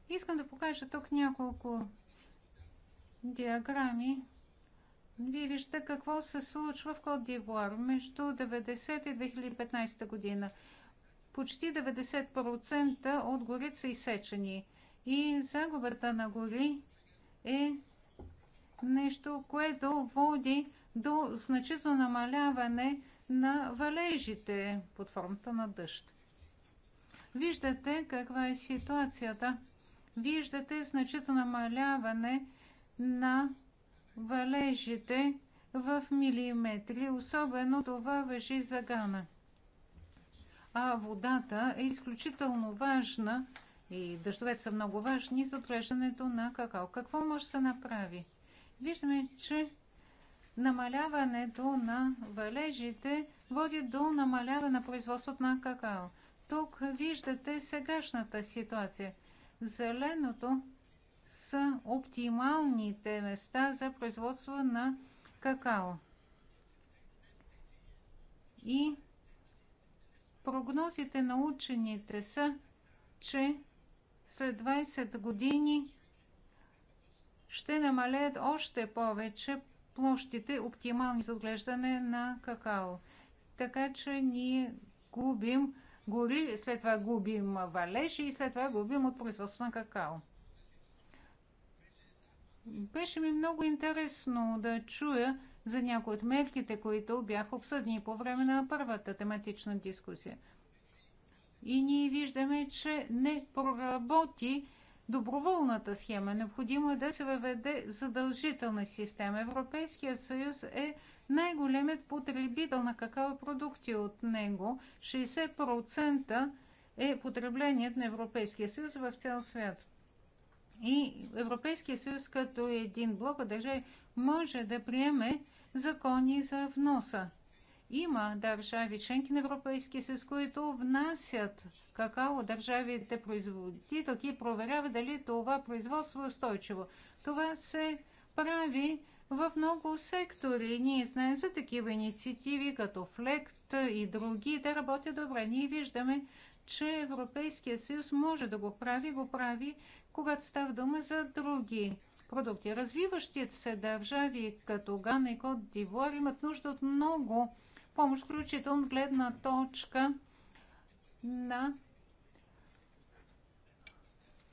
Искам да покажа тук няколко диаграми. Вие виждате какво се случва в Кот Дивуар между 90 и 2015 година почти 90% от горите са изсечени. И загубата на гори е нещо, което води до значително намаляване на валежите под формата на дъжд. Виждате каква е ситуацията. Виждате значително намаляване на валежите в милиметри. Особено това въжи за Гана а водата е изключително важна и дъждовете са много важни за отглеждането на какао. Какво може да се направи? Виждаме, че намаляването на валежите води до намаляване на производството на какао. Тук виждате сегашната ситуация. Зеленото са оптималните места за производство на какао. И Прогнозите на учените са, че след 20 години ще намалеят още повече площите оптимални за отглеждане на какао. Така че ние губим гори, след това губим валежи и след това губим от производство на какао. Беше ми много интересно да чуя за някои от мерките, които бяха обсъдени по време на първата тематична дискусия. И ние виждаме, че не проработи доброволната схема. Необходимо е да се въведе задължителна система. Европейският съюз е най-големият потребител на какава продукти от него. 60% е потреблението на Европейския съюз в цял свят. И Европейския съюз като един блок държави може да приеме закони за вноса. Има държави, членки на Европейския съюз, които внасят какао държавите производителки и проверяват дали това производство е устойчиво. Това се прави в много сектори. Ние знаем за такива инициативи, като ФЛЕКТ и други. да работят добре. Ние виждаме, че Европейския съюз може да го прави, го прави, когато става дума за други продукти. Развиващите се държави, като Гана и Кот Дивуар, имат нужда от много помощ, включително гледна точка на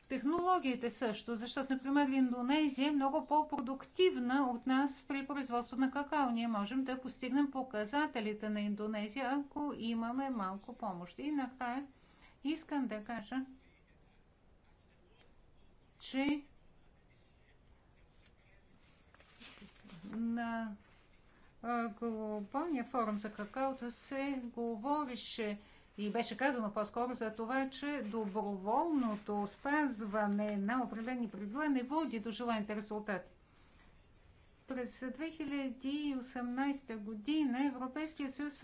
технологиите също, защото, например, Индонезия е много по-продуктивна от нас при производство на какао. Ние можем да постигнем показателите на Индонезия, ако имаме малко помощ. И накрая искам да кажа, че на глобалния форум за какаото се говорише и беше казано по-скоро за това, че доброволното спазване на определени правила не води до желаните резултати. През 2018 година Европейския съюз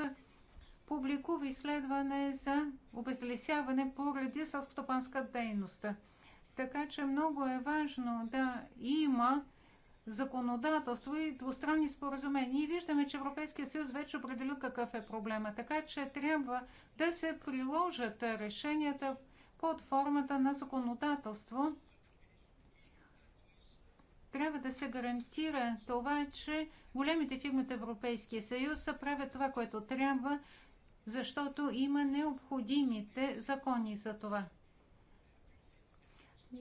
публикува изследване за обезлесяване поради селскостопанска дейност. Така че много е важно да има законодателство и двустранни споразумения. И виждаме, че Европейския съюз вече определил какъв е проблема. Така че трябва да се приложат решенията под формата на законодателство. Трябва да се гарантира това, че големите фирми от Европейския съюз правят това, което трябва, защото има необходимите закони за това.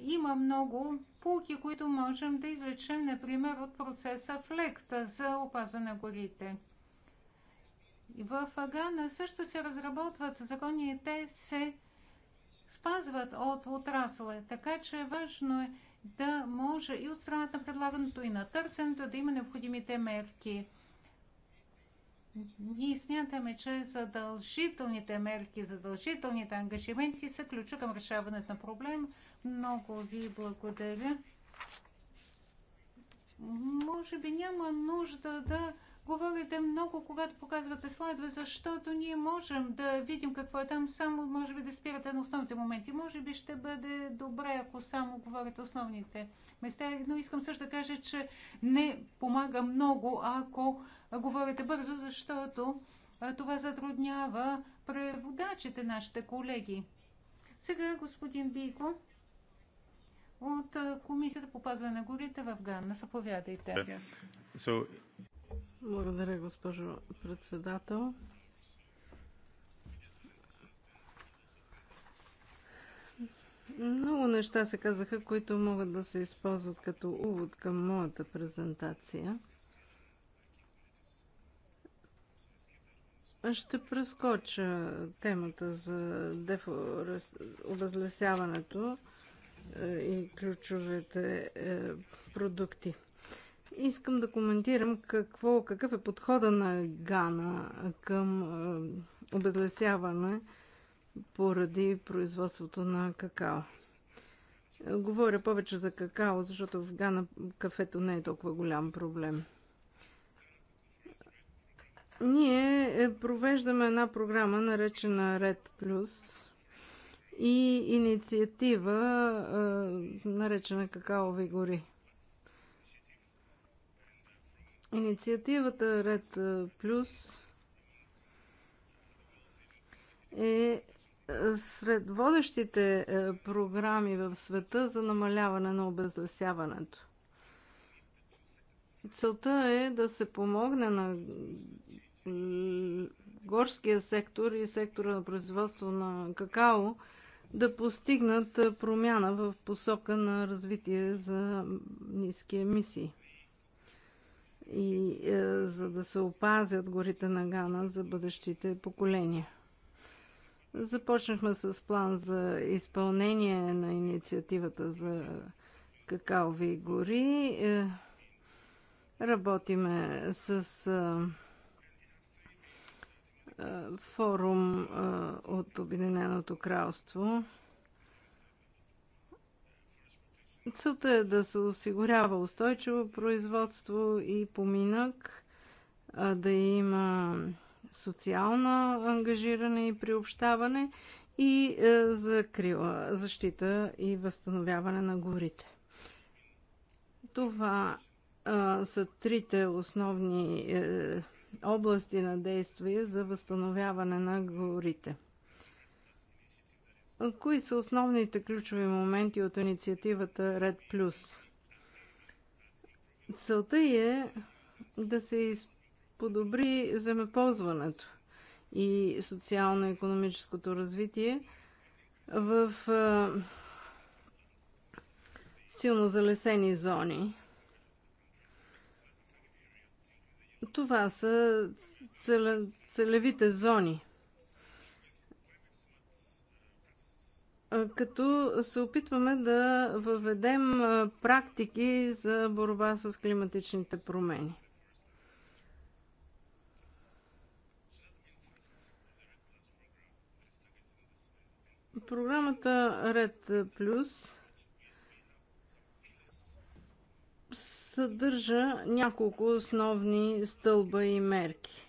Има много полки, които можем да извлечем, например, от процеса в лекта за опазване на горите. В Агана също се разработват закони и те се спазват от отрасъла. Така че важно е да може и от страната на предлагането и на търсенето да има необходимите мерки. Ние смятаме, че задължителните мерки, задължителните ангажименти са ключа към решаването на проблема. Много ви благодаря. Може би няма нужда да говорите много, когато показвате слайдове, защото ние можем да видим какво е там, само може би да спирате на основните моменти. Може би ще бъде добре, ако само говорите основните места, но искам също да кажа, че не помага много, ако говорите бързо, защото това затруднява преводачите, нашите колеги. Сега господин Бийко от Комисията по пазване на горите в Ганна. Съповядайте. So... Благодаря, госпожо председател. Много неща се казаха, които могат да се използват като увод към моята презентация. Ще прескоча темата за дефорест... обезлесяването. Е, и ключовете е, продукти. Искам да коментирам какво, какъв е подхода на Гана към е, обезлесяване поради производството на какао. Говоря повече за какао, защото в Гана кафето не е толкова голям проблем. Ние провеждаме една програма, наречена Red Plus, и инициатива, наречена Какаови гори. Инициативата Ред Плюс е сред водещите програми в света за намаляване на обезлесяването. Целта е да се помогне на горския сектор и сектора на производство на какао да постигнат промяна в посока на развитие за ниски емисии. И е, за да се опазят горите на Гана за бъдещите поколения. Започнахме с план за изпълнение на инициативата за какаови гори. Е, работиме с е, форум от Обединеното кралство. Целта е да се осигурява устойчиво производство и поминък, да има социална ангажиране и приобщаване и закрила, защита и възстановяване на горите. Това са трите основни е, области на действие за възстановяване на горите. Кои са основните ключови моменти от инициативата Ред Плюс? Целта е да се подобри земеползването и социално-економическото развитие в силно залесени зони Това са целевите зони. Като се опитваме да въведем практики за борба с климатичните промени. Програмата Ред Плюс съдържа няколко основни стълба и мерки.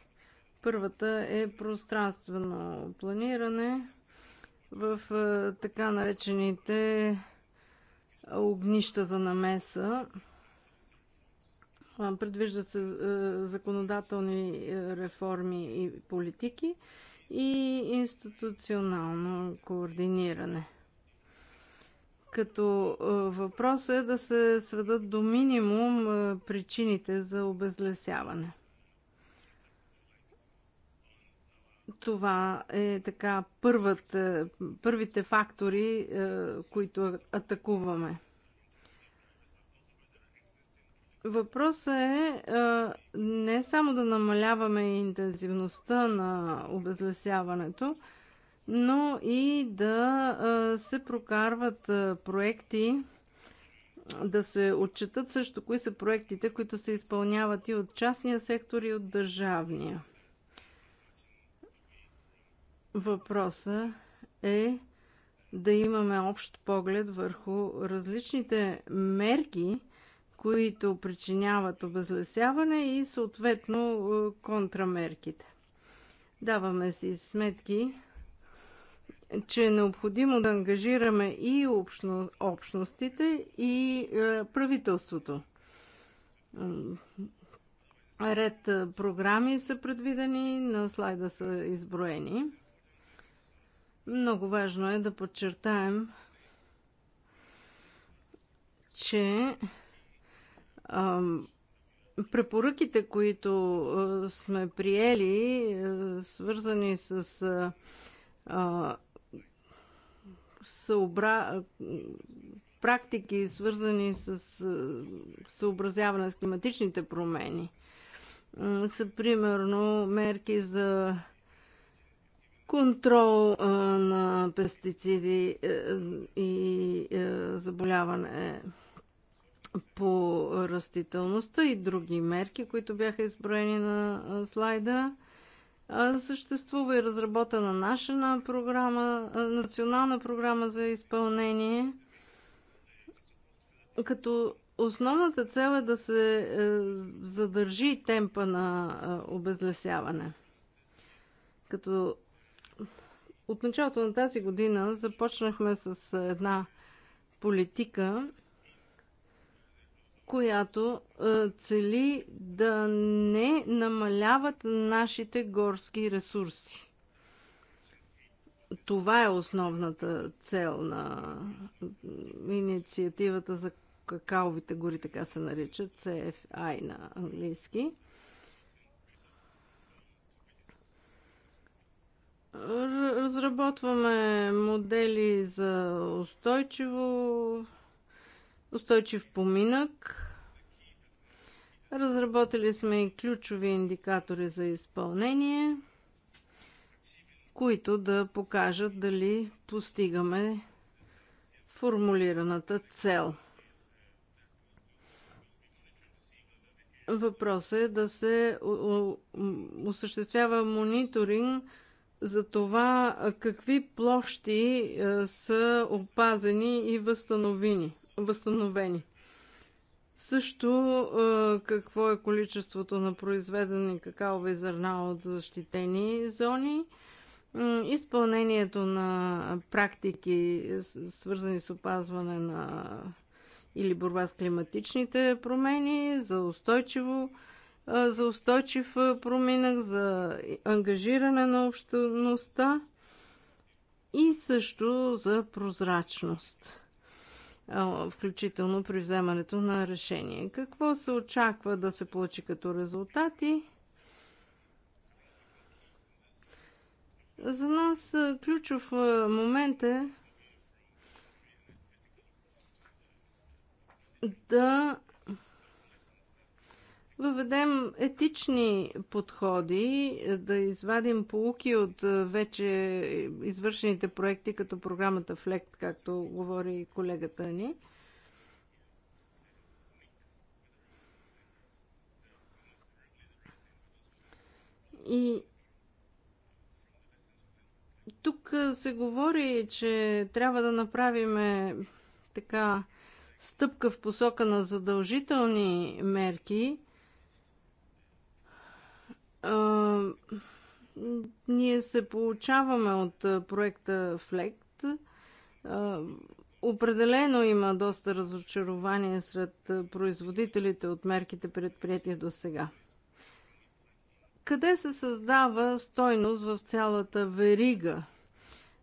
Първата е пространствено планиране в е, така наречените огнища за намеса. Предвиждат се е, законодателни е, реформи и политики и институционално координиране. Като въпрос е да се сведат до минимум причините за обезлесяване. Това е така първът, първите фактори, които атакуваме. Въпросът е не само да намаляваме интензивността на обезлесяването, но и да се прокарват проекти, да се отчитат също кои са проектите, които се изпълняват и от частния сектор, и от държавния. Въпросът е да имаме общ поглед върху различните мерки, които причиняват обезлесяване и съответно контрамерките. Даваме си сметки, че е необходимо да ангажираме и общно, общностите, и е, правителството. Ред е, програми са предвидени, на слайда са изброени. Много важно е да подчертаем, че е, препоръките, които е, сме приели, е, свързани с съобра... практики, свързани с съобразяване с климатичните промени, са примерно мерки за контрол на пестициди е, и е, заболяване по растителността и други мерки, които бяха изброени на слайда. Съществува и разработена наша програма, национална програма за изпълнение, като основната цел е да се е, задържи темпа на обезлесяване. Като от началото на тази година започнахме с една политика – която е, цели да не намаляват нашите горски ресурси. Това е основната цел на инициативата за какаовите гори, така се наричат, CFI на английски. Разработваме модели за устойчиво устойчив поминък. Разработили сме и ключови индикатори за изпълнение, които да покажат дали постигаме формулираната цел. Въпросът е да се осъществява мониторинг за това какви площи са опазени и възстановени възстановени. Също какво е количеството на произведени какаови зърна от защитени зони. Изпълнението на практики, свързани с опазване на или борба с климатичните промени, за устойчиво за устойчив проминък, за ангажиране на общността и също за прозрачност включително при вземането на решение. Какво се очаква да се получи като резултати? За нас ключов момент е да въведем етични подходи, е, да извадим полуки от е, вече извършените проекти, като програмата ФЛЕКТ, както говори колегата ни. И тук е, се говори, че трябва да направим така стъпка в посока на задължителни мерки, а, ние се получаваме от проекта ФЛЕКТ. определено има доста разочарование сред производителите от мерките предприятия до сега. Къде се създава стойност в цялата верига?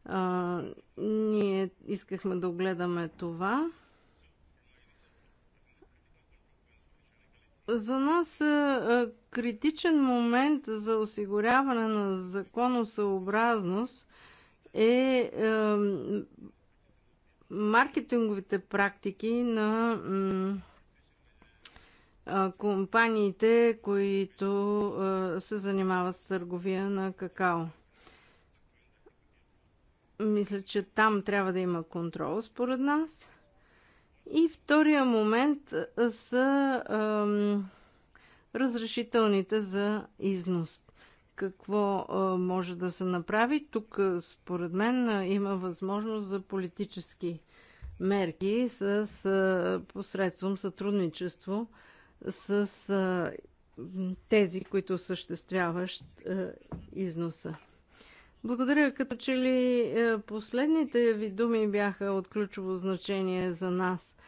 А, ние искахме да огледаме това. За нас е, е критичен момент за осигуряване на законосъобразност е, е маркетинговите практики на е, компаниите, които е, се занимават с търговия на какао. Мисля, че там трябва да има контрол според нас – и втория момент са ам, разрешителните за износ. Какво а, може да се направи? Тук, според мен, има възможност за политически мерки с а, посредством сътрудничество с а, тези, които осъществяващ а, износа. Благодаря. Като че ли е, последните ви думи бяха от ключово значение за нас –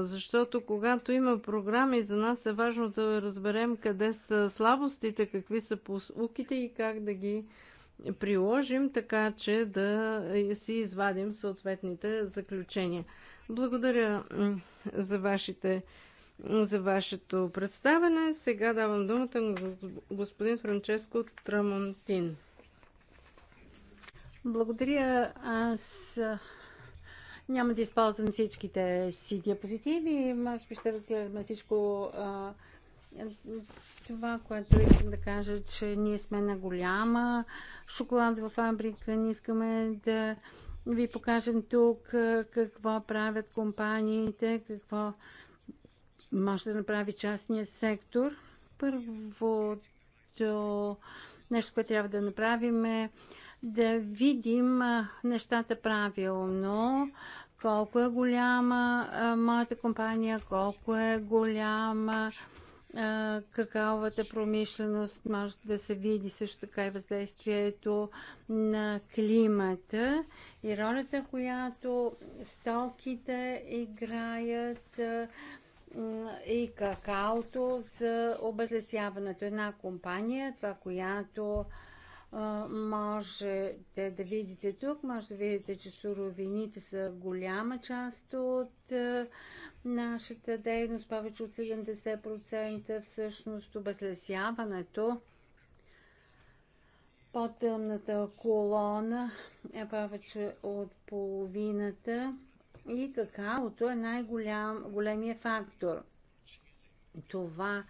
защото когато има програми, за нас е важно да разберем къде са слабостите, какви са послуките и как да ги приложим, така че да си извадим съответните заключения. Благодаря за, вашите, за вашето представене. Сега давам думата на господин Франческо Трамонтин. Благодаря. Аз няма да използвам всичките си диапозитиви. Може би ще разгледаме всичко това, което искам да кажа, че ние сме на голяма шоколадова фабрика. Ние искаме да ви покажем тук какво правят компаниите, какво може да направи частния сектор. Първото нещо, което трябва да направим е да видим нещата правилно, колко е голяма моята компания, колко е голяма какавата промишленост, може да се види също така и въздействието на климата и ролята, която стоките играят и какаото за обезлесяването. Една компания, това, която можете да видите тук, може да видите, че суровините са голяма част от нашата дейност, повече от 70% всъщност обезлесяването по-тъмната колона е повече от половината и какаото е най-големия фактор. Това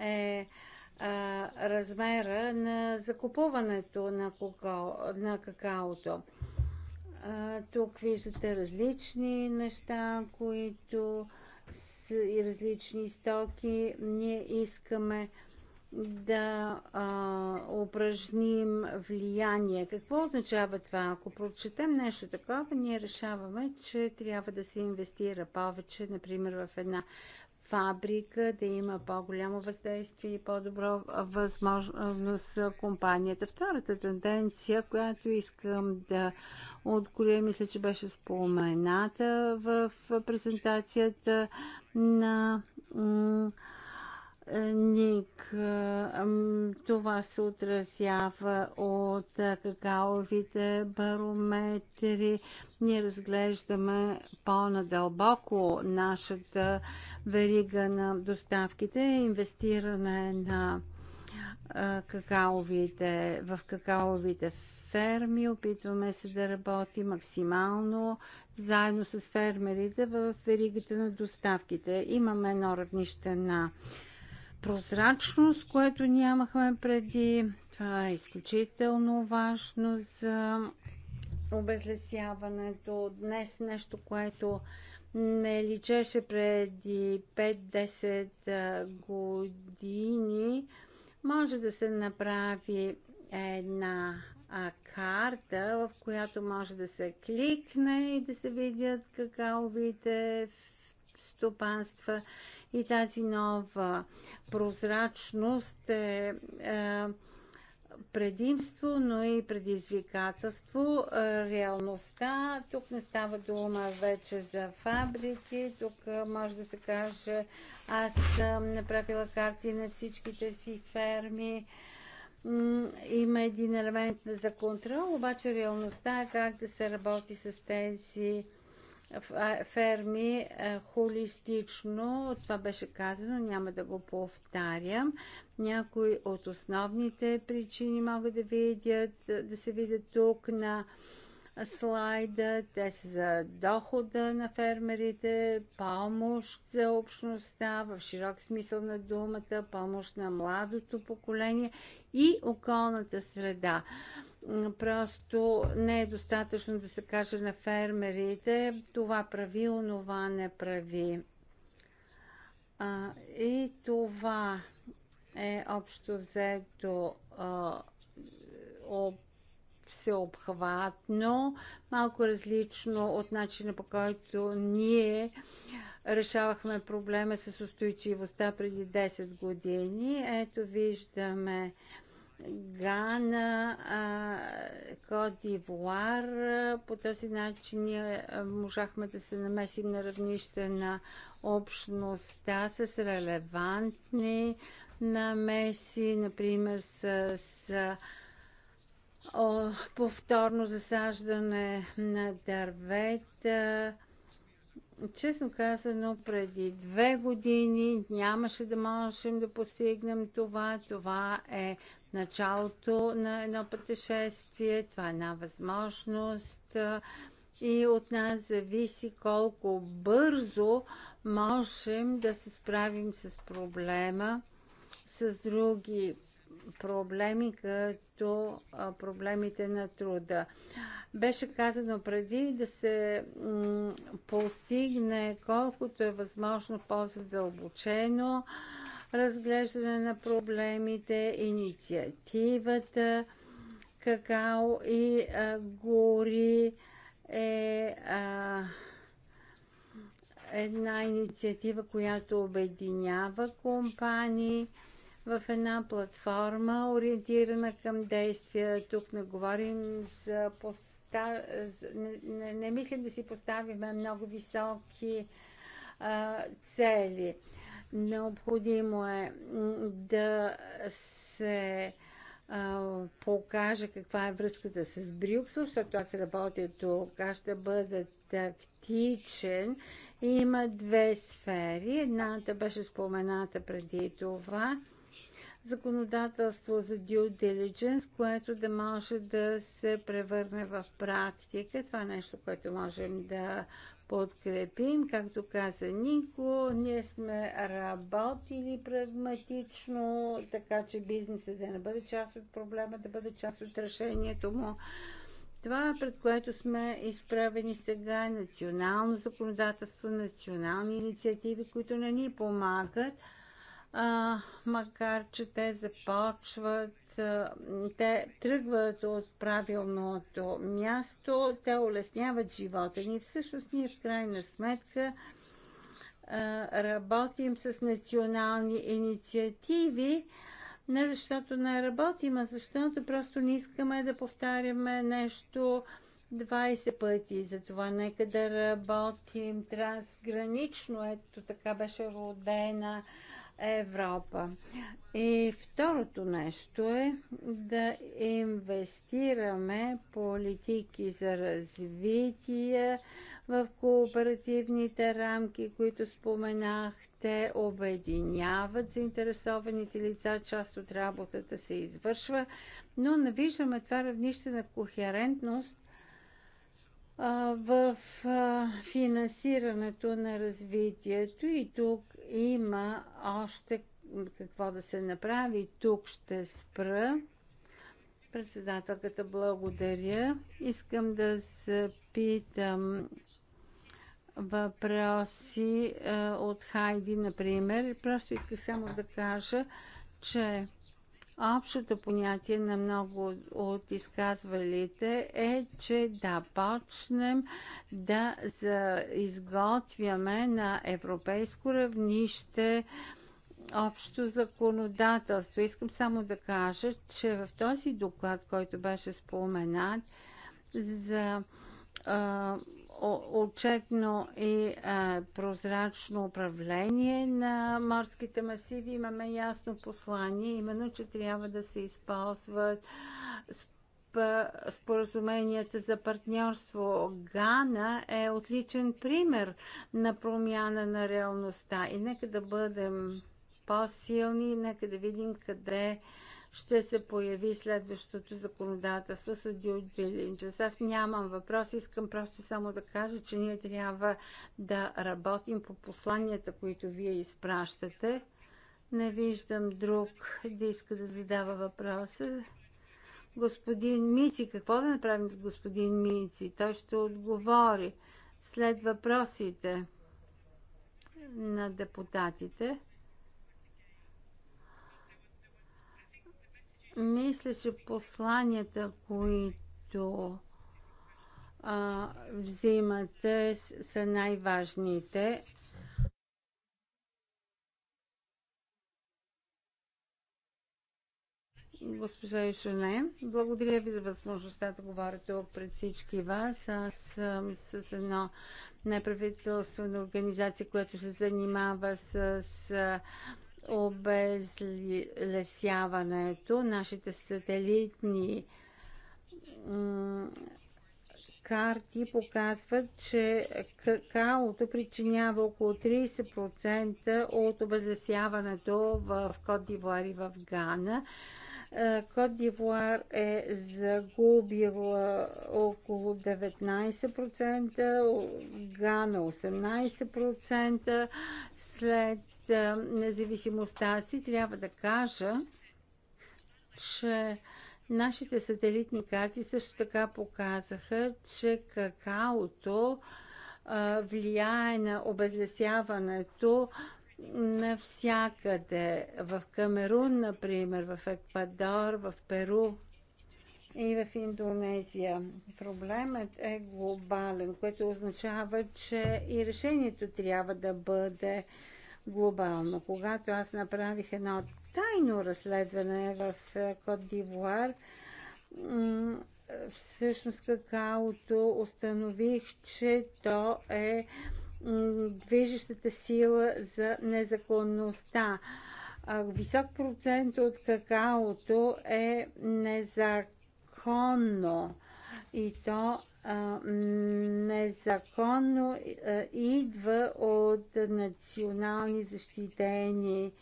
е а, размера на закупуването на, коко, на какаото. А, тук виждате различни неща, които с и различни стоки. Ние искаме да а, упражним влияние. Какво означава това? Ако прочетем нещо такова, ние решаваме, че трябва да се инвестира повече, например, в една фабрика да има по-голямо въздействие и по-добро възможност за компанията. Втората тенденция, която искам да откроя, мисля, че беше спомената в презентацията на Ник, това се отразява от какаовите барометри. Ние разглеждаме по-надълбоко нашата верига на доставките. Инвестиране на какаовите, в какаовите ферми. Опитваме се да работи максимално заедно с фермерите в веригата на доставките. Имаме едно равнище на прозрачност, което нямахме преди. Това е изключително важно за обезлесяването. Днес нещо, което не личеше преди 5-10 години, може да се направи една карта, в която може да се кликне и да се видят какаовите стопанства и тази нова прозрачност е, е предимство, но и предизвикателство. Е, реалността, тук не става дума вече за фабрики, тук е, може да се каже, аз съм направила карти на всичките си ферми. Има един елемент за контрол, обаче реалността е как да се работи с тези ферми холистично. Това беше казано, няма да го повтарям. Някои от основните причини могат да, видят, да се видят тук на слайда. Те са за дохода на фермерите, помощ за общността, в широк смисъл на думата, помощ на младото поколение и околната среда. Просто не е достатъчно да се каже на фермерите това прави, онова не прави. А, и това е общо взето всеобхватно, малко различно от начина по който ние решавахме проблема с устойчивостта преди 10 години. Ето виждаме а, Гана, Кот По този начин ние можахме да се намесим на равнище на общността с релевантни намеси, например с, с о, повторно засаждане на дървета. Честно казано, преди две години нямаше да можем да постигнем това. Това е началото на едно пътешествие. Това е една възможност и от нас зависи колко бързо можем да се справим с проблема, с други проблеми, като проблемите на труда. Беше казано преди да се постигне колкото е възможно по-задълбочено разглеждане на проблемите, инициативата, какао и а, гори е а, една инициатива, която обединява компании в една платформа, ориентирана към действия. Тук не говорим за постав... не, не, не мислим да си поставим много високи а, цели. Необходимо е да се покаже каква е връзката с Брюксел, защото аз работя тук, аз ще бъда тактичен. Има две сфери. Едната беше спомената преди това. Законодателство за due diligence, което да може да се превърне в практика. Това е нещо, което можем да подкрепим. Както каза Нико, ние сме работили прагматично, така че бизнесът да не бъде част от проблема, да бъде част от решението му. Това, пред което сме изправени сега, е национално законодателство, национални инициативи, които не ни помагат, а, макар че те започват те тръгват от правилното място, те улесняват живота ни. Всъщност ние в крайна сметка работим с национални инициативи, не защото не работим, а защото просто не искаме да повтаряме нещо 20 пъти. Затова нека да работим трансгранично. Ето така беше родена Европа. И второто нещо е да инвестираме политики за развитие в кооперативните рамки, които споменах. Те обединяват заинтересованите лица, част от работата се извършва, но не виждаме това равнище на кохерентност в финансирането на развитието и тук има още какво да се направи. Тук ще спра. Председателката, благодаря. Искам да запитам въпроси от Хайди, например. Просто исках само да кажа, че Общото понятие на много от изказвалите е, че да почнем да изготвяме на европейско равнище общо законодателство. Искам само да кажа, че в този доклад, който беше споменат за отчетно и прозрачно управление на морските масиви имаме ясно послание, именно, че трябва да се използват споразуменията за партньорство. Гана е отличен пример на промяна на реалността и нека да бъдем по-силни, нека да видим къде е ще се появи следващото законодателство с due diligence. Аз нямам въпрос, искам просто само да кажа, че ние трябва да работим по посланията, които вие изпращате. Не виждам друг да иска да задава въпроса. Господин Мици, какво да направим с господин Мици? Той ще отговори след въпросите на депутатите. Мисля, че посланията, които а, взимате, са най-важните. госпожа Ишоне. Благодаря ви за възможността да говоря тук пред всички вас. Аз съм с едно неправителствена организация, която се занимава с, с обезлесяването. Нашите сателитни карти показват, че какаото причинява около 30% от обезлесяването в Кот Дивуар и в Гана. Е, Кот Дивуар е загубил около 19%, Гана 18% след е, независимостта си, трябва да кажа, че нашите сателитни карти също така показаха, че какаото е, влияе на обезлесяването навсякъде. В Камерун, например, в Еквадор, в Перу и в Индонезия. Проблемът е глобален, което означава, че и решението трябва да бъде глобално. Когато аз направих едно тайно разследване в е, Кот Дивуар, всъщност какаото установих, че то е движещата сила за незаконността. Висок процент от какаото е незаконно и то незаконно идва от национални защитени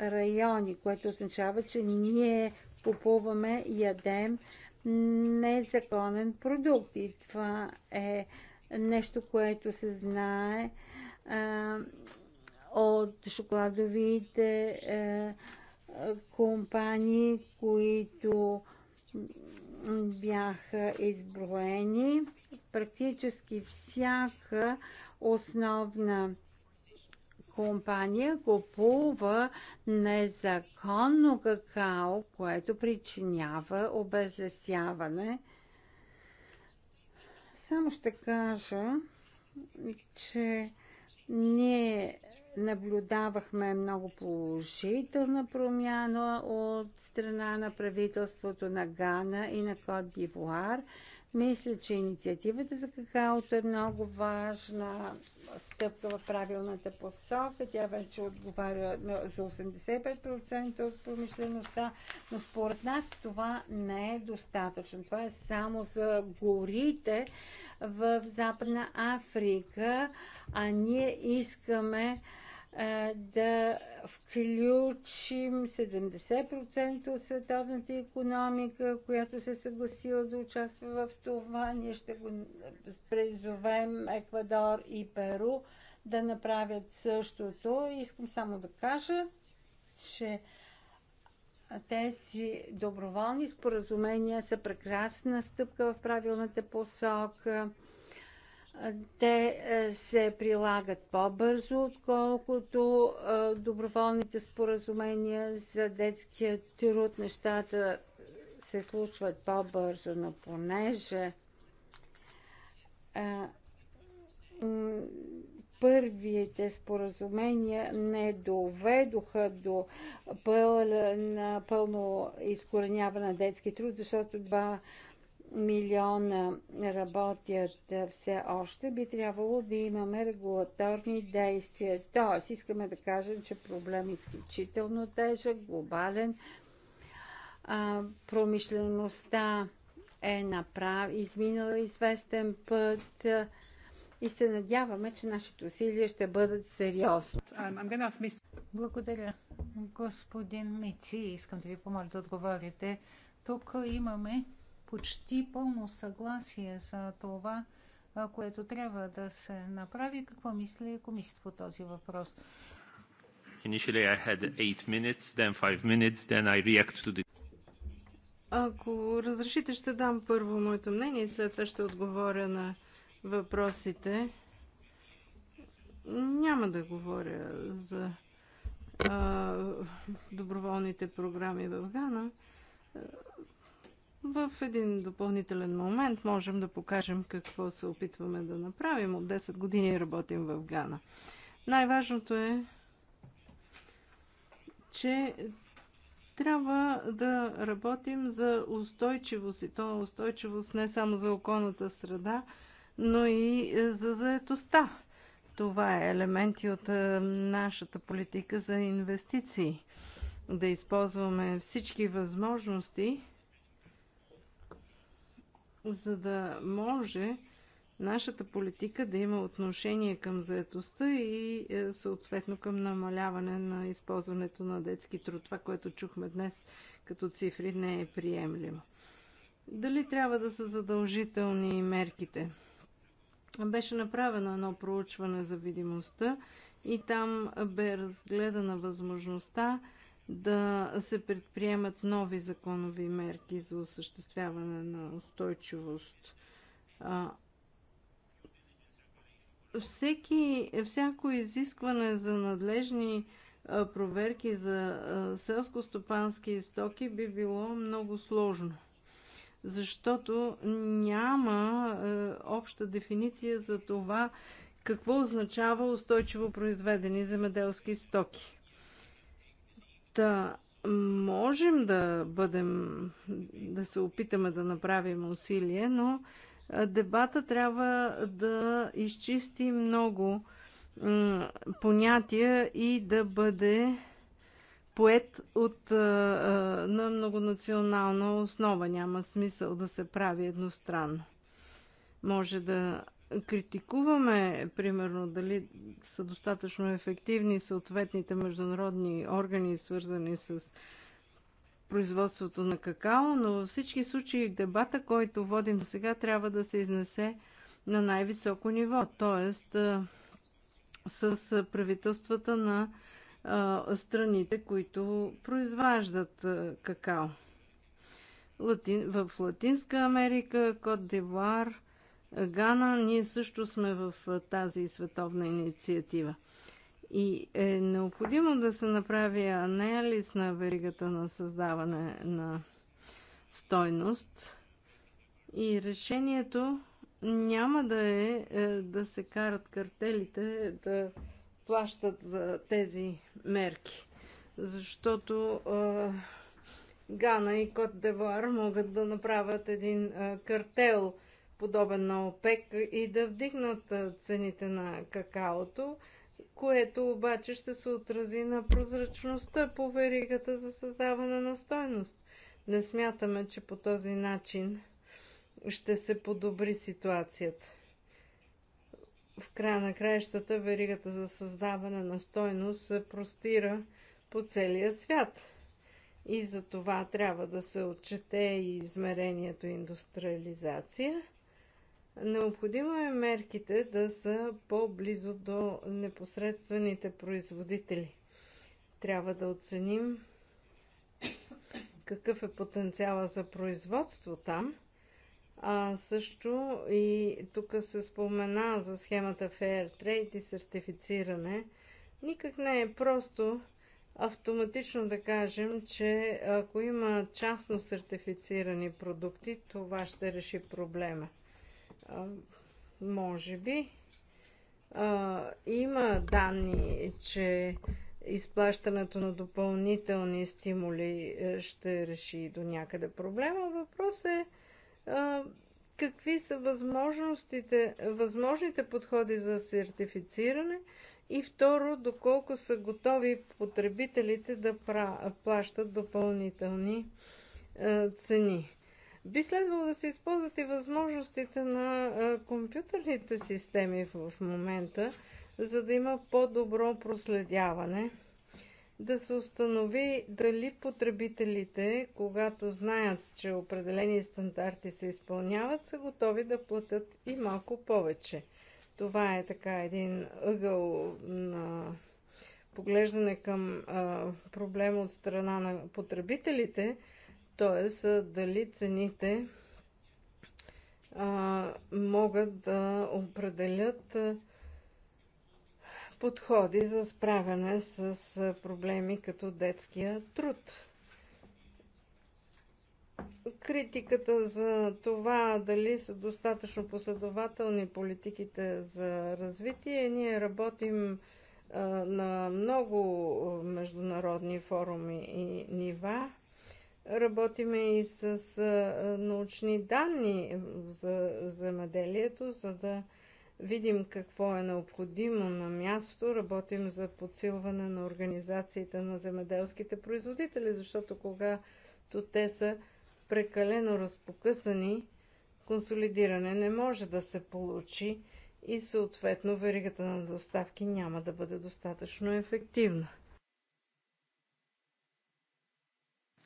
райони, което означава, че ние купуваме, ядем незаконен продукт. И това е нещо, което се знае от шоколадовите компании, които бяха изброени. Практически всяка основна компания купува незаконно какао, което причинява обезлесяване. Само ще кажа, че ние наблюдавахме много положителна промяна от страна на правителството на Гана и на Кот Дивуар. Мисля, че инициативата за какаото е много важна стъпка в правилната посока. Тя вече отговаря за 85% от промишлеността, но според нас това не е достатъчно. Това е само за горите в Западна Африка, а ние искаме да включим 70% от световната економика, която се съгласила да участва в това. Ние ще го призовем Еквадор и Перу да направят същото. Искам само да кажа, че тези доброволни споразумения са прекрасна стъпка в правилната посока те е, се прилагат по-бързо, отколкото е, доброволните споразумения за детския труд. Нещата се случват по-бързо, но понеже е, първите споразумения не доведоха до пълно, пълно изкореняване на детски труд, защото два милиона работят все още, би трябвало да имаме регулаторни действия. Тоест, искаме да кажем, че проблем е изключително тежък, глобален. А, промишлеността е направ... изминала известен път а, и се надяваме, че нашите усилия ще бъдат сериозни. Um, Благодаря. Господин Мици, искам да ви помоля да отговорите. Тук имаме почти пълно съгласие за това, което трябва да се направи. Какво мисли комисията по този въпрос? Initially I had 8 minutes, then 5 minutes, then I react to the... Ако разрешите, ще дам първо моето мнение и след това ще отговоря на въпросите. Няма да говоря за а, доброволните програми в Гана. В един допълнителен момент можем да покажем какво се опитваме да направим. От 10 години работим в Гана. Най-важното е, че трябва да работим за устойчивост и то устойчивост не само за околната среда, но и е, за заетостта. Това е елементи от е, нашата политика за инвестиции. Да използваме всички възможности, за да може нашата политика да има отношение към заетостта и е, съответно към намаляване на използването на детски труд. Това, което чухме днес като цифри, не е приемливо. Дали трябва да са задължителни мерките? Беше направено едно проучване за видимостта и там бе разгледана възможността да се предприемат нови законови мерки за осъществяване на устойчивост. Всеки, всяко изискване за надлежни проверки за селско-стопански стоки би било много сложно, защото няма обща дефиниция за това какво означава устойчиво произведени земеделски стоки. Та, можем да бъдем, да се опитаме да направим усилие, но дебата трябва да изчисти много понятия и да бъде поет от, на многонационална основа. Няма смисъл да се прави едностранно. Може да критикуваме, примерно, дали са достатъчно ефективни съответните международни органи, свързани с производството на какао, но във всички случаи дебата, който водим сега, трябва да се изнесе на най-високо ниво, т.е. с правителствата на страните, които произваждат какао. в Латинска Америка, Кот девуар Гана, ние също сме в тази световна инициатива. И е необходимо да се направи анализ на веригата на създаване на стойност. И решението няма да е, е да се карат картелите да плащат за тези мерки. Защото е, Гана и Кот Девуар могат да направят един е, картел подобен на ОПЕК, и да вдигнат цените на какаото, което обаче ще се отрази на прозрачността по веригата за създаване на стойност. Не смятаме, че по този начин ще се подобри ситуацията. В края на краищата веригата за създаване на стойност се простира по целия свят. И за това трябва да се отчете и измерението индустриализация – Необходимо е мерките да са по-близо до непосредствените производители. Трябва да оценим какъв е потенциала за производство там, а също и тук се спомена за схемата Fair Trade и сертифициране. Никак не е просто автоматично да кажем, че ако има частно сертифицирани продукти, това ще реши проблема – а, може би а, има данни, че изплащането на допълнителни стимули е, ще реши до някъде проблема. Въпрос е а, какви са възможностите, възможните подходи за сертифициране и второ, доколко са готови потребителите да пра, плащат допълнителни а, цени. Би следвало да се използват и възможностите на компютърните системи в момента, за да има по-добро проследяване, да се установи дали потребителите, когато знаят, че определени стандарти се изпълняват, са готови да платят и малко повече. Това е така един ъгъл на поглеждане към а, проблема от страна на потребителите – Тоест, дали цените могат да определят подходи за справяне с проблеми като детския труд. Критиката за това дали са достатъчно последователни политиките за развитие, ние работим на много международни форуми и нива Работиме и с научни данни за земеделието, за да видим какво е необходимо на място. Работим за подсилване на организациите на земеделските производители, защото когато те са прекалено разпокъсани, консолидиране не може да се получи и съответно веригата на доставки няма да бъде достатъчно ефективна.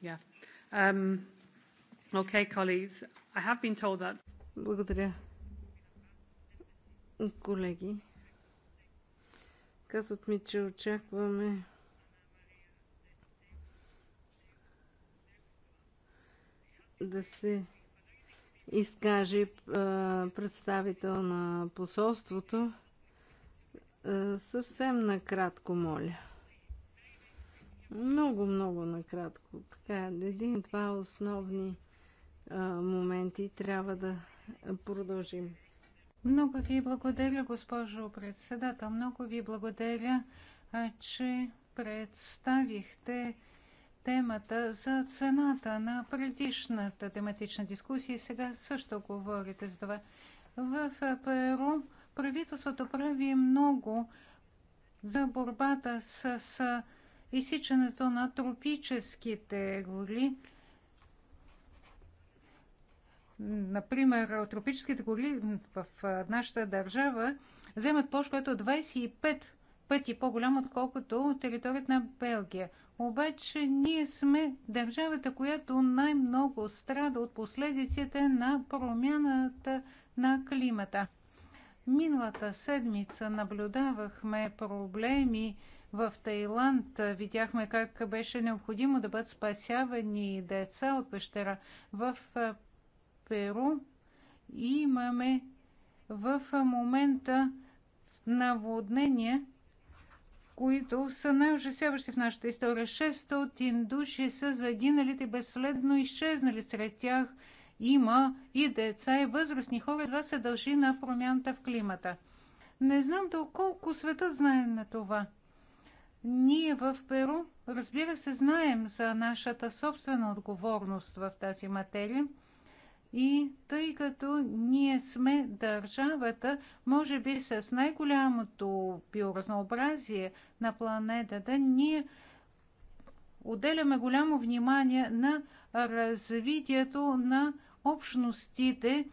Yeah. Um, okay, colleagues, I have been told that... Благодаря. Колеги, казват ми, че очакваме да се изкаже представител на посолството. Съвсем накратко, моля. Много, много накратко. Така, един-два основни а, моменти трябва да продължим. Много ви благодаря, госпожо председател. Много ви благодаря, а, че представихте темата за цената на предишната тематична дискусия и сега също говорите за това. В ПРО правителството прави много за борбата с, с изсичането на тропическите гори. Например, тропическите гори в нашата държава вземат площ, което е 25 пъти по-голям, отколкото територията на Белгия. Обаче ние сме държавата, която най-много страда от последиците на промяната на климата. Миналата седмица наблюдавахме проблеми в Тайланд видяхме как беше необходимо да бъдат спасявани деца от пещера. В Перу имаме в момента наводнения, които са най-ужасяващи в нашата история. 600 души са загинали и безследно изчезнали. Сред тях има и деца, и възрастни хора. Това се дължи на промяната в климата. Не знам доколко светът знае на това. Ние в Перу, разбира се, знаем за нашата собствена отговорност в тази материя. И тъй като ние сме държавата, може би с най-голямото биоразнообразие на планетата, ние отделяме голямо внимание на развитието на общностите,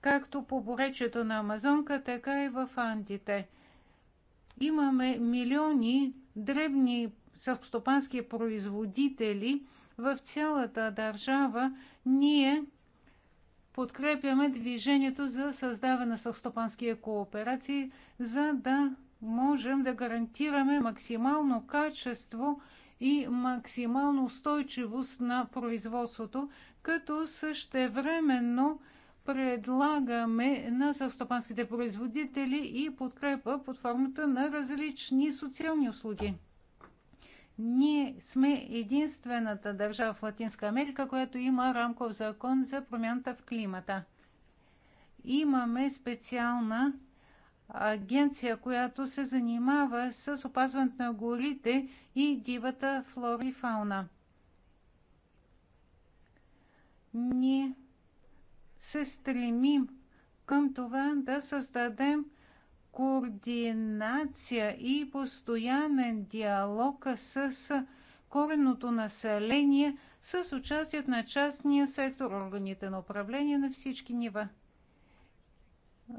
както по боречето на Амазонка, така и в Андите – имаме милиони дребни селскостопански производители в цялата държава. Ние подкрепяме движението за създаване на селскостопански кооперации, за да можем да гарантираме максимално качество и максимална устойчивост на производството, като същевременно предлагаме на съвстопанските производители и подкрепа под формата на различни социални услуги. Ние сме единствената държава в Латинска Америка, която има рамков закон за промяната в климата. Имаме специална агенция, която се занимава с опазването на горите и дивата флора и фауна. Ние се стремим към това да създадем координация и постоянен диалог с коренното население, с участието на частния сектор, органите на управление на всички нива.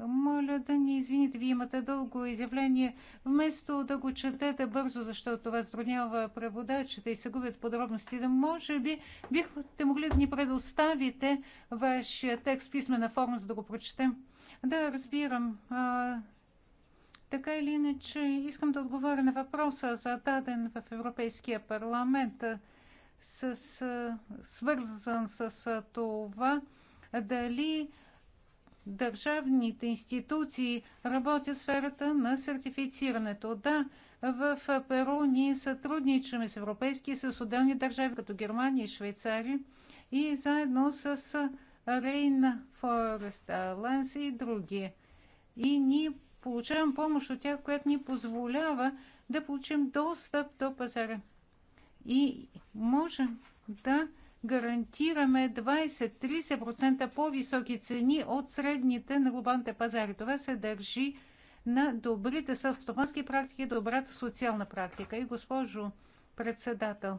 Моля да ни извините, вие имате дълго изявление. Вместо да го четете бързо, защото това затруднява преводачите и се губят подробности, да може би бихте могли да ни предоставите вашия текст в писмена форма, за да го прочетем. Да, разбирам. А, така или иначе, искам да отговоря на въпроса, зададен в Европейския парламент, с, свързан с това, дали държавните институции работят в сферата на сертифицирането. Да, в Перу ние сътрудничаме с Европейския съюз, отделни държави като Германия и Швейцария и заедно с Рейна, Форест Аланс и други. И ние получавам помощ от тях, която ни позволява да получим достъп до пазара. И можем да гарантираме 20-30% по-високи цени от средните на глобалните пазари. Това се държи на добрите селскостопански практики, добрата социална практика. И госпожо председател,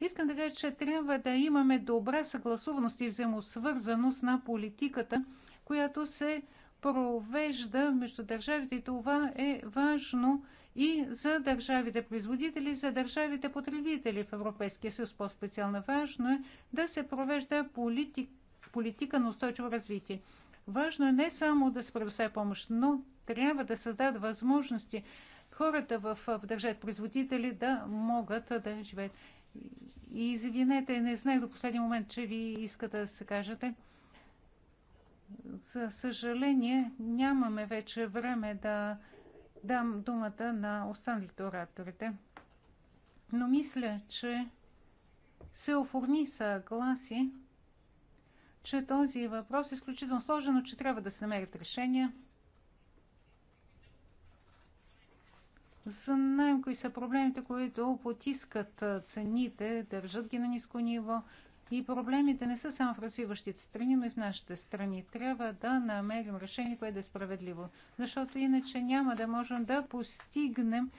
искам да кажа, че трябва да имаме добра съгласуваност и взаимосвързаност на политиката, която се провежда между държавите и това е важно и за държавите производители, за държавите потребители в Европейския съюз. По-специално важно е да се провежда политик, политика на устойчиво развитие. Важно е не само да се предоставя помощ, но трябва да създадат възможности хората в, в държавите производители да могат да живеят. И извинете, не знаех до последния момент, че ви искате да се кажете. За съжаление, нямаме вече време да дам думата на останалите ораторите. Но мисля, че се оформи съгласи, че този въпрос е изключително сложен, но че трябва да се намерят решения. Знаем кои са проблемите, които потискат цените, държат ги на ниско ниво – и проблемите не са само в развиващите страни, но и в нашите страни. Трябва да намерим решение, което е справедливо. Защото иначе няма да можем да постигнем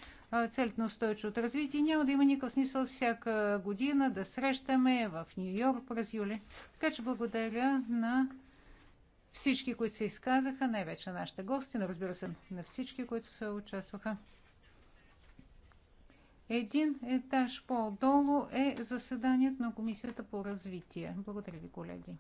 целите на устойчивото развитие. Няма да има никакъв смисъл всяка година да срещаме в Нью Йорк през юли. Така че благодаря на всички, които се изказаха, най-вече на нашите гости, но разбира се на всички, които се участваха. Един етаж по-долу е заседанието на Комисията по развитие. Благодаря ви, колеги.